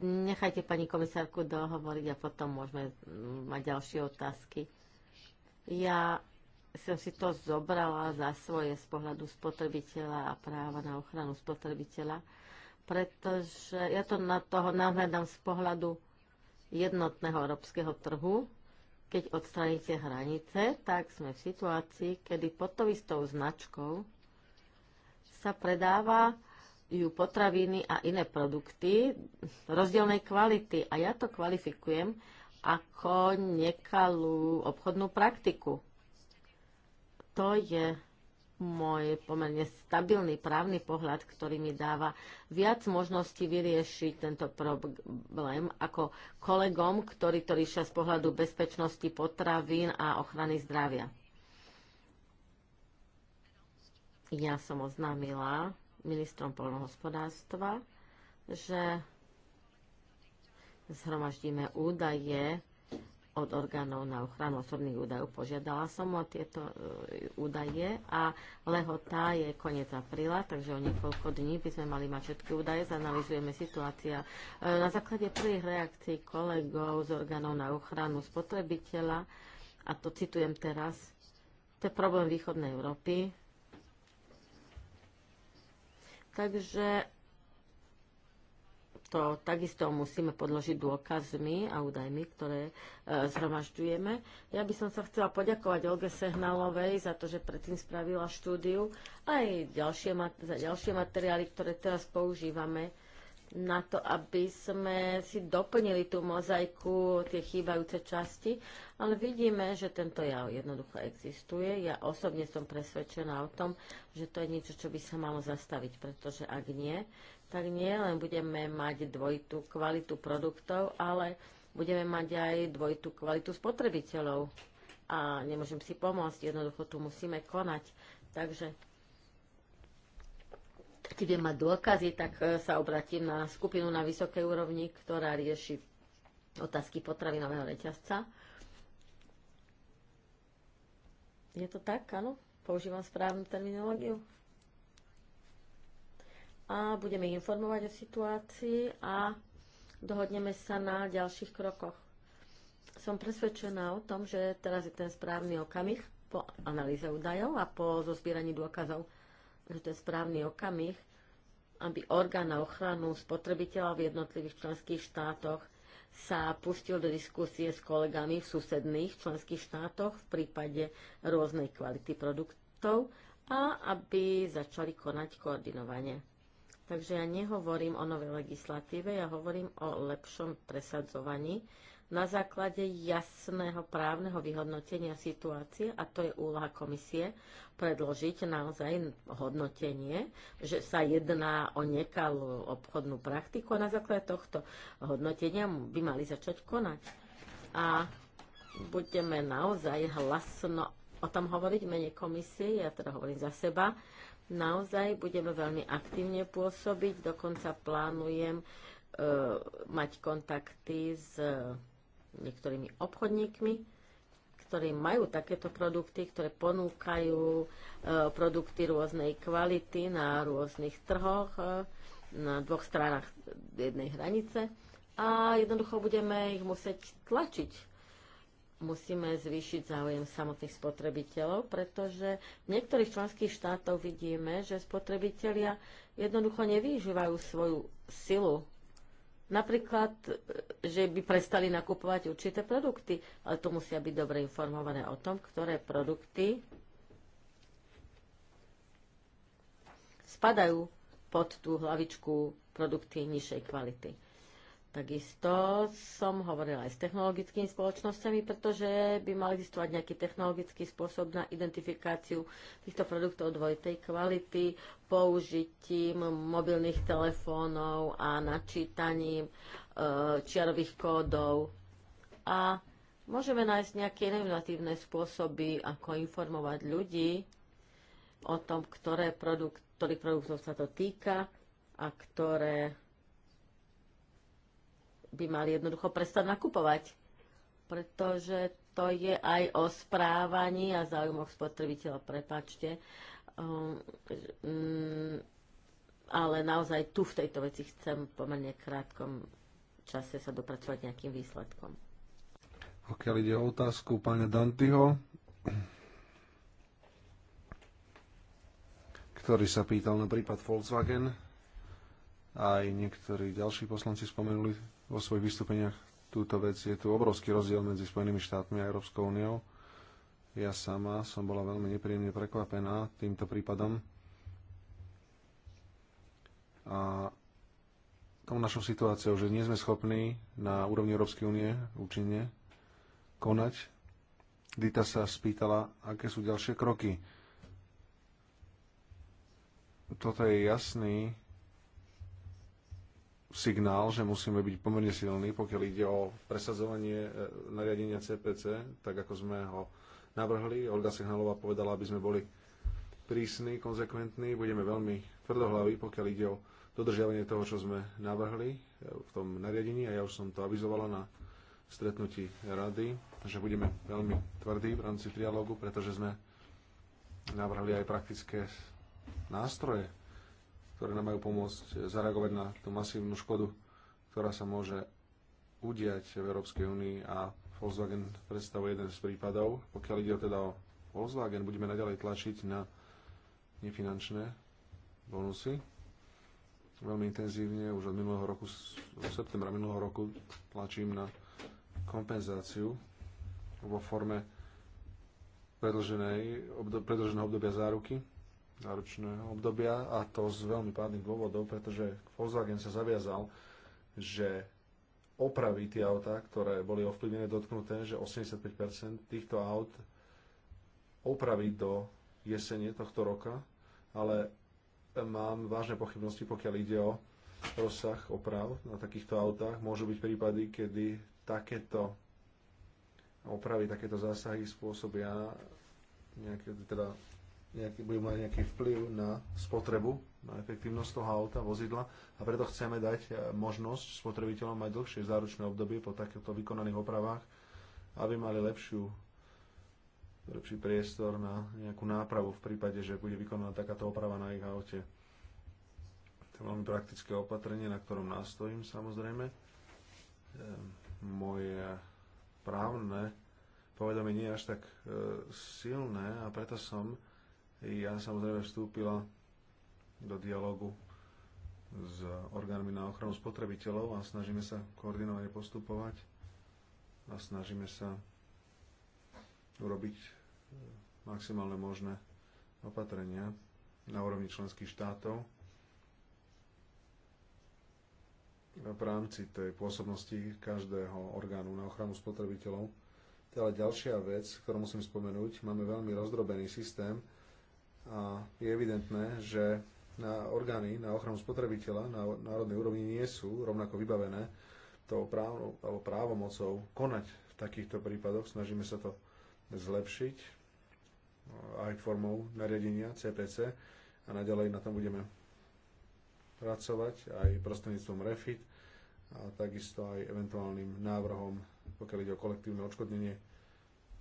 Nechajte pani komisárku dohovoriť a potom môžeme mm, mať ďalšie otázky. Ja som si to zobrala za svoje z pohľadu spotrebiteľa a práva na ochranu spotrebiteľa, pretože ja to na toho nahľadám z pohľadu jednotného európskeho trhu. Keď odstraníte hranice, tak sme v situácii, kedy pod tou istou značkou sa predáva ju potraviny a iné produkty rozdielnej kvality. A ja to kvalifikujem ako nekalú obchodnú praktiku to je môj pomerne stabilný právny pohľad, ktorý mi dáva viac možností vyriešiť tento problém ako kolegom, ktorí to riešia z pohľadu bezpečnosti potravín a ochrany zdravia. Ja som oznámila ministrom polnohospodárstva, že zhromaždíme údaje od orgánov na ochranu osobných údajov. Požiadala som o tieto e, údaje a lehota je koniec apríla, takže o niekoľko dní by sme mali mať všetky údaje, zanalizujeme situácia. E, na základe prvých reakcií kolegov z orgánov na ochranu spotrebiteľa, a to citujem teraz, to je problém východnej Európy. Takže to takisto musíme podložiť dôkazmi a údajmi, ktoré e, zhromažďujeme. Ja by som sa chcela poďakovať Olge Sehnalovej za to, že predtým spravila štúdiu a aj ďalšie, za ďalšie materiály, ktoré teraz používame na to, aby sme si doplnili tú mozaiku, tie chýbajúce časti, ale vidíme, že tento jav jednoducho existuje. Ja osobne som presvedčená o tom, že to je niečo, čo by sa malo zastaviť, pretože ak nie, tak nie len budeme mať dvojitú kvalitu produktov, ale budeme mať aj dvojitú kvalitu spotrebiteľov. A nemôžem si pomôcť, jednoducho tu musíme konať. Takže keď budem mať dôkazy, tak e, sa obratím na skupinu na vysokej úrovni, ktorá rieši otázky potravinového reťazca. Je to tak, áno? Používam správnu terminológiu? a budeme ich informovať o situácii a dohodneme sa na ďalších krokoch. Som presvedčená o tom, že teraz je ten správny okamih po analýze údajov a po zozbieraní dôkazov, že ten správny okamih, aby orgán na ochranu spotrebiteľa v jednotlivých členských štátoch sa pustil do diskusie s kolegami v susedných členských štátoch v prípade rôznej kvality produktov a aby začali konať koordinovanie. Takže ja nehovorím o novej legislatíve, ja hovorím o lepšom presadzovaní na základe jasného právneho vyhodnotenia situácie, a to je úloha komisie, predložiť naozaj hodnotenie, že sa jedná o nekalú obchodnú praktiku a na základe tohto hodnotenia by mali začať konať. A budeme naozaj hlasno o tom hovoriť mene komisie, ja teda hovorím za seba, naozaj budeme veľmi aktívne pôsobiť. Dokonca plánujem e, mať kontakty s e, niektorými obchodníkmi, ktorí majú takéto produkty, ktoré ponúkajú e, produkty rôznej kvality na rôznych trhoch, e, na dvoch stranách jednej hranice. A jednoducho budeme ich musieť tlačiť musíme zvýšiť záujem samotných spotrebiteľov, pretože v niektorých členských štátoch vidíme, že spotrebitelia jednoducho nevyužívajú svoju silu. Napríklad, že by prestali nakupovať určité produkty, ale tu musia byť dobre informované o tom, ktoré produkty spadajú pod tú hlavičku produkty nižšej kvality. Takisto som hovorila aj s technologickými spoločnosťami, pretože by mal existovať nejaký technologický spôsob na identifikáciu týchto produktov dvojitej kvality použitím mobilných telefónov a načítaním e, čiarových kódov. A môžeme nájsť nejaké inovatívne spôsoby, ako informovať ľudí o tom, ktoré produkt, produktov sa to týka a ktoré by mali jednoducho prestať nakupovať, pretože to je aj o správaní a záujmoch spotrebiteľa, prepačte. Um, mm, ale naozaj tu v tejto veci chcem pomerne krátkom čase sa dopracovať nejakým výsledkom. Pokiaľ ide o otázku pána Dantyho, ktorý sa pýtal na prípad Volkswagen, aj niektorí ďalší poslanci spomenuli vo svojich vystúpeniach túto vec. Je tu obrovský rozdiel medzi Spojenými štátmi a Európskou úniou. Ja sama som bola veľmi nepríjemne prekvapená týmto prípadom. A tou našou situáciou, že nie sme schopní na úrovni Európskej únie účinne konať. Dita sa spýtala, aké sú ďalšie kroky. Toto je jasný signál, že musíme byť pomerne silní, pokiaľ ide o presadzovanie e, nariadenia CPC, tak ako sme ho navrhli. Olga Sehnalová povedala, aby sme boli prísni, konzekventní, budeme veľmi tvrdohlaví, pokiaľ ide o dodržiavanie toho, čo sme navrhli e, v tom nariadení a ja už som to avizovala na stretnutí rady, že budeme veľmi tvrdí v rámci trialógu, pretože sme navrhli aj praktické nástroje ktoré nám majú pomôcť eh, zareagovať na tú masívnu škodu, ktorá sa môže udiať v Európskej únii a Volkswagen predstavuje jeden z prípadov. Pokiaľ ide teda o Volkswagen, budeme naďalej tlačiť na nefinančné bonusy. Veľmi intenzívne, už od minulého roku, od septembra minulého roku tlačím na kompenzáciu vo forme predlženého obdobia záruky náročné obdobia a to z veľmi pádnych dôvodov, pretože Volkswagen sa zaviazal, že opraví tie autá, ktoré boli ovplyvnené, dotknuté, že 85% týchto aut opraví do jesene tohto roka, ale mám vážne pochybnosti, pokiaľ ide o rozsah oprav na takýchto autách. Môžu byť prípady, kedy takéto opravy, takéto zásahy spôsobia nejaké teda nejaký, bude mať nejaký vplyv na spotrebu, na efektívnosť toho auta, vozidla a preto chceme dať e, možnosť spotrebiteľom mať dlhšie záručné obdobie po takýchto vykonaných opravách, aby mali lepšiu, lepší priestor na nejakú nápravu v prípade, že bude vykonaná takáto oprava na ich aute. To je veľmi praktické opatrenie, na ktorom nástojím samozrejme. E, moje právne povedomie nie je až tak e, silné a preto som ja samozrejme vstúpila do dialogu s orgánmi na ochranu spotrebiteľov a snažíme sa koordinovane postupovať a snažíme sa urobiť eh, maximálne možné opatrenia na úrovni členských štátov v rámci tej pôsobnosti každého orgánu na ochranu spotrebiteľov. Ale teda ďalšia vec, ktorú musím spomenúť, máme veľmi rozdrobený systém, a je evidentné, že na orgány na ochranu spotrebiteľa na národnej úrovni nie sú rovnako vybavené tou právnou alebo právomocou konať v takýchto prípadoch. Snažíme sa to zlepšiť no, aj formou nariadenia CPC a naďalej na tom budeme pracovať aj prostredníctvom REFIT a takisto aj eventuálnym návrhom, pokiaľ ide o kolektívne odškodnenie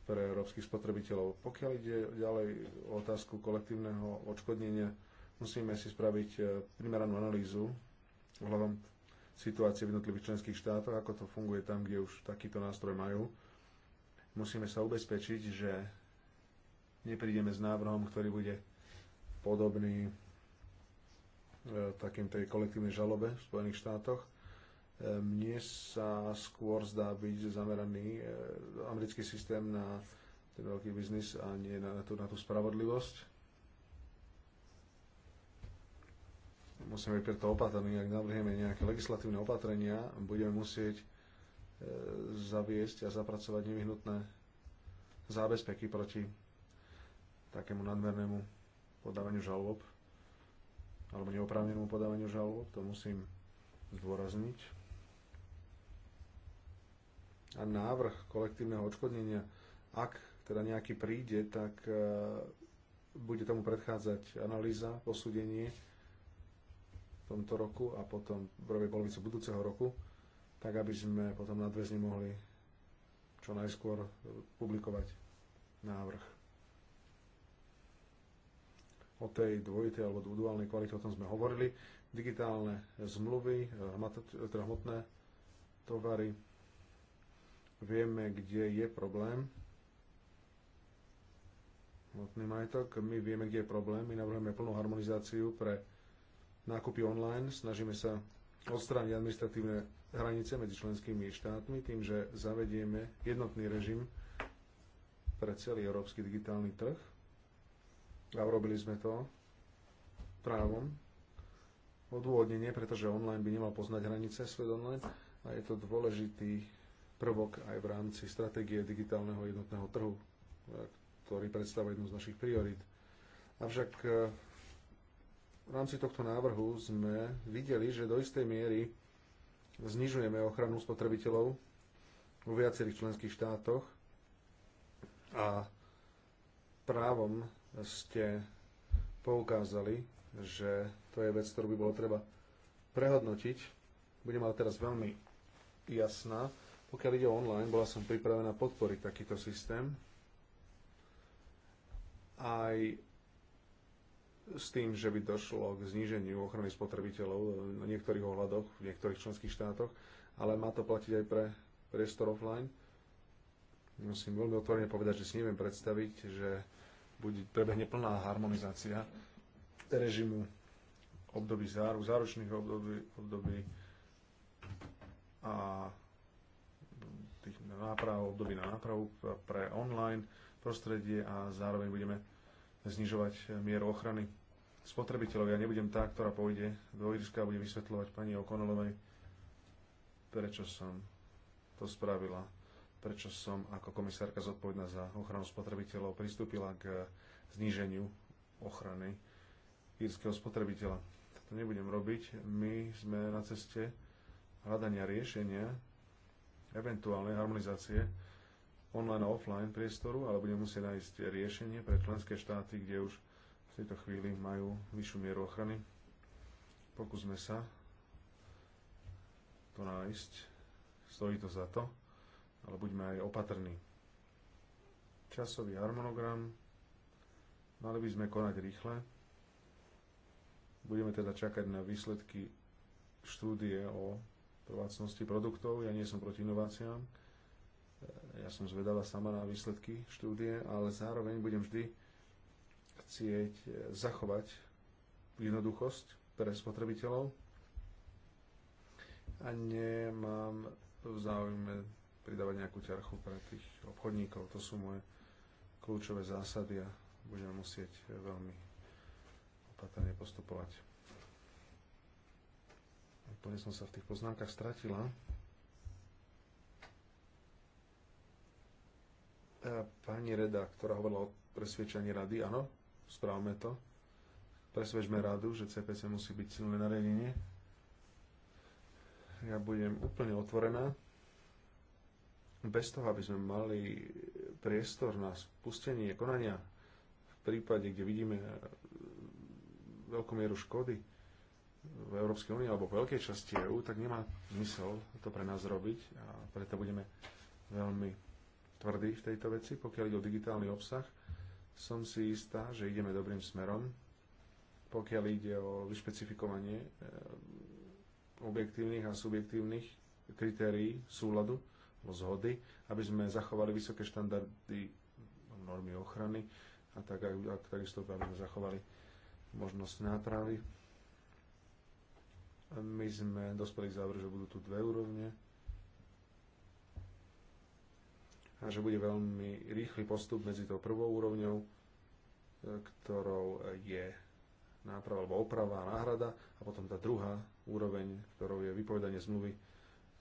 pre európskych spotrebiteľov. Pokiaľ ide ďalej o otázku kolektívneho odškodnenia, musíme si spraviť e, primeranú analýzu hľadom situácie v jednotlivých členských štátoch, ako to funguje tam, kde už takýto nástroj majú. Musíme sa ubezpečiť, že neprídeme s návrhom, ktorý bude podobný e, takým tej kolektívnej žalobe v Spojených štátoch mne sa skôr zdá byť zameraný e, americký systém na ten veľký biznis a nie na tú, na tú spravodlivosť. Musíme byť preto opatrní, ak navrhneme nejaké legislatívne opatrenia, budeme musieť e, zaviesť a zapracovať nevyhnutné zábezpeky proti takému nadmernému podávaniu žalob alebo neoprávnenému podávaniu žalob, to musím zdôrazniť a návrh kolektívneho odškodnenia, ak teda nejaký príde, tak e, bude tomu predchádzať analýza, posúdenie v tomto roku a potom v prvej polovici budúceho roku, tak aby sme potom nadväzne mohli čo najskôr e, publikovať návrh. O tej dvojitej alebo duálnej kvalite o tom sme hovorili. Digitálne zmluvy, e, teda hmotné tovary, Vieme, kde je problém. hmotný majetok. My vieme, kde je problém. My navrhujeme plnú harmonizáciu pre nákupy online. Snažíme sa odstrániť administratívne hranice medzi členskými štátmi tým, že zavedieme jednotný režim pre celý európsky digitálny trh. A urobili sme to právom odôvodnenie, pretože online by nemal poznať hranice, svet online a je to dôležitý prvok aj v rámci stratégie digitálneho jednotného trhu, eh, ktorý predstavuje jednu z našich priorít. Avšak eh, v rámci tohto návrhu sme videli, že do istej miery znižujeme ochranu spotrebiteľov vo viacerých členských štátoch a právom ste poukázali, že to je vec, ktorú by bolo treba prehodnotiť. Budem ale teraz veľmi jasná. Pokiaľ ide online, bola som pripravená podporiť takýto systém. Aj s tým, že by došlo k zníženiu ochrany spotrebiteľov eh, na niektorých ohľadoch, v niektorých členských štátoch, ale má to platiť aj pre priestor offline. Musím veľmi otvorene povedať, že si neviem predstaviť, že bude, prebehne plná harmonizácia režimu období záru, záručných období, období a tých náprav, období na nápravu pre online prostredie a zároveň budeme znižovať mieru ochrany spotrebiteľov. Ja nebudem tá, ktorá pôjde do Írska a bude vysvetľovať pani Okonolovej, prečo som to spravila, prečo som ako komisárka zodpovedná za ochranu spotrebiteľov pristúpila k zníženiu ochrany írskeho spotrebiteľa. To nebudem robiť. My sme na ceste hľadania riešenia eventuálnej harmonizácie online a offline priestoru, ale budeme musieť nájsť riešenie pre členské štáty, kde už v tejto chvíli majú vyššiu mieru ochrany. Pokúsme sa to nájsť. Stojí to za to, ale buďme aj opatrní. Časový harmonogram. Mali by sme konať rýchle. Budeme teda čakať na výsledky štúdie o trvácnosti produktov. Ja nie som proti inováciám. Ja som zvedavá sama na výsledky štúdie, ale zároveň budem vždy chcieť zachovať jednoduchosť pre spotrebiteľov a nemám v záujme pridávať nejakú ťarchu pre tých obchodníkov. To sú moje kľúčové zásady a budeme musieť veľmi opatrne postupovať. Úplne som sa v tých poznámkach stratila. E, pani Reda, ktorá hovorila o presvedčení rady, áno, správme to. Presvedčme radu, že CPC musí byť silné nariadenie. Ja budem úplne otvorená. Bez toho, aby sme mali priestor na spustenie konania v prípade, kde vidíme veľkú mieru škody, v Európskej únii alebo v veľkej časti EÚ, tak nemá zmysel to pre nás robiť a preto budeme veľmi tvrdí v tejto veci. Pokiaľ ide o digitálny obsah, som si istá, že ideme dobrým smerom. Pokiaľ ide o vyšpecifikovanie e, objektívnych a subjektívnych kritérií súladu alebo zhody, aby sme zachovali vysoké štandardy normy ochrany a tak, takisto aby sme zachovali možnosť nápravy my sme dospeli k záveru, že budú tu dve úrovne a že bude veľmi rýchly postup medzi tou prvou úrovňou, e, ktorou je náprava alebo oprava a náhrada a potom tá druhá úroveň, ktorou je vypovedanie zmluvy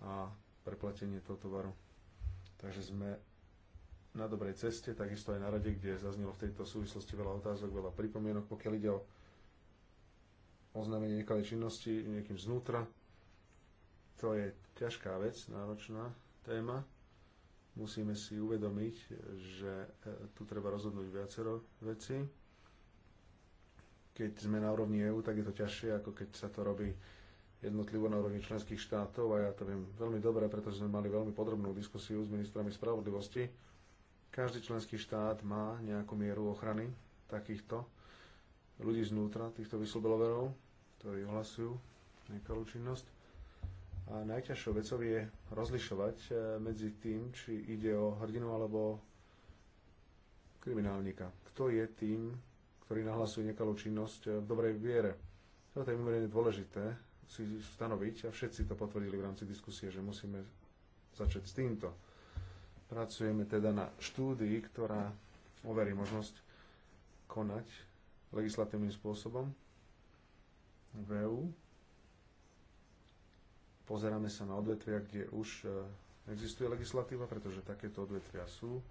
a preplatenie toho tovaru. Takže sme na dobrej ceste, takisto aj na rade, kde zaznelo v tejto súvislosti veľa otázok, veľa pripomienok, pokiaľ ide o oznámenie nekalej činnosti nejakým znútra. To je ťažká vec, náročná téma. Musíme si uvedomiť, že e, tu treba rozhodnúť viacero veci. Keď sme na úrovni EÚ, tak je to ťažšie, ako keď sa to robí jednotlivo na úrovni členských štátov a ja to viem veľmi dobre, pretože sme mali veľmi podrobnú diskusiu s ministrami spravodlivosti. Každý členský štát má nejakú mieru ochrany takýchto ľudí znútra, týchto whistleblowerov ktorí ohlasujú nekalú činnosť. A najťažšou vecou je rozlišovať e, medzi tým, či ide o hrdinu alebo kriminálnika. Kto je tým, ktorý nahlasuje nekalú činnosť e, v dobrej viere? Toto je mimoriadne dôležité si stanoviť a všetci to potvrdili v rámci diskusie, že musíme začať s týmto. Pracujeme teda na štúdii, ktorá overí možnosť konať legislatívnym spôsobom VU. E Pozeráme sa na odvetvia, kde už e, existuje legislatíva, pretože takéto odvetvia sú,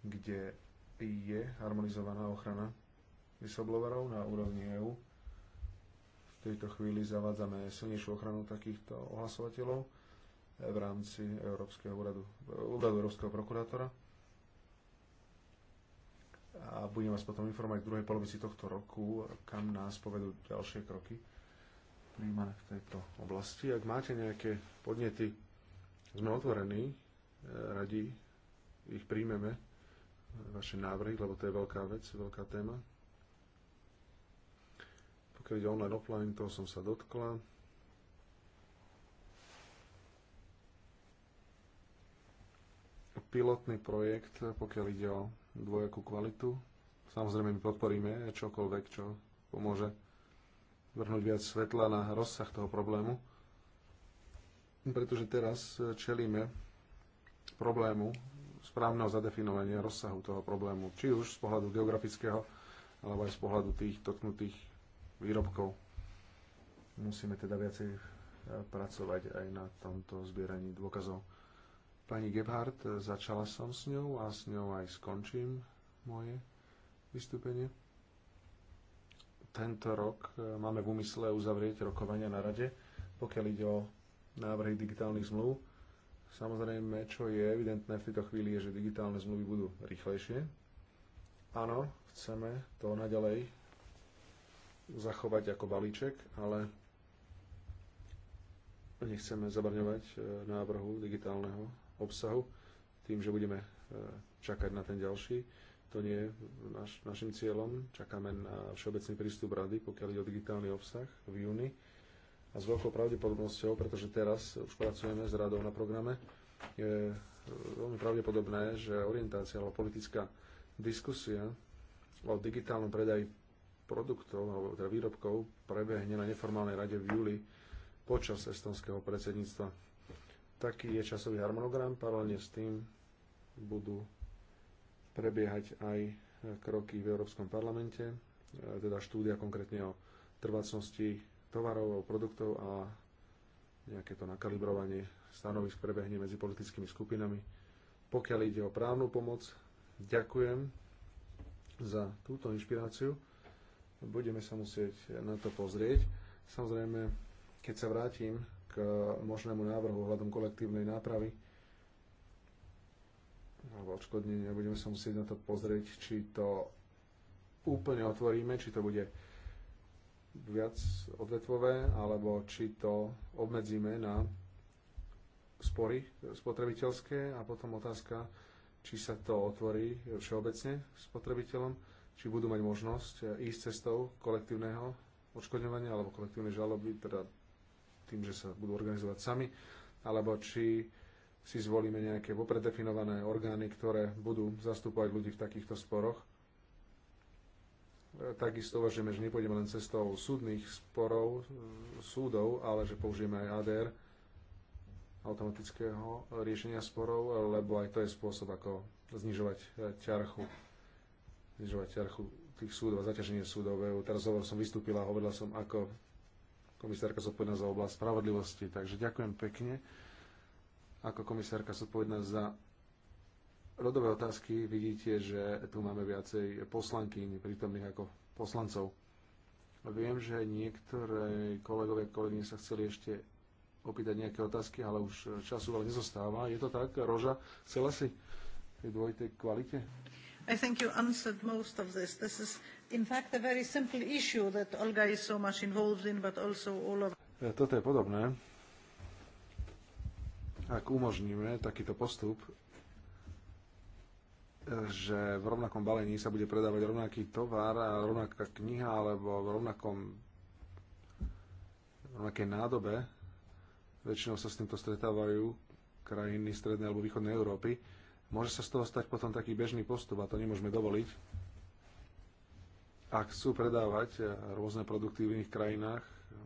kde je harmonizovaná ochrana whistleblowerov na úrovni EÚ. V tejto chvíli zavádzame silnejšiu ochranu takýchto ohlasovateľov v rámci Európskeho úradu, úradu Európskeho prokurátora a budem vás potom informovať v druhej polovici tohto roku, kam nás povedú ďalšie kroky príjmané v tejto oblasti. Ak máte nejaké podnety, sme otvorení, e, radi ich príjmeme, e, vaše návrhy, lebo to je veľká vec, veľká téma. Pokiaľ ide online, offline, toho som sa dotkla. Pilotný projekt, pokiaľ ide o dvojakú kvalitu. Samozrejme, my podporíme čokoľvek, čo pomôže vrhnúť viac svetla na rozsah toho problému, pretože teraz čelíme problému správneho zadefinovania rozsahu toho problému, či už z pohľadu geografického, alebo aj z pohľadu tých dotknutých výrobkov. Musíme teda viacej eh, pracovať aj na tomto zbieraní dôkazov pani Gebhardt, e, začala som s ňou a s ňou aj skončím moje vystúpenie. Tento rok e, máme v úmysle uzavrieť rokovania na rade, pokiaľ ide o návrhy digitálnych zmluv. Samozrejme, čo je evidentné v tejto chvíli, je, že digitálne zmluvy budú rýchlejšie. Áno, chceme to naďalej zachovať ako balíček, ale nechceme zabraňovať e, návrhu digitálneho obsahu, tým, že budeme e, čakať na ten ďalší. To nie je naš, našim cieľom. Čakáme na všeobecný prístup rady, pokiaľ ide o digitálny obsah v júni. A s veľkou pravdepodobnosťou, pretože teraz už pracujeme s radou na programe, je e, veľmi pravdepodobné, že orientácia alebo politická diskusia o digitálnom predaji produktov alebo teda výrobkov prebehne na neformálnej rade v júli počas estonského predsedníctva taký je časový harmonogram. Paralelne s tým budú prebiehať aj kroky v Európskom parlamente, e, teda štúdia konkrétne o trvácnosti tovarov, produktov a nejaké to nakalibrovanie stanovisk prebehne medzi politickými skupinami. Pokiaľ ide o právnu pomoc, ďakujem za túto inšpiráciu. Budeme sa musieť na to pozrieť. Samozrejme, keď sa vrátim k e, možnému návrhu ohľadom kolektívnej nápravy alebo odškodnenia. Budeme sa musieť na to pozrieť, či to úplne otvoríme, či to bude viac odvetvové, alebo či to obmedzíme na spory spotrebiteľské a potom otázka, či sa to otvorí všeobecne spotrebiteľom, či budú mať možnosť ísť cestou kolektívneho odškodňovania alebo kolektívnej žaloby, teda tým, že sa budú organizovať sami, alebo či si zvolíme nejaké popredefinované orgány, ktoré budú zastupovať ľudí v takýchto sporoch. E, takisto uvažujeme, že nepôjdeme len cestou súdnych sporov, súdov, ale že použijeme aj ADR, automatického riešenia sporov, lebo aj to je spôsob, ako znižovať e, ťarchu, znižovať ťarchu tých súdov a zaťaženie súdov. E Teraz som vystúpila a hovorila som, ako komisárka zodpovedná za oblasť spravodlivosti. Takže ďakujem pekne. Ako komisárka zodpovedná za rodové otázky vidíte, že tu máme viacej poslankyň prítomných ako poslancov. Viem, že niektoré kolegovia a kolegyne sa chceli ešte opýtať nejaké otázky, ale už času veľa nezostáva. Je to tak, Roža, chcela si tej dvojitej kvalite? I think you answered most of this. This is, in fact, a very simple issue that Olga is so much involved in, but also all of... E, toto je podobné. Ak umožníme takýto postup, e, že v rovnakom balení sa bude predávať rovnaký tovar a rovnaká kniha alebo v rovnakom v rovnakej nádobe, väčšinou sa s týmto stretávajú krajiny strednej alebo východnej Európy, Môže sa z toho stať potom taký bežný postup a to nemôžeme dovoliť. Ak chcú predávať eh, rôzne produkty v iných krajinách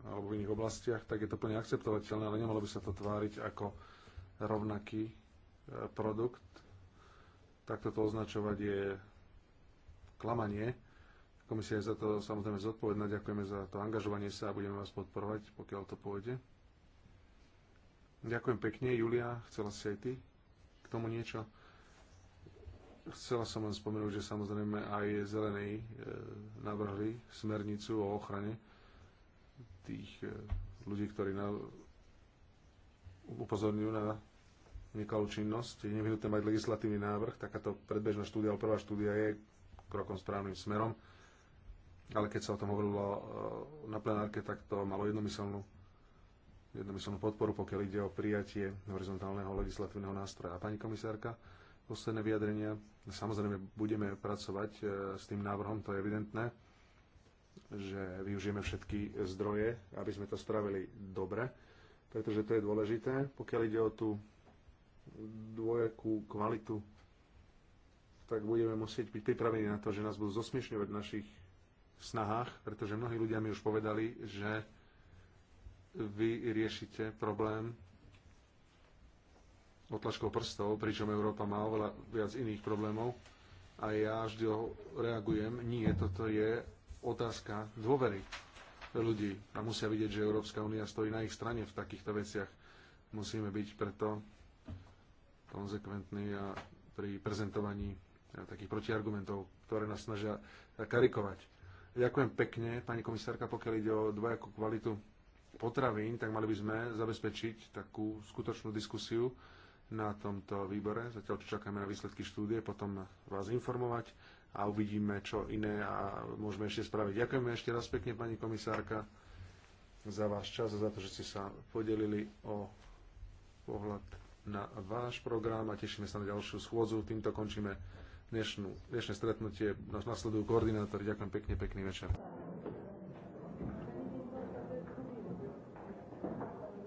alebo v iných oblastiach, tak je to plne akceptovateľné, ale nemalo by sa to tváriť ako rovnaký eh, produkt. Takto to označovať je klamanie. Komisia je za to samozrejme zodpovedná. Ďakujeme za to angažovanie sa a budeme vás podporovať, pokiaľ to pôjde. Ďakujem pekne. Julia, chcela si aj ty k tomu niečo? Chcela som len spomenúť, že samozrejme aj zelení e, navrhli smernicu o ochrane tých e, ľudí, ktorí na, upozorňujú na nekalú činnosť. Je nevyhnutné mať legislatívny návrh. Takáto predbežná štúdia, ale prvá štúdia je krokom správnym smerom. Ale keď sa o tom hovorilo e, na plenárke, tak to malo jednomyselnú, jednomyselnú podporu, pokiaľ ide o prijatie horizontálneho legislatívneho nástroja. A pani komisárka, posledné vyjadrenia. Samozrejme, budeme pracovať e, s tým návrhom, to je evidentné, že využijeme všetky zdroje, aby sme to spravili dobre, pretože to je dôležité. Pokiaľ ide o tú dvojakú kvalitu, tak budeme musieť byť pripravení na to, že nás budú zosmiešňovať v našich snahách, pretože mnohí ľudia mi už povedali, že vy riešite problém otlačkou prstov, pričom Európa má oveľa viac iných problémov a ja vždy reagujem, nie, toto je otázka dôvery ľudí a musia vidieť, že Európska únia stojí na ich strane v takýchto veciach. Musíme byť preto konzekventní a pri prezentovaní takých protiargumentov, ktoré nás snažia karikovať. Ďakujem pekne, pani komisárka, pokiaľ ide o dvojakú kvalitu potravín, tak mali by sme zabezpečiť takú skutočnú diskusiu, na tomto výbore. Zatiaľ čo čakáme na výsledky štúdie, potom vás informovať a uvidíme, čo iné a môžeme ešte spraviť. Ďakujeme ešte raz pekne, pani komisárka, za váš čas a za to, že ste sa podelili o pohľad na váš program a tešíme sa na ďalšiu schôdzu. Týmto končíme dnešnú, dnešné stretnutie. Nás nasledujú koordinátori. Ďakujem pekne, pekný večer.